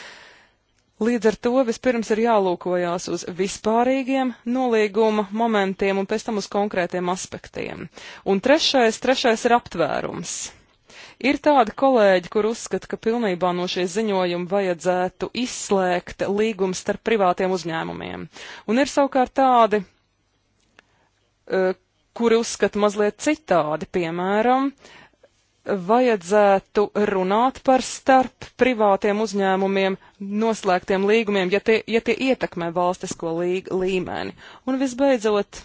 Līdz ar to vispirms ir jālūkojās uz vispārīgiem nolīguma momentiem un pēc tam uz konkrētiem aspektiem. Un trešais, trešais ir aptvērums. Ir tādi kolēģi, kur uzskata, ka pilnībā no šie ziņojumi vajadzētu izslēgt līgums starp privātiem uzņēmumiem. Un ir savukārt tādi, eh, kuri uzskata mazliet citādi, piemēram, vajadzētu runāt par starp privātiem uzņēmumiem noslēgtiem līgumiem, ja tie, ja tie ietekmē valstisko līg, līmeni. Un visbeidzot,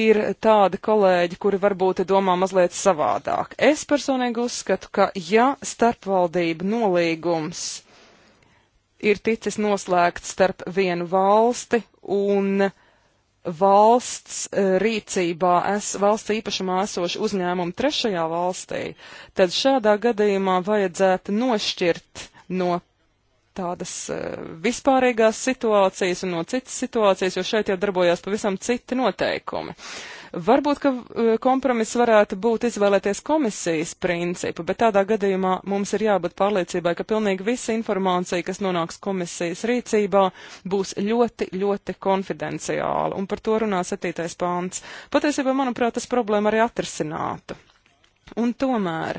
ir tādi kolēģi, kuri varbūt domā mazliet savādāk. Es personīgi uzskatu, ka ja starpvaldība nolīgums ir ticis noslēgts starp vienu valsti un uh, valsts eh, rīcībā, es, valsts īpašumā esošu uzņēmumu trešajā valstī, tad šādā gadījumā vajadzētu nošķirt no tādas eh, vispārīgās situācijas un no citas situācijas, jo šeit jau darbojās pavisam citi noteikumi. Uh, Varbūt, ka e, kompromiss varētu būt izvēlēties komisijas principu, bet tādā gadījumā mums ir jābūt pārliecībai, ka pilnīgi visa informācija, kas nonāks komisijas rīcībā, būs ļoti, ļoti konfidenciāla, un par to runā 7. pāns. Patiesībā, manuprāt, tas problēma arī atrisinātu. Un tomēr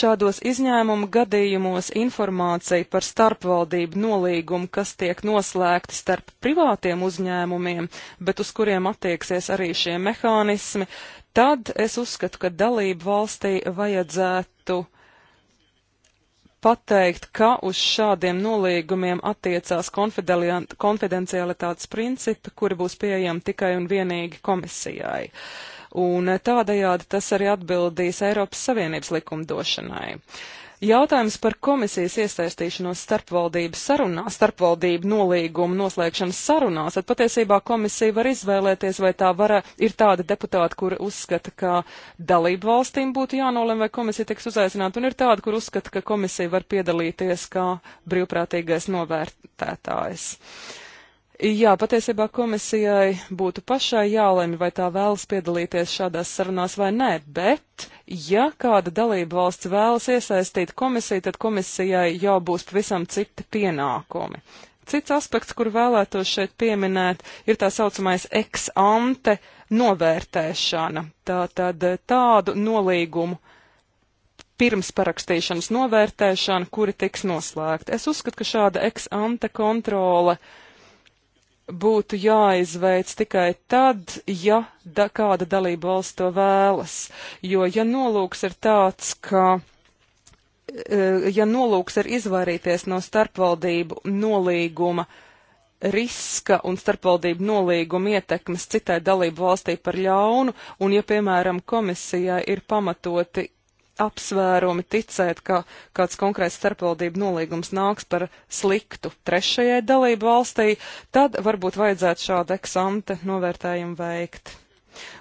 šādos izņēmumu gadījumos informācija par starpvaldību nolīgumu, kas tiek noslēgti starp privātiem uzņēmumiem, bet uz kuriem attieksies arī šie mehānismi, tad es uzskatu, ka dalību valstī vajadzētu pateikt, ka uz šādiem nolīgumiem attiecās konfidencialitātes principi, kuri būs pieejami tikai un vienīgi komisijai. Uh, un tādējādi tas arī atbildīs Eiropas Savienības likumdošanai. Jautājums par komisijas iesaistīšanos starpvaldību sarunā, starpvaldību nolīgumu noslēgšanas sarunās, tad patiesībā komisija var izvēlēties, vai tā vara, ir tāda deputāta, kur uzskata, ka dalību valstīm būtu jānolem, vai komisija tiks uzaicināta, un ir tāda, kur uzskata, ka komisija var piedalīties kā brīvprātīgais novērtētājs. Uh, Jā, patiesībā komisijai būtu pašai jālemj, vai tā vēlas piedalīties šādās sarunās vai nē, bet, ja kāda dalība valsts vēlas iesaistīt komisiju, tad komisijai jau būs pavisam citi pienākumi. Cits aspekts, kur vēlētos šeit pieminēt, ir tā saucamais ex ante novērtēšana. Tātad eh, tādu nolīgumu pirms parakstīšanas novērtēšana, kuri tiks noslēgta. Es uzskatu, ka šāda ex ante kontrole uh, būtu jāizveic tikai tad, ja da, kāda dalība valsts to vēlas. Jo, ja nolūks ir tāds, ka, e, ja nolūks ir izvairīties no starpvaldību nolīguma riska un starpvaldību nolīguma ietekmes citai dalību valstī par ļaunu, un ja, piemēram, komisijai ir pamatoti apsvērumi ticēt, ka kāds konkrēts starpvaldību nolīgums nāks par sliktu trešajai dalību valstī, tad varbūt vajadzētu šādu eksante novērtējumu veikt.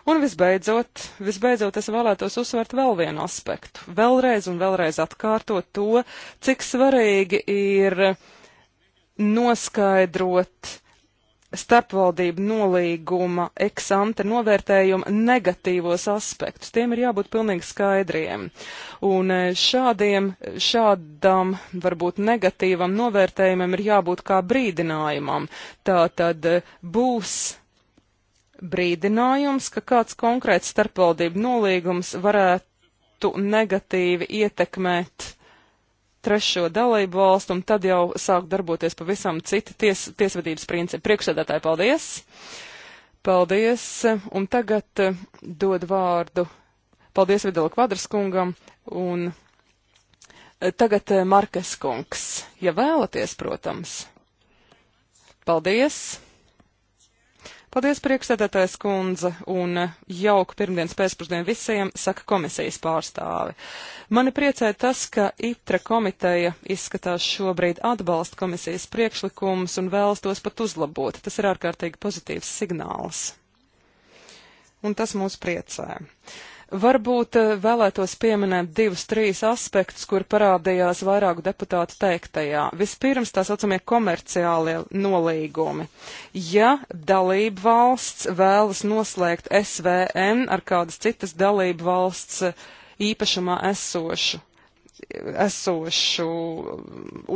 Un visbeidzot, visbeidzot es vēlētos uzsvērt vēl vienu aspektu. Vēlreiz un vēlreiz atkārtot to, cik svarīgi ir noskaidrot starpvaldību nolīguma eksante novērtējuma negatīvos aspektus. Tiem ir jābūt pilnīgi skaidriem. Un e, šādiem, šādam varbūt negatīvam novērtējumam ir jābūt kā brīdinājumam. Tā tad e, būs brīdinājums, ka kāds konkrēts starpvaldību nolīgums varētu negatīvi ietekmēt trešo dalību valstu, un tad jau sāk darboties pavisam citi ties, tiesvedības principi. Priekšsēdētāji, paldies! Paldies! Un tagad eh, dod vārdu. Paldies Vidala Kvadraskungam un eh, Tagad eh, Markes kungs, ja vēlaties, protams. Paldies! Paldies, priekšsēdētājs kundze, un jauku pirmdienas pēcpusdienu visiem, saka komisijas pārstāvi. Mani priecē tas, ka ITRA komiteja izskatās šobrīd atbalsta komisijas priekšlikumus un vēlas tos pat uzlabot. Tas ir ārkārtīgi pozitīvs signāls. Un tas mūs priecē. Uh, Varbūt eh, vēlētos pieminēt divus, trīs aspektus, kur parādījās vairāku deputātu teiktajā. Vispirms tā saucamie komerciālie nolīgumi. Ja dalība valsts vēlas noslēgt SVN ar kādas citas dalība valsts eh, īpašumā esošu, esošu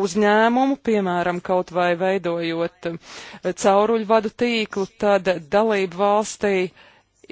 uzņēmumu, piemēram, kaut vai veidojot eh, cauruļvadu tīklu, tad dalība valstī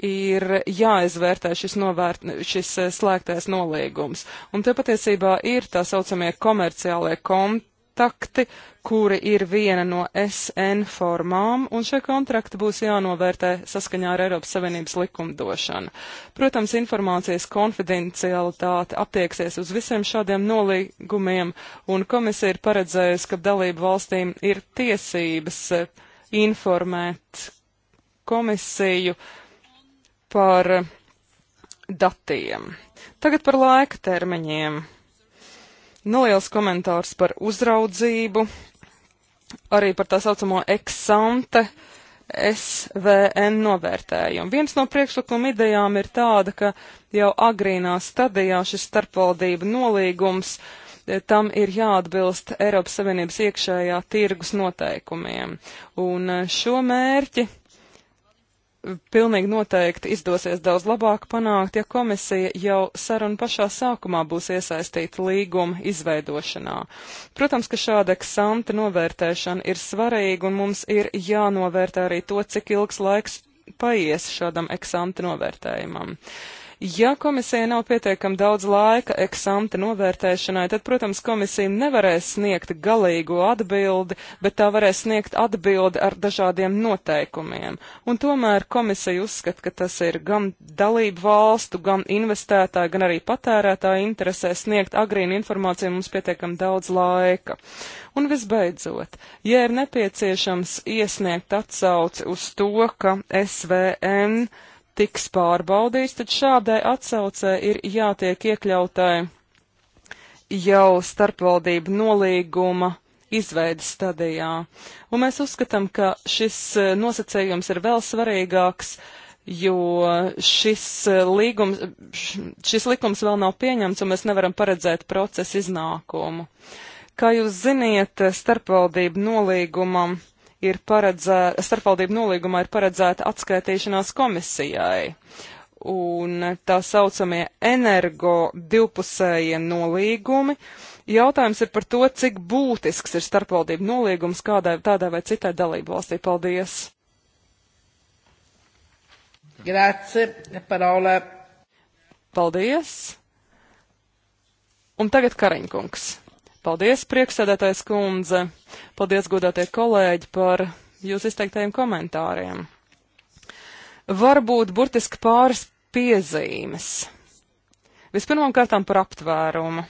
ir jāizvērtē šis, novērt, šis eh, slēgtais nolīgums. Un te patiesībā ir tā saucamie komerciālie kontakti, kuri ir viena no SN formām, un šie kontrakti būs jānovērtē saskaņā ar Eiropas Savienības likumdošanu. Protams, informācijas konfidencialitāte attieksies uz visiem šādiem nolīgumiem, un komisija ir paredzējusi, ka dalību valstīm ir tiesības eh, informēt komisiju uh, par eh, datiem. Tagad par laika termiņiem. Neliels nu, komentārs par uzraudzību, arī par tā saucamo eksante SVN novērtējumu. Viens no priekšlikuma idejām ir tāda, ka jau agrīnā stadijā šis starpvaldību nolīgums eh, tam ir jāatbilst Eiropas Savienības iekšējā tirgus noteikumiem. Un eh, šo mērķi pilnīgi noteikti izdosies daudz labāk panākt, ja komisija jau saruna pašā sākumā būs iesaistīta līguma izveidošanā. Protams, ka šāda eksanta novērtēšana ir svarīga un mums ir jānovērtē arī to, cik ilgs laiks paies šādam eksanta novērtējumam. Uh, Ja komisija nav pietiekam daudz laika eksante novērtēšanai, tad, protams, komisija nevarēs sniegt galīgo atbildi, bet tā varēs sniegt atbildi ar dažādiem noteikumiem. Un tomēr komisija uzskata, ka tas ir gan dalību valstu, gan investētāju, gan arī patērētāju interesē sniegt agrīnu informāciju mums pietiekam daudz laika. Un visbeidzot, ja ir nepieciešams iesniegt atsauci uz to, ka SVN tiks pārbaudīts, tad šādai atsaucē ir jātiek iekļautai jau starpvaldību nolīguma izveidas stadijā. Un mēs uzskatām, ka šis e, nosacējums ir vēl svarīgāks, jo šis, e, līgums, šis likums vēl nav pieņemts un mēs nevaram paredzēt procesa iznākumu. Kā jūs ziniet, starpvaldību nolīgumam ir paredzēta, starpvaldību nolīgumā ir paredzēta atskaitīšanās komisijai. Un tā saucamie energo divpusējie nolīgumi. Jautājums ir par to, cik būtisks ir starpvaldību nolīgums kādai tādai vai citai dalību valstī. Paldies! Grāci, parola. Paldies! Un tagad Kariņkungs. Paldies, prieksēdētais kundze! Paldies, godātie kolēģi, par jūs izteiktajiem komentāriem. Varbūt burtiski pāris piezīmes. Vispirmām kārtām par aptvērumu.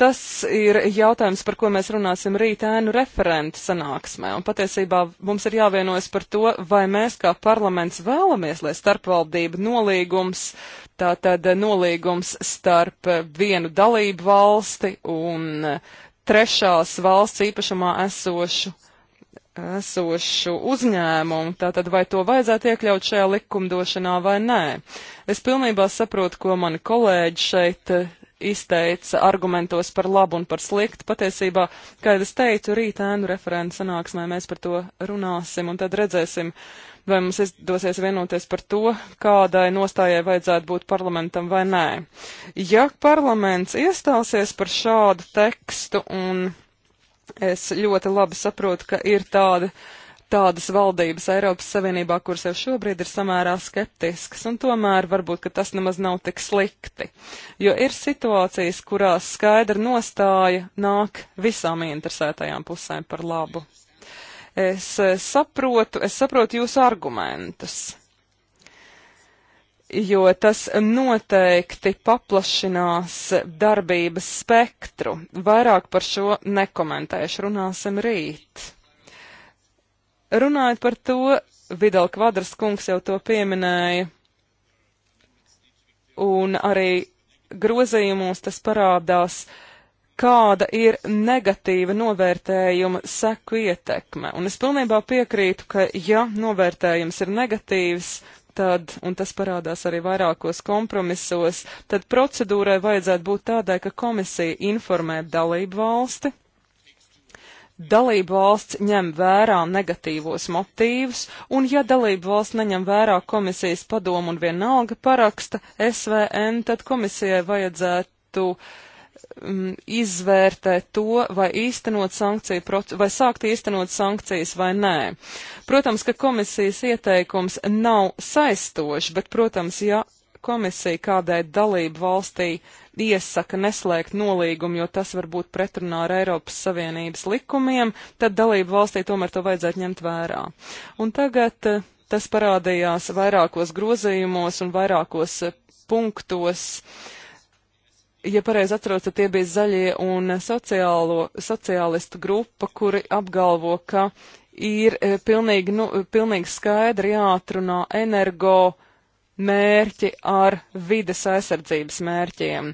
Tas ir jautājums, par ko mēs runāsim rīt ēnu referentu sanāksmē, un patiesībā mums ir jāvienojas par to, vai mēs kā parlaments vēlamies, lai starpvaldība nolīgums uh, Tātad nolīgums starp vienu dalību valsti un trešās valsts īpašumā esošu, esošu uzņēmumu. Tātad vai to vajadzētu iekļaut šajā likumdošanā vai nē? Es pilnībā saprotu, ko mani kolēģi šeit izteica argumentos par labu un par sliktu. Patiesībā, kā jau es teicu, rīt ēnu referents sanāksmē mēs par to runāsim un tad redzēsim. Uh, vai mums izdosies vienoties par to, kādai nostājai vajadzētu būt parlamentam vai nē. Ja parlaments iestāsies par šādu tekstu, un es ļoti labi saprotu, ka ir tāda tādas valdības Eiropas Savienībā, kuras jau šobrīd ir samērā skeptiskas, un tomēr varbūt, ka tas nemaz nav tik slikti. Jo ir situācijas, kurās skaidra nostāja nāk visām interesētajām pusēm par labu. Es eh, saprotu, es saprotu jūsu argumentus, jo tas noteikti paplašinās darbības spektru. Vairāk par šo nekomentēšu, runāsim rīt. Runājot par to, Vidal Kvadras kungs jau to pieminēja, un arī grozījumos tas parādās. Uh, kāda ir negatīva novērtējuma seku ietekme. Un es pilnībā piekrītu, ka ja novērtējums ir negatīvs, tad, un tas parādās arī vairākos kompromisos, tad procedūrai vajadzētu būt tādai, ka komisija informē dalību valsti. Dalību valsts ņem vērā negatīvos motīvus, un ja dalību valsts neņem vērā komisijas padomu un vienalga paraksta SVN, tad komisijai vajadzētu uh, um, izvērtē to, vai īstenot sankciju, vai sākt īstenot sankcijas vai nē. Protams, ka komisijas ieteikums nav saistošs, bet, protams, ja komisija kādai dalību valstī iesaka neslēgt nolīgumu, jo tas var būt pretrunā ar Eiropas Savienības likumiem, tad dalību valstī tomēr to vajadzētu ņemt vērā. Un tagad eh, tas parādījās vairākos grozījumos un vairākos eh, punktos. Uh, ja pareizi atceros, tad tie bija zaļie un sociālo, sociālistu grupa, kuri apgalvo, ka ir e, pilnīgi, nu, pilnīgi skaidri jāatrunā energo mērķi ar vides aizsardzības mērķiem.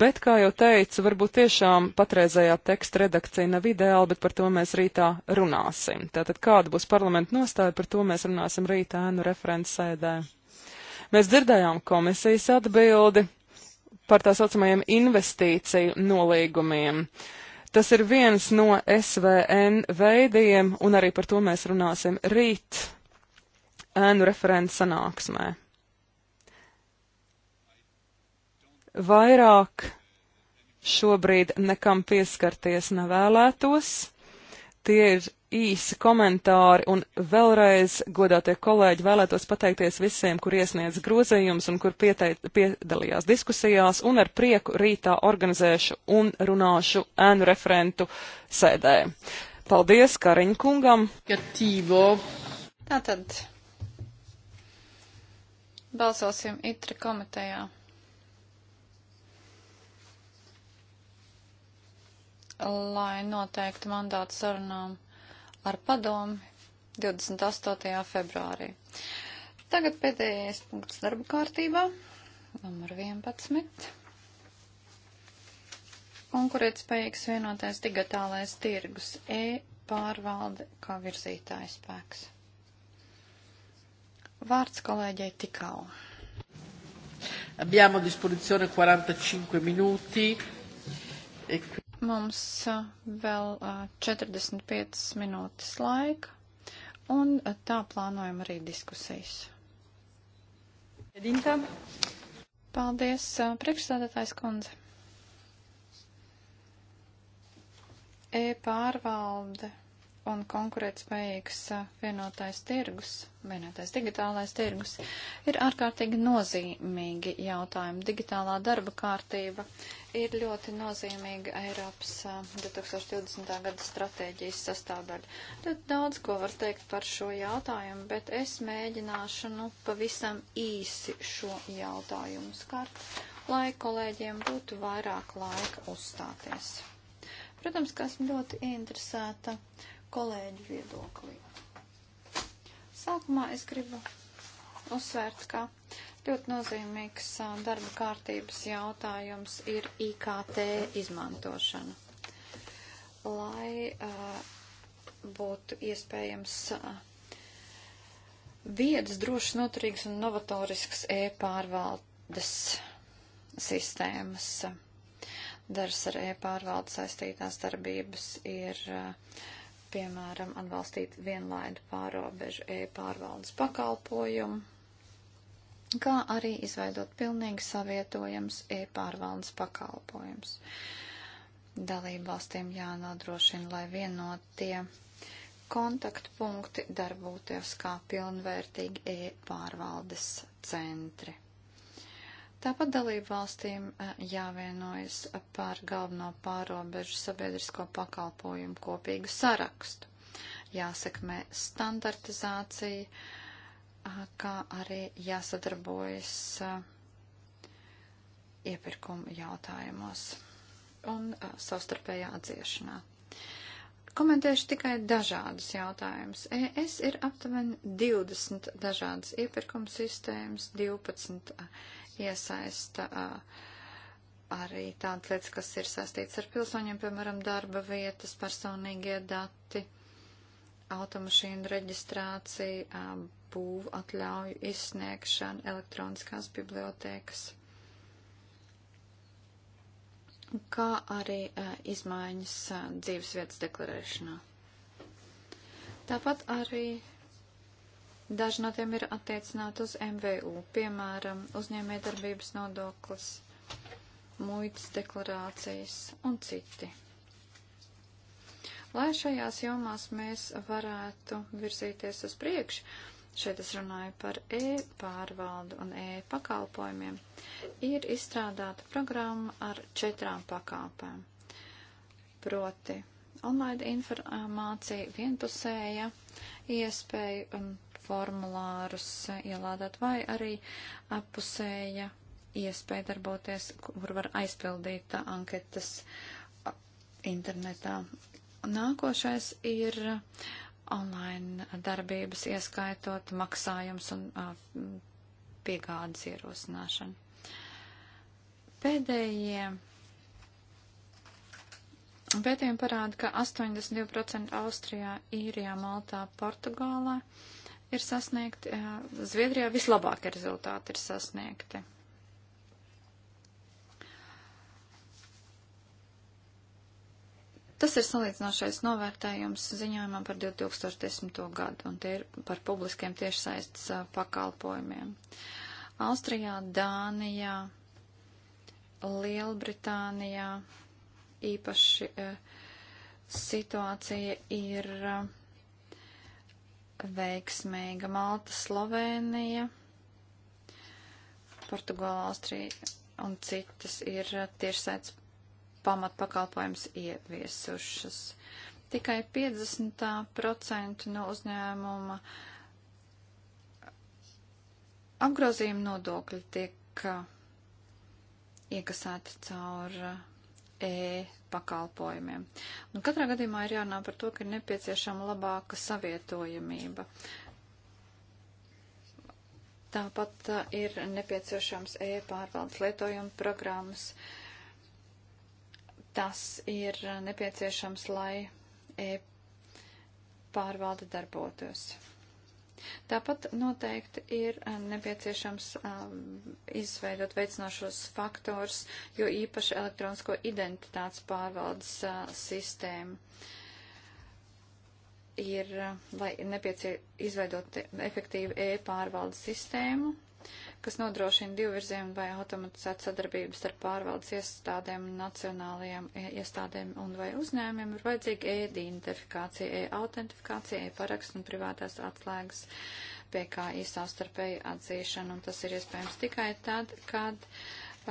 Bet, kā jau teicu, varbūt tiešām patreizējā teksta redakcija nav ideāla, bet par to mēs rītā runāsim. Tātad kāda būs parlamenta nostāja, par to mēs runāsim rītā ēnu referents sēdē. Mēs dzirdējām komisijas atbildi, par tā saucamajiem investīciju nolīgumiem. Tas ir viens no SVN veidiem, un arī par to mēs runāsim rīt ēnu referents sanāksmē. Vairāk šobrīd nekam pieskarties nevēlētos. Tie ir īsi komentāri un vēlreiz, godātie kolēģi, vēlētos pateikties visiem, kur iesniedz grozījums un kur pieteic, piedalījās diskusijās un ar prieku rītā organizēšu un runāšu ēnu referentu sēdē. Paldies Kariņkungam. Gatīvo. Tātad balsosim ITRE komitejā. Lai noteikti mandātu sarunām ar padomi 28. februārī. Tagad pēdējais punkts darba kārtībā, numur 11. Konkurētspējīgs vienotais digitālais tirgus E pārvalde kā virzītājs spēks. Vārds kolēģei Tikau. Abbiamo a disposizione 45 minuti. E... Mums vēl 45 minūtes laika, un tā plānojam arī diskusijas. Edintā. Paldies, priekšstādātājs kundze. E-pārvalde un konkurētspējīgs vienotais tirgus, vienotais digitālais tirgus, ir ārkārtīgi nozīmīgi jautājumi. Digitālā darba kārtība ir ļoti nozīmīga Eiropas 2020. gada stratēģijas sastāvdaļa. Tad daudz ko var teikt par šo jautājumu, bet es mēģināšu nu, pavisam īsi šo jautājumu skart, lai kolēģiem būtu vairāk laika uzstāties. Protams, ka esmu ļoti interesēta kolēģu viedoklī. Sākumā es gribu uzsvērt, ka Ļoti nozīmīgs darba kārtības jautājums ir IKT izmantošana. Lai uh, būtu iespējams uh, viedas, drošs, noturīgs un novatorisks e-pārvaldes sistēmas. Dars ar e-pārvaldu saistītās darbības ir, piemēram, atbalstīt vienlaidu pārobežu e-pārvaldes pakalpojumu kā arī izveidot pilnīgi savietojams e-pārvaldes pakalpojums. Dalību valstīm jānodrošina, lai vienotie kontaktpunkti darboties kā pilnvērtīgi e-pārvaldes centri. Tāpat dalību valstīm e, jāvienojas par galveno pārobežu sabiedrisko pakalpojumu kopīgu sarakstu. Jāsekmē standartizācija, uh, kā arī jāsadarbojas iepirkuma jautājumos un savstarpējā atdziešanā. Komentēšu tikai dažādus jautājumus. ES ir aptuveni 20 dažādas iepirkuma sistēmas, 12 iesaista arī tādas lietas, kas ir saistīts ar pilsoņiem, piemēram, darba vietas, personīgie dati automašīnu reģistrācija, būvu atļauju izsniegšana, elektroniskās bibliotēkas, kā arī izmaiņas dzīvesvietas deklarēšanā. Tāpat arī daži no tiem ir attiecināti uz MVU, piemēram, uzņēmējdarbības nodoklis, muitas deklarācijas un citi lai šajās jomās mēs varētu virzīties uz priekšu. Šeit es runāju par e-pārvaldu un e-pakalpojumiem. Ir izstrādāta programma ar četrām pakāpēm. Proti, online informācija vienpusēja, iespēju um, formulārus ielādēt vai arī apusēja iespēja darboties, kur var aizpildīt anketas internetā. Nākošais ir uh, online darbības, ieskaitot maksājums un a, uh, piegādes ierosināšanu. Pēdējie pētījumi parāda, ka 82% Austrijā, Īrijā, Maltā, Portugālā ir sasniegti, a, uh, Zviedrijā vislabākie rezultāti ir sasniegti. Tas ir salīdzinošais novērtējums ziņojumam par 2010. gadu, un tie ir par publiskiem tiešsaistes pakalpojumiem. Austrijā, Dānijā, Lielbritānijā īpaši situācija ir veiksmīga. Malta, Slovēnija, Portugāla, Austrija un citas ir tiešsaistes pamatpakalpojums ieviesušas. Tikai 50% no uzņēmuma apgrozījuma nodokļi tiek uh, iekasēti caur uh, e-pakalpojumiem. Un nu, katrā gadījumā ir jārunā par to, ka ir nepieciešama labāka savietojamība. Tāpat uh, ir nepieciešams e-pārvaldes lietojuma programmas, uh, Tas ir nepieciešams, lai e pārvalde darbotos. Tāpat noteikti ir eh, nepieciešams um, izveidot veicinošos faktors, jo īpaši elektronisko identitātes pārvaldes uh, sistēma ir, eh, lai nepieciešams izveidot efektīvu e-pārvaldes sistēmu, kas nodrošina divvirzienu vai automatizētu sadarbību starp pārvaldes iestādēm, nacionālajām iestādēm un vai uzņēmumiem, ir vajadzīga e-identifikācija, e-autentifikācija, e-paraksts un privātās atslēgas PKI savstarpēja atzīšana, un tas ir iespējams tikai tad, kad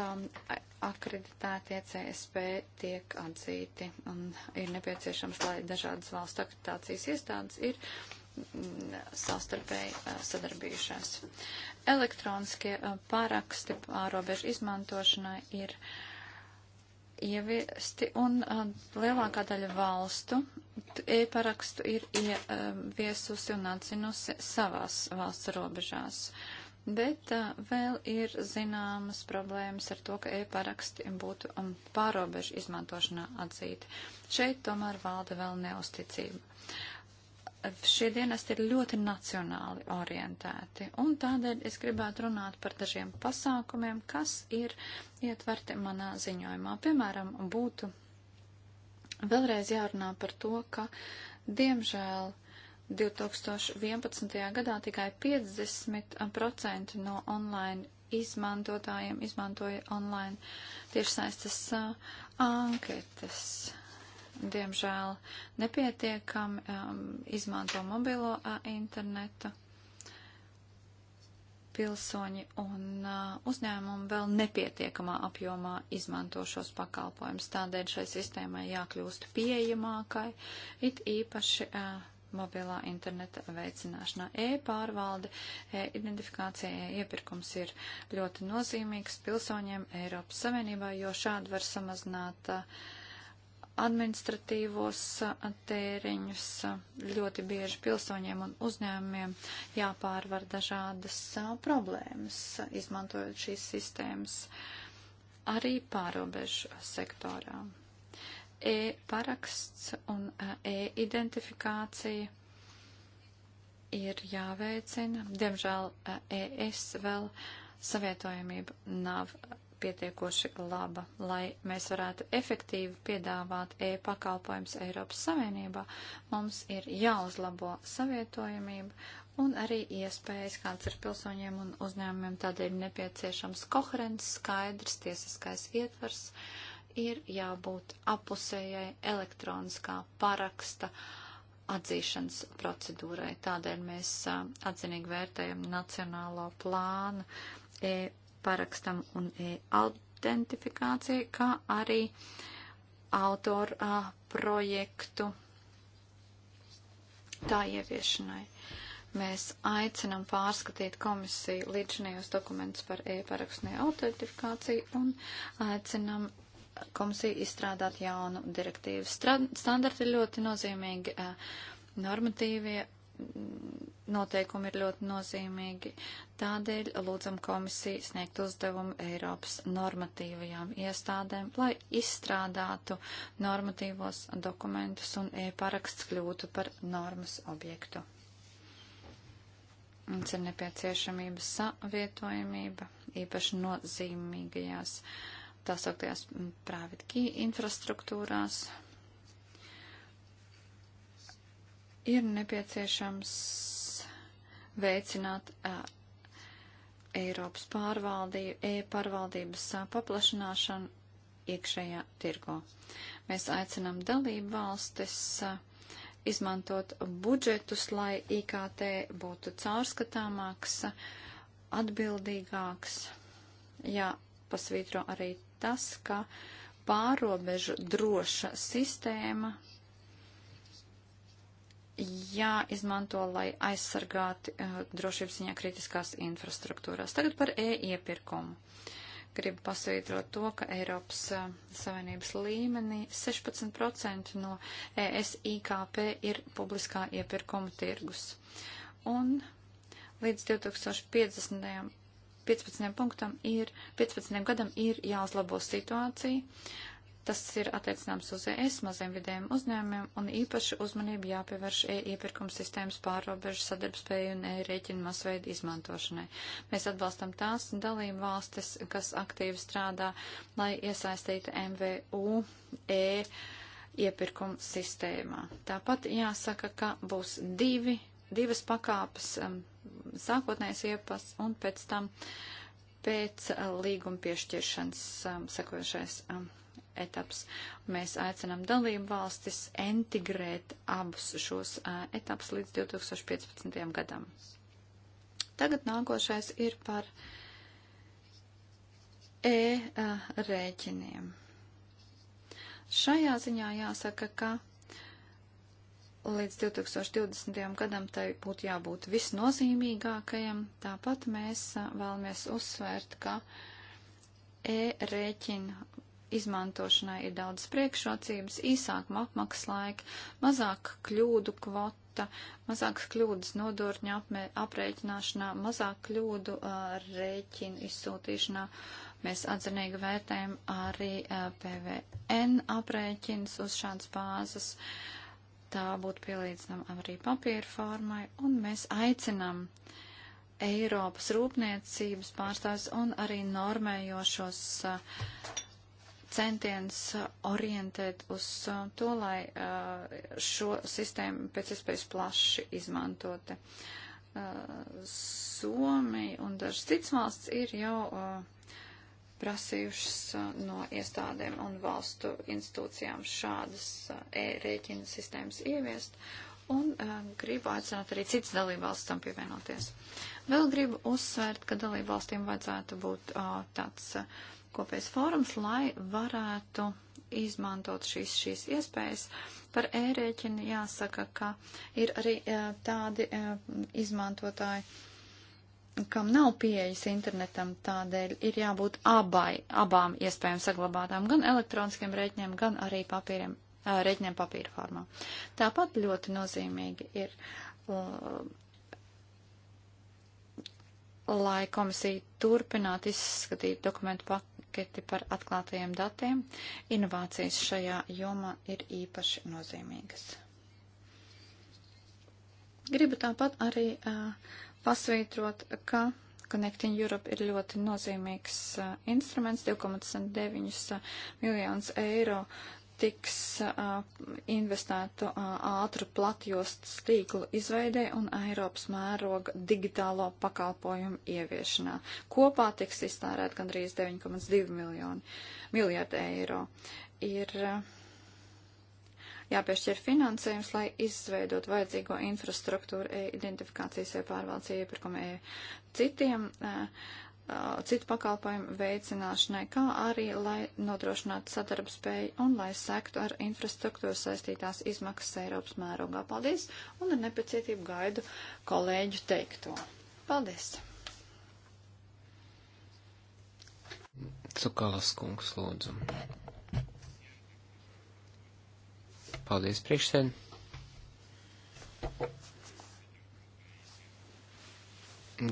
um, akreditētie CSP tiek atzīti, un ir nepieciešams, lai dažādas valsts akreditācijas iestādes ir savstarpēji sadarbījušās. Elektroniskie pāraksti pārobežu izmantošanai ir ieviesti, un lielākā daļa valstu e-parakstu ir ieviesusi un atzinusi savās valsts robežās. Bet a, vēl ir zināmas problēmas ar to, ka e-paraksti būtu um, pārobežu izmantošanā atzīti. Šeit tomēr valda vēl neusticība šie dienesti ir ļoti nacionāli orientēti, un tādēļ es gribētu runāt par dažiem pasākumiem, kas ir ietverti manā ziņojumā. Piemēram, būtu vēlreiz jārunā par to, ka, diemžēl, 2011. gadā tikai 50% no online izmantotājiem izmantoja online tiešsaistes anketas. Uh, diemžēl nepietiekami um, izmanto mobilo uh, internetu. Pilsoņi un uh, uzņēmumi vēl nepietiekamā apjomā izmanto šos pakalpojumus. Tādēļ šai sistēmai jākļūst pieejamākai, it īpaši uh, mobilā interneta veicināšanā. E-pārvalde, e-identifikācija, e-iepirkums ir ļoti nozīmīgs pilsoņiem Eiropas Savienībā, jo šādi var samazināt uh, administratīvos tēriņus. Ļoti bieži pilsoņiem un uzņēmumiem jāpārvar dažādas problēmas, izmantojot šīs sistēmas arī pārobežu sektorā. E-paraksts un e-identifikācija ir jāveicina. Diemžēl ES vēl savietojamība nav pietiekoši laba, lai mēs varētu efektīvi piedāvāt e-pakalpojums Eiropas Savienībā. Mums ir jāuzlabo savietojamība un arī iespējas, kāds ir pilsoņiem un uzņēmumiem, tādēļ nepieciešams koherents, skaidrs, tiesiskais ietvers, ir jābūt apusējai elektroniskā paraksta atzīšanas procedūrai. Tādēļ mēs atzinīgi vērtējam nacionālo plānu e parakstam un identifikācija, kā arī autoru uh, projektu tā ieviešanai. Mēs aicinam pārskatīt komisiju līdzinējos dokumentus par e-parakstu un autentifikāciju un aicinam komisiju izstrādāt jaunu direktīvu. Strad standarti ir ļoti nozīmīgi. Uh, normatīvie noteikumi ir ļoti nozīmīgi. Tādēļ lūdzam komisiju sniegt uzdevumu Eiropas normatīvajām iestādēm, lai izstrādātu normatīvos dokumentus un e-paraksts kļūtu par normas objektu. Mums ir nepieciešamība savietojamība, īpaši nozīmīgajās tā sauktajās private key infrastruktūrās, ir nepieciešams veicināt uh, Eiropas pārvaldību, e-pārvaldības uh, paplašanāšanu iekšējā tirgo. Mēs aicinām dalību valstis uh, izmantot budžetus, lai IKT būtu caurskatāmāks, atbildīgāks. Jā, pasvītro arī tas, ka pārobežu droša sistēma jāizmanto, lai aizsargātu uh, drošības ziņā kritiskās infrastruktūrās. Tagad par e-iepirkumu. Gribu pasvītrot to, ka Eiropas uh, Savienības līmenī 16% no ES IKP ir publiskā iepirkuma tirgus. Un līdz 2050. 15. Punktam ir, 15. gadam ir jāuzlabo situācija, Tas ir attiecināms uz ES maziem vidējiem uzņēmumiem un īpaši uzmanību jāpievērš e-iepirkuma sistēmas pārobežu sadarbspēju un e-rēķinu masveidu izmantošanai. Mēs atbalstam tās dalību valstis, kas aktīvi strādā, lai iesaistītu MVU e iepirkuma sistēmā. Tāpat jāsaka, ka būs divi, divas pakāpes, um, sākotnējais iepas un pēc tam pēc uh, līguma piešķiršanas um, sekojušais. Um, etaps. Mēs aicinām dalību valstis integrēt abus šos etaps līdz 2015. gadam. Tagad nākošais ir par e-rēķiniem. Šajā ziņā jāsaka, ka līdz 2020. gadam tai būtu jābūt visnozīmīgākajam. Tāpat mēs vēlamies uzsvērt, ka e-rēķina izmantošanai ir daudz priekšrocības, īsākuma apmaksas laika, mazāk kļūdu kvota, mazākas kļūdas nodurņa aprēķināšanā, mazāk kļūdu uh, rēķinu izsūtīšanā. Mēs atzinīgi vērtējam arī uh, PVN aprēķins uz šādas bāzes. Tā būtu pielīdzinama arī papīra formai, un mēs aicinām Eiropas rūpniecības pārstāvis un arī normējošos uh, centiens orientēt uz uh, to, lai uh, šo sistēmu pēc iespējas plaši izmantote. Uh, Somija un dažas cits valsts ir jau prasījušas no iestādēm un valstu institūcijām šādas e-rēķina sistēmas ieviest, un gribu aicināt arī citas dalībvalsts tam pievienoties. Vēl gribu uzsvērt, ka dalībvalstīm vajadzētu būt tāds kopējs fórums, lai varētu izmantot šīs, šīs iespējas. Par ērēķinu jāsaka, ka ir arī e, tādi e, izmantotāji, kam nav pieejas internetam, tādēļ ir jābūt abai, abām iespējām saglabātām, gan elektroniskiem rēķiniem, gan arī papīriem, e, rēķiniem papīra formā. Tāpat ļoti nozīmīgi ir, lai komisija turpinātu izskatīt dokumentu pakāpienu paketi par atklātajiem datiem, inovācijas šajā jomā ir īpaši nozīmīgas. Gribu tāpat arī uh, pasvītrot, ka Connecting Europe ir ļoti nozīmīgs uh, instruments, 2,9 miljonus eiro tiks investētu ātru platjostas tīklu izveidē un Eiropas mēroga digitālo pakalpojumu ieviešanā. Kopā tiks iztērēt gandrīz 9,2 miljoni miljārdu eiro. Ir jāpiešķir finansējums, lai izveidot vajadzīgo infrastruktūru e identifikācijas e pārvaldes iepirkuma e citiem. Uh, Uh, citu pakalpojumu veicināšanai, kā arī, lai nodrošinātu sadarbspēju un lai sektu ar infrastruktūru saistītās izmaksas Eiropas mērogā. Paldies un ar nepacietību gaidu kolēģu teikto. Paldies! Cukalas kungs, lūdzu. Paldies, priekšsēd.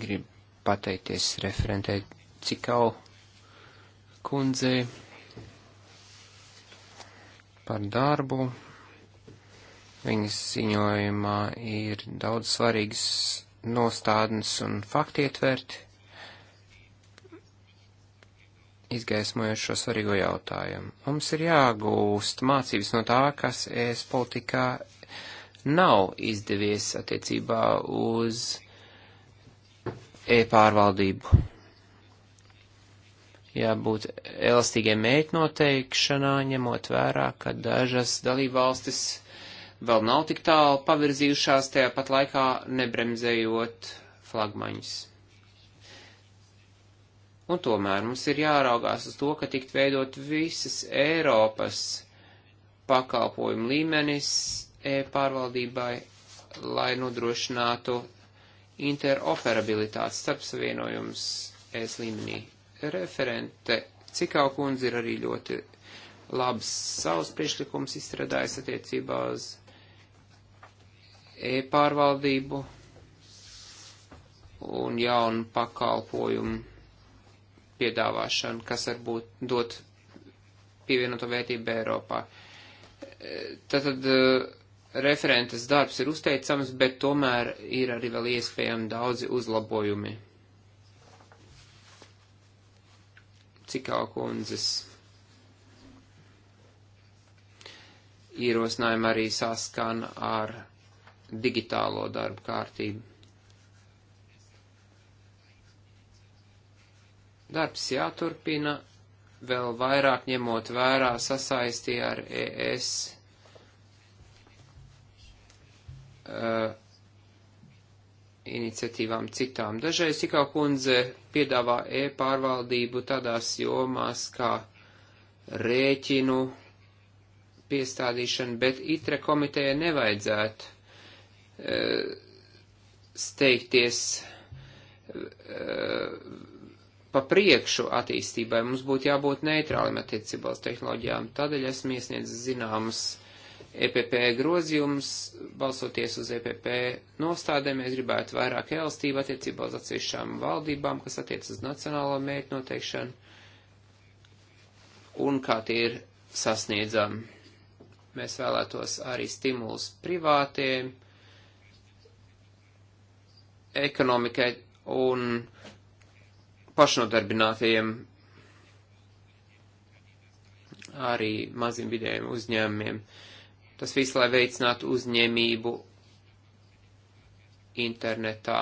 Gribu pateikties referentē Cikau kundzei par darbu. Viņas ziņojumā ir daudz svarīgas nostādnes un fakti ietverti, izgaismojot šo svarīgo jautājumu. Mums ir jāgūst mācības no tā, kas es politikā nav izdevies attiecībā uz e-pārvaldību. Jābūt elastīgiem mēķi noteikšanā, ņemot vērā, ka dažas dalībvalstis vēl nav tik tālu pavirzījušās, tajā pat laikā nebremzējot flagmaņus. Un tomēr mums ir jāraugās uz to, ka tikt veidot visas Eiropas pakalpojumu līmenis e-pārvaldībai, lai nodrošinātu interoperabilitātes starpsavienojums es līmenī. Referente Cikau kundze ir arī ļoti labs savus priekšlikumus izstrādājis attiecībā uz e-pārvaldību un jaunu pakalpojumu piedāvāšanu, kas varbūt dot pievienoto vērtību Eiropā. Tātad uh, referentes darbs ir uzteicams, bet tomēr ir arī vēl iespējami daudzi uzlabojumi. Cikā kundzes ierosinājumi arī saskana ar digitālo darbu kārtību. Darbs jāturpina, vēl vairāk ņemot vērā sasaisti ar ES uh, iniciatīvām citām. Dažreiz tikā kundze piedāvā e-pārvaldību tādās jomās kā rēķinu piestādīšana, bet itre komiteja nevajadzētu e, steigties e, pa priekšu attīstībai. Mums būtu jābūt neitrālim attiecībā uz tehnoloģijām. Tādēļ esmu iesniedzis zināmas EPP grozījums, balsoties uz EPP nostādēm, mēs gribētu vairāk elastību attiecībā uz atsevišķām valdībām, kas attiec uz nacionālo mērķu noteikšanu un kā tie ir sasniedzami. Mēs vēlētos arī stimulus privātiem, ekonomikai un pašnodarbinātajiem arī maziem vidējiem uzņēmumiem. Uh, Tas viss, lai veicinātu uzņēmību internetā.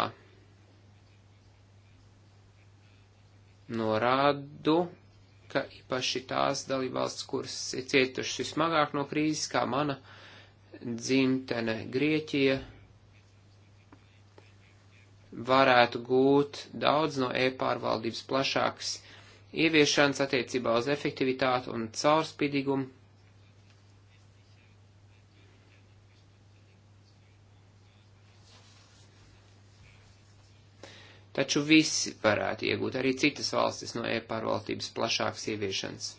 Norādu, ka īpaši tās dalībvalsts, kuras ir cietušas vismagāk no krīzes, kā mana dzimtene Grieķija, varētu gūt daudz no e-pārvaldības plašākas ieviešanas attiecībā uz efektivitāti un caurspīdīgumu Taču visi varētu iegūt arī citas valstis no e-pārvaldības plašākas ieviešanas.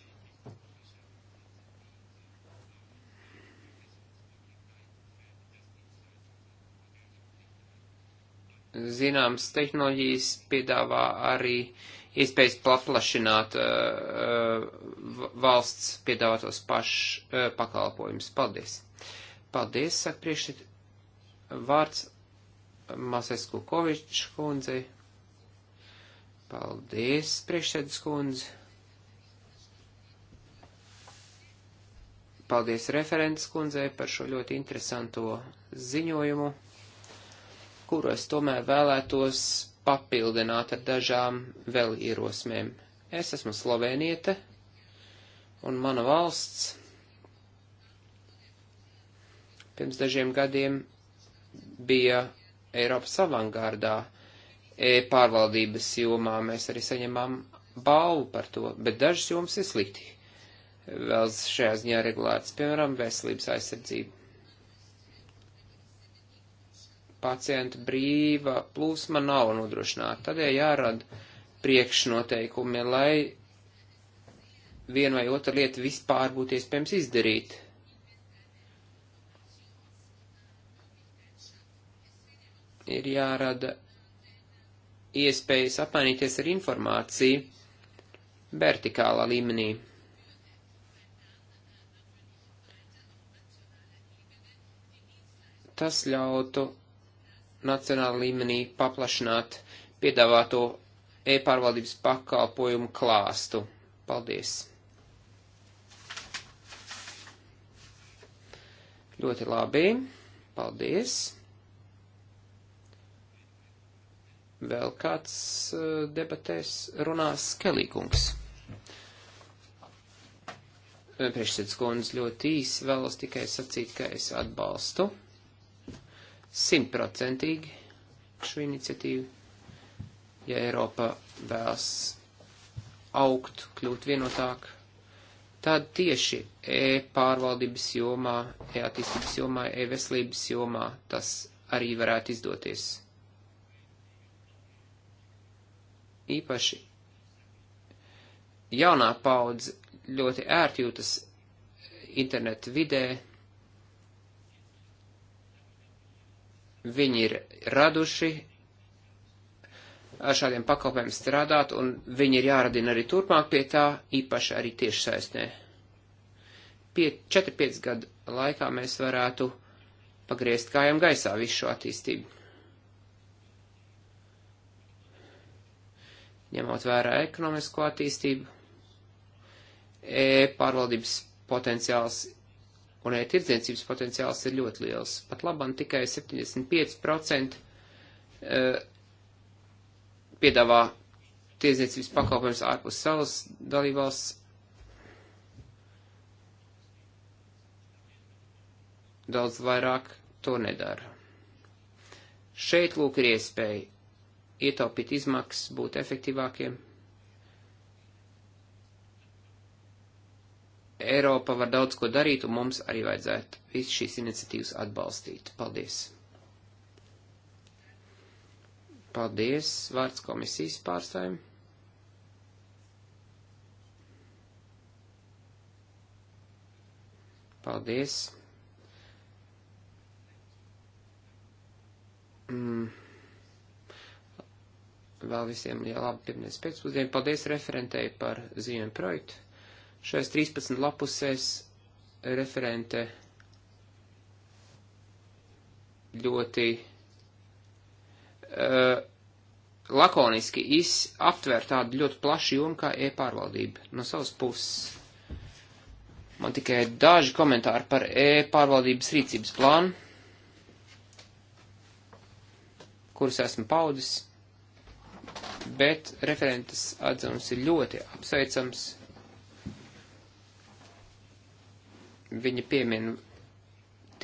Zināms, tehnoloģijas piedāvā arī iespējas paplašināt uh, uh valsts piedāvātos pašu uh, pakalpojumus. Paldies! Paldies, saka priekšsit vārds Masesku Kovičs kundzei. Paldies, priekšsēdus kundze. Paldies referents kundzei par šo ļoti interesanto ziņojumu, kuru es tomēr vēlētos papildināt ar dažām vēl ierosmēm. Es esmu slovēniete, un mana valsts pirms dažiem gadiem bija Eiropas avangārdā pārvaldības jomā mēs arī saņemam balvu par to, bet dažas jomas ir slikti. Vēl šajā ziņā regulētas, piemēram, veselības aizsardzība. Pacienta brīva plūsma nav nodrošināta, tādēļ jārada priekšnoteikumi, lai vienu vai otru lietu vispār būtu iespējams izdarīt. Ir jārada iespējas apmainīties ar informāciju vertikālā līmenī. Tas ļautu nacionāla līmenī paplašināt piedāvāto e-pārvaldības pakalpojumu klāstu. Paldies! Ļoti labi, paldies! Vēl kāds eh, debatēs runās Kelīkungs. Eh, priekšsēdus kundze ļoti īsi vēlas tikai sacīt, ka es atbalstu simtprocentīgi šo iniciatīvu, ja Eiropa vēlas augt, kļūt vienotāk, tad tieši e-pārvaldības jomā, e-attīstības jomā, e-veselības jomā tas arī varētu izdoties. īpaši jaunā paudze ļoti ērti jūtas internetu vidē. Viņi ir raduši ar šādiem pakalpojumiem strādāt, un viņi ir jāradina arī turpmāk pie tā, īpaši arī tiešsaistē. 4-5 gadu laikā mēs varētu pagriezt kājām gaisā visu šo attīstību. ņemot vērā ekonomisko attīstību, e-pārvaldības potenciāls un e-tirdzniecības potenciāls ir ļoti liels. Pat labam tikai 75% e, piedāvā tirdzniecības pakalpojums ārpus salas dalībvalsts. Daudz vairāk to nedara. Šeit lūk ir iespēja ietaupīt izmaksas, būt efektīvākiem. Eiropa var daudz ko darīt, un mums arī vajadzētu visu šīs iniciatīvas atbalstīt. Paldies! Paldies! Vārds komisijas pārstāvjiem! Paldies! Mm vēl visiem labu pirmdienas pēcpusdienu. Paldies referentei par ziņojumu projektu. Šais 13 lapusēs referente ļoti uh, lakoniski aptver tādu ļoti plašu jomu kā e-pārvaldība. No savas puses man tikai daži komentāri par e-pārvaldības rīcības plānu, kurus esmu paudis bet referentes atzinums ir ļoti apsveicams. Viņa piemin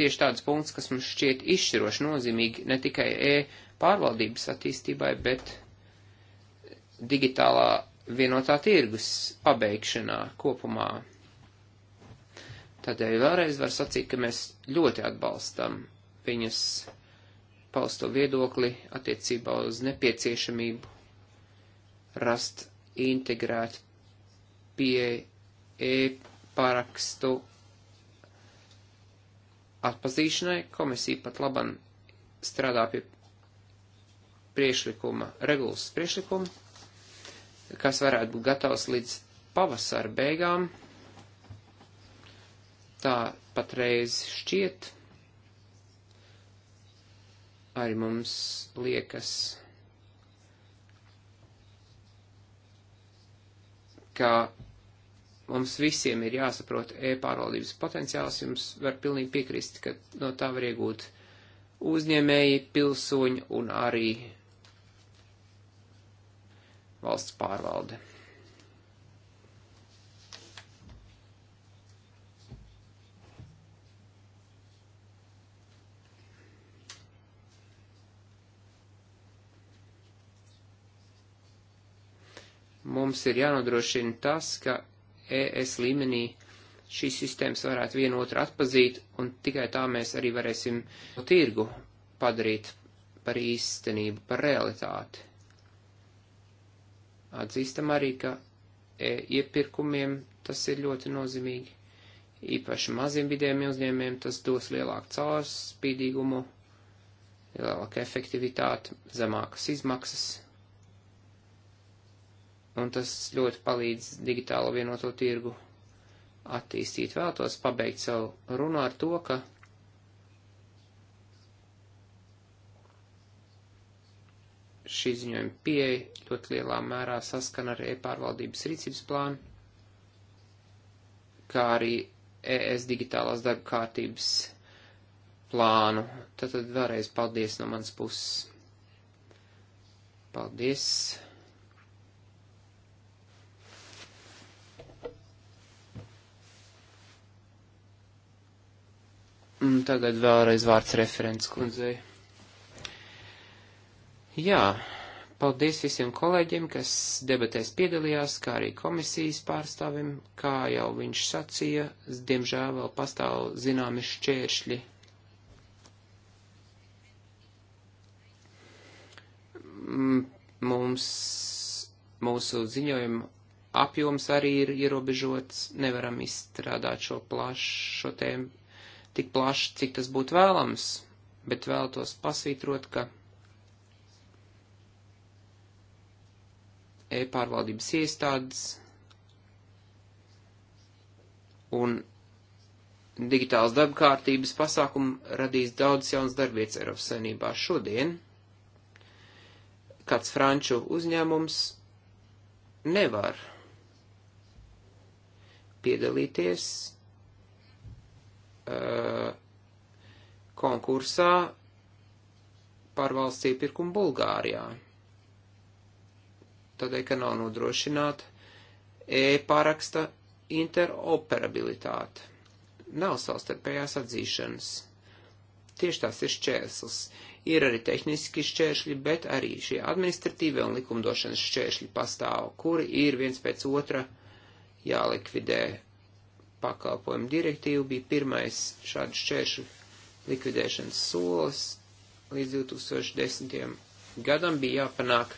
tieši tādus punktus, kas mums šķiet izšķiroši nozīmīgi ne tikai e pārvaldības attīstībai, bet digitālā vienotā tirgus pabeigšanā kopumā. Tādēļ vēlreiz var sacīt, ka mēs ļoti atbalstam viņas pausto viedokli attiecībā uz nepieciešamību rast integrētu pie e-parakstu atpazīšanai. Komisija pat laban strādā pie priešlikuma, regulas priešlikuma, kas varētu būt gatavs līdz pavasara beigām. Tā patreiz šķiet. Arī mums liekas. ka mums visiem ir jāsaprot e-pārvaldības potenciāls, jums var pilnīgi piekrist, ka no tā var iegūt uzņēmēji, pilsoņi un arī valsts pārvalde. Mums ir jānodrošina tas, ka ES līmenī šīs sistēmas varētu vienotru atpazīt, un tikai tā mēs arī varēsim tirgu padarīt par īstenību, par realitāti. Atzīstam arī, ka e iepirkumiem tas ir ļoti nozīmīgi. Īpaši maziem vidiem uzņēmiem tas dos lielāku caurspīdīgumu, lielāku efektivitāti, zemākas izmaksas un tas ļoti palīdz digitālo vienoto tirgu attīstīt. Vēlētos pabeigt savu runu ar to, ka šī ziņojuma pieeja ļoti lielā mērā saskana ar e-pārvaldības rīcības plānu, kā arī ES digitālās darba kārtības plānu. Tātad vēlreiz paldies no manas puses. Paldies! Un tagad vēlreiz vārds referents kundzei. Jā, paldies visiem kolēģiem, kas debatēs piedalījās, kā arī komisijas pārstāvim, kā jau viņš sacīja, diemžēl vēl pastāv zināmi šķēršļi. Mums, mūsu ziņojuma apjoms arī ir ierobežots, nevaram izstrādāt šo plašu tēmu tik plaši, cik tas būtu vēlams, bet vēlētos pasvītrot, ka e-pārvaldības iestādes un digitāls darbkārtības pasākumu radīs daudz jaunas darbvietas Eiropas saimnībā šodien. Kāds franču uzņēmums nevar piedalīties Uh, konkursā par valsts iepirkumu Bulgārijā. Tādēļ, ka nav nodrošināta e-paraksta interoperabilitāte. Nav savstarpējās atzīšanas. Tieši tās ir šķērslis. Ir arī tehniski šķēršļi, bet arī šie administratīvie un likumdošanas šķēršļi pastāv, kuri ir viens pēc otra jālikvidē pakalpojumu direktīvu bija pirmais šādu šķēršu likvidēšanas solis. Līdz 2010. gadam bija jāpanāk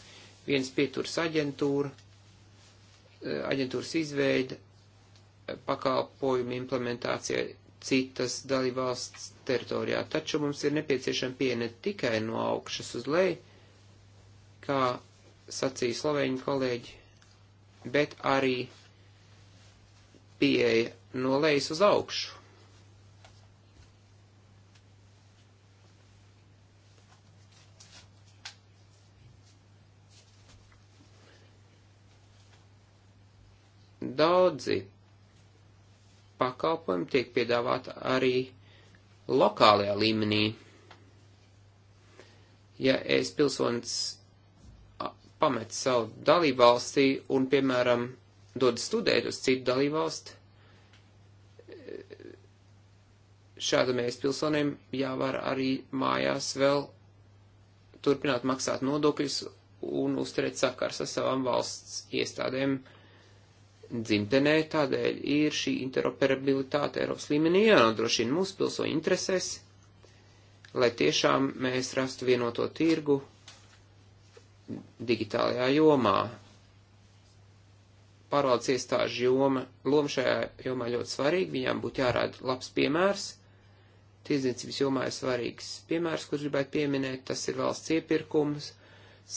viens pieturs aģentūra, eh, aģentūras izveida eh, pakalpojumu implementācijai citas dalībvalsts teritorijā. Taču mums ir nepieciešama pieeja ne tikai no augšas uz leju, kā sacīja slovēņu kolēģi, bet arī pieeja no lejas uz augšu. Daudzi pakalpojumi tiek piedāvāti arī lokālajā līmenī. Ja es pilsonis pamet savu dalībvalstī un, piemēram, dod studēt uz citu dalībvalsti, šādam mēs pilsoniem jāvar arī mājās vēl turpināt maksāt nodokļus un uzturēt sakars ar savām valsts iestādēm dzimtenē, tādēļ ir šī interoperabilitāte Eiropas līmenī jānodrošina mūsu pilsoņu interesēs, lai tiešām mēs rastu vienoto tirgu digitālajā jomā. Pārvaldes iestāžu joma, loma šajā jomā ļoti svarīga, viņām būtu jārāda labs piemērs – tirdzniecības jomā ir svarīgs piemērs, kurš gribētu pieminēt, tas ir valsts iepirkums,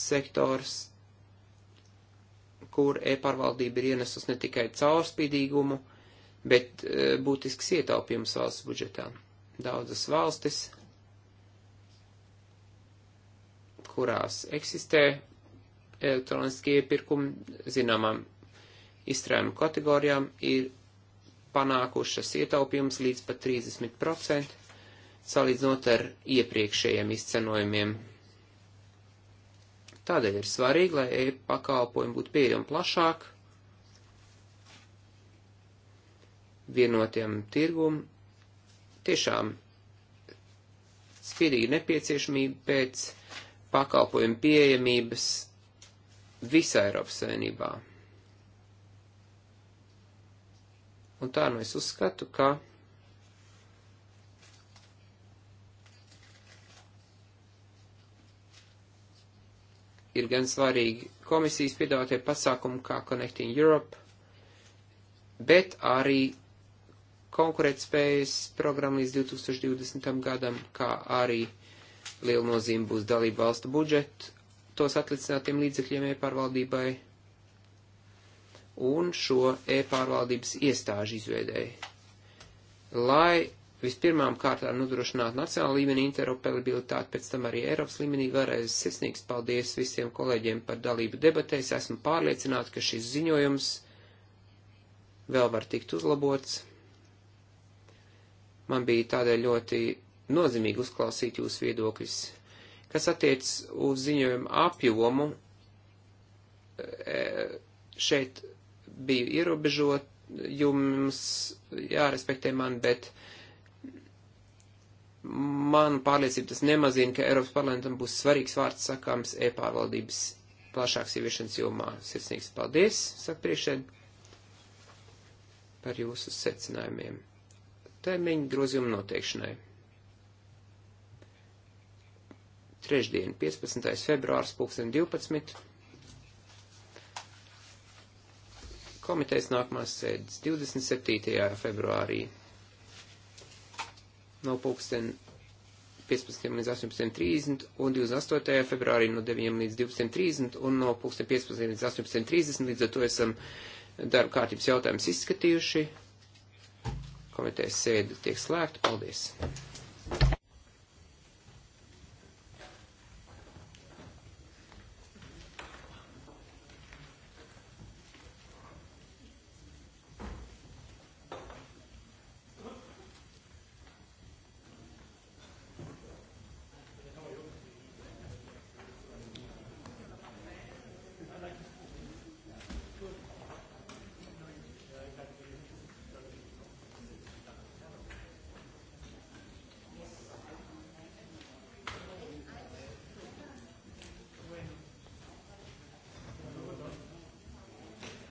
sektors, kur e-pārvaldība ir ienesus ne tikai caurspīdīgumu, bet e, būtisks ietaupījums valsts budžetā. Daudzas valstis, kurās eksistē elektroniskie iepirkumi zināmām izstrēmu kategorijām, ir panākušas ietaupījums līdz pat 30%, salīdzinot ar iepriekšējiem izcenojumiem. Tādēļ ir svarīgi, lai e-pakalpojumi būtu pieejami plašāk vienotiem tirgum. Tiešām spīdīgi nepieciešamība pēc pakalpojumu pieejamības visā Eiropas Savienībā. Un tā nu es uzskatu, ka ir gan svarīgi komisijas piedāvātie pasākumi kā Connecting Europe, bet arī konkurētspējas programma līdz 2020. gadam, kā arī liela nozīme būs dalība valstu budžetu, tos atlicinātiem līdzekļiem e-pārvaldībai un šo e-pārvaldības iestāžu izveidēji, lai Vispirmām kārtām nodrošināt nacionāla līmenī interoperabilitāti, pēc tam arī Eiropas līmenī. Vēlreiz sirsnīgs paldies visiem kolēģiem par dalību debatēs. Esmu pārliecināta, ka šis ziņojums vēl var tikt uzlabots. Man bija tādēļ ļoti nozīmīgi uzklausīt jūsu viedokļus. Kas attiec uz ziņojumu apjomu, e, šeit biju ierobežot, jums jārespektē man, bet uh, man pārliecība tas nemazina, ka Eiropas parlamentam būs svarīgs vārds sakāms e-pārvaldības plašāks ieviešanas jomā. Sirsnīgs paldies, saka priekšēd, par jūsu secinājumiem. Termiņu grozījumu noteikšanai. Trešdien, 15. februārs, 2012. Komitejas nākamās sēdes 27. februārī no pulksten 15 līdz 18.30 un 28. februārī no 9 līdz 12.30 un no 15 līdz 18.30. Līdz ar to esam darba kārtības jautājumus izskatījuši. Komitejas sēde tiek slēgta. Paldies!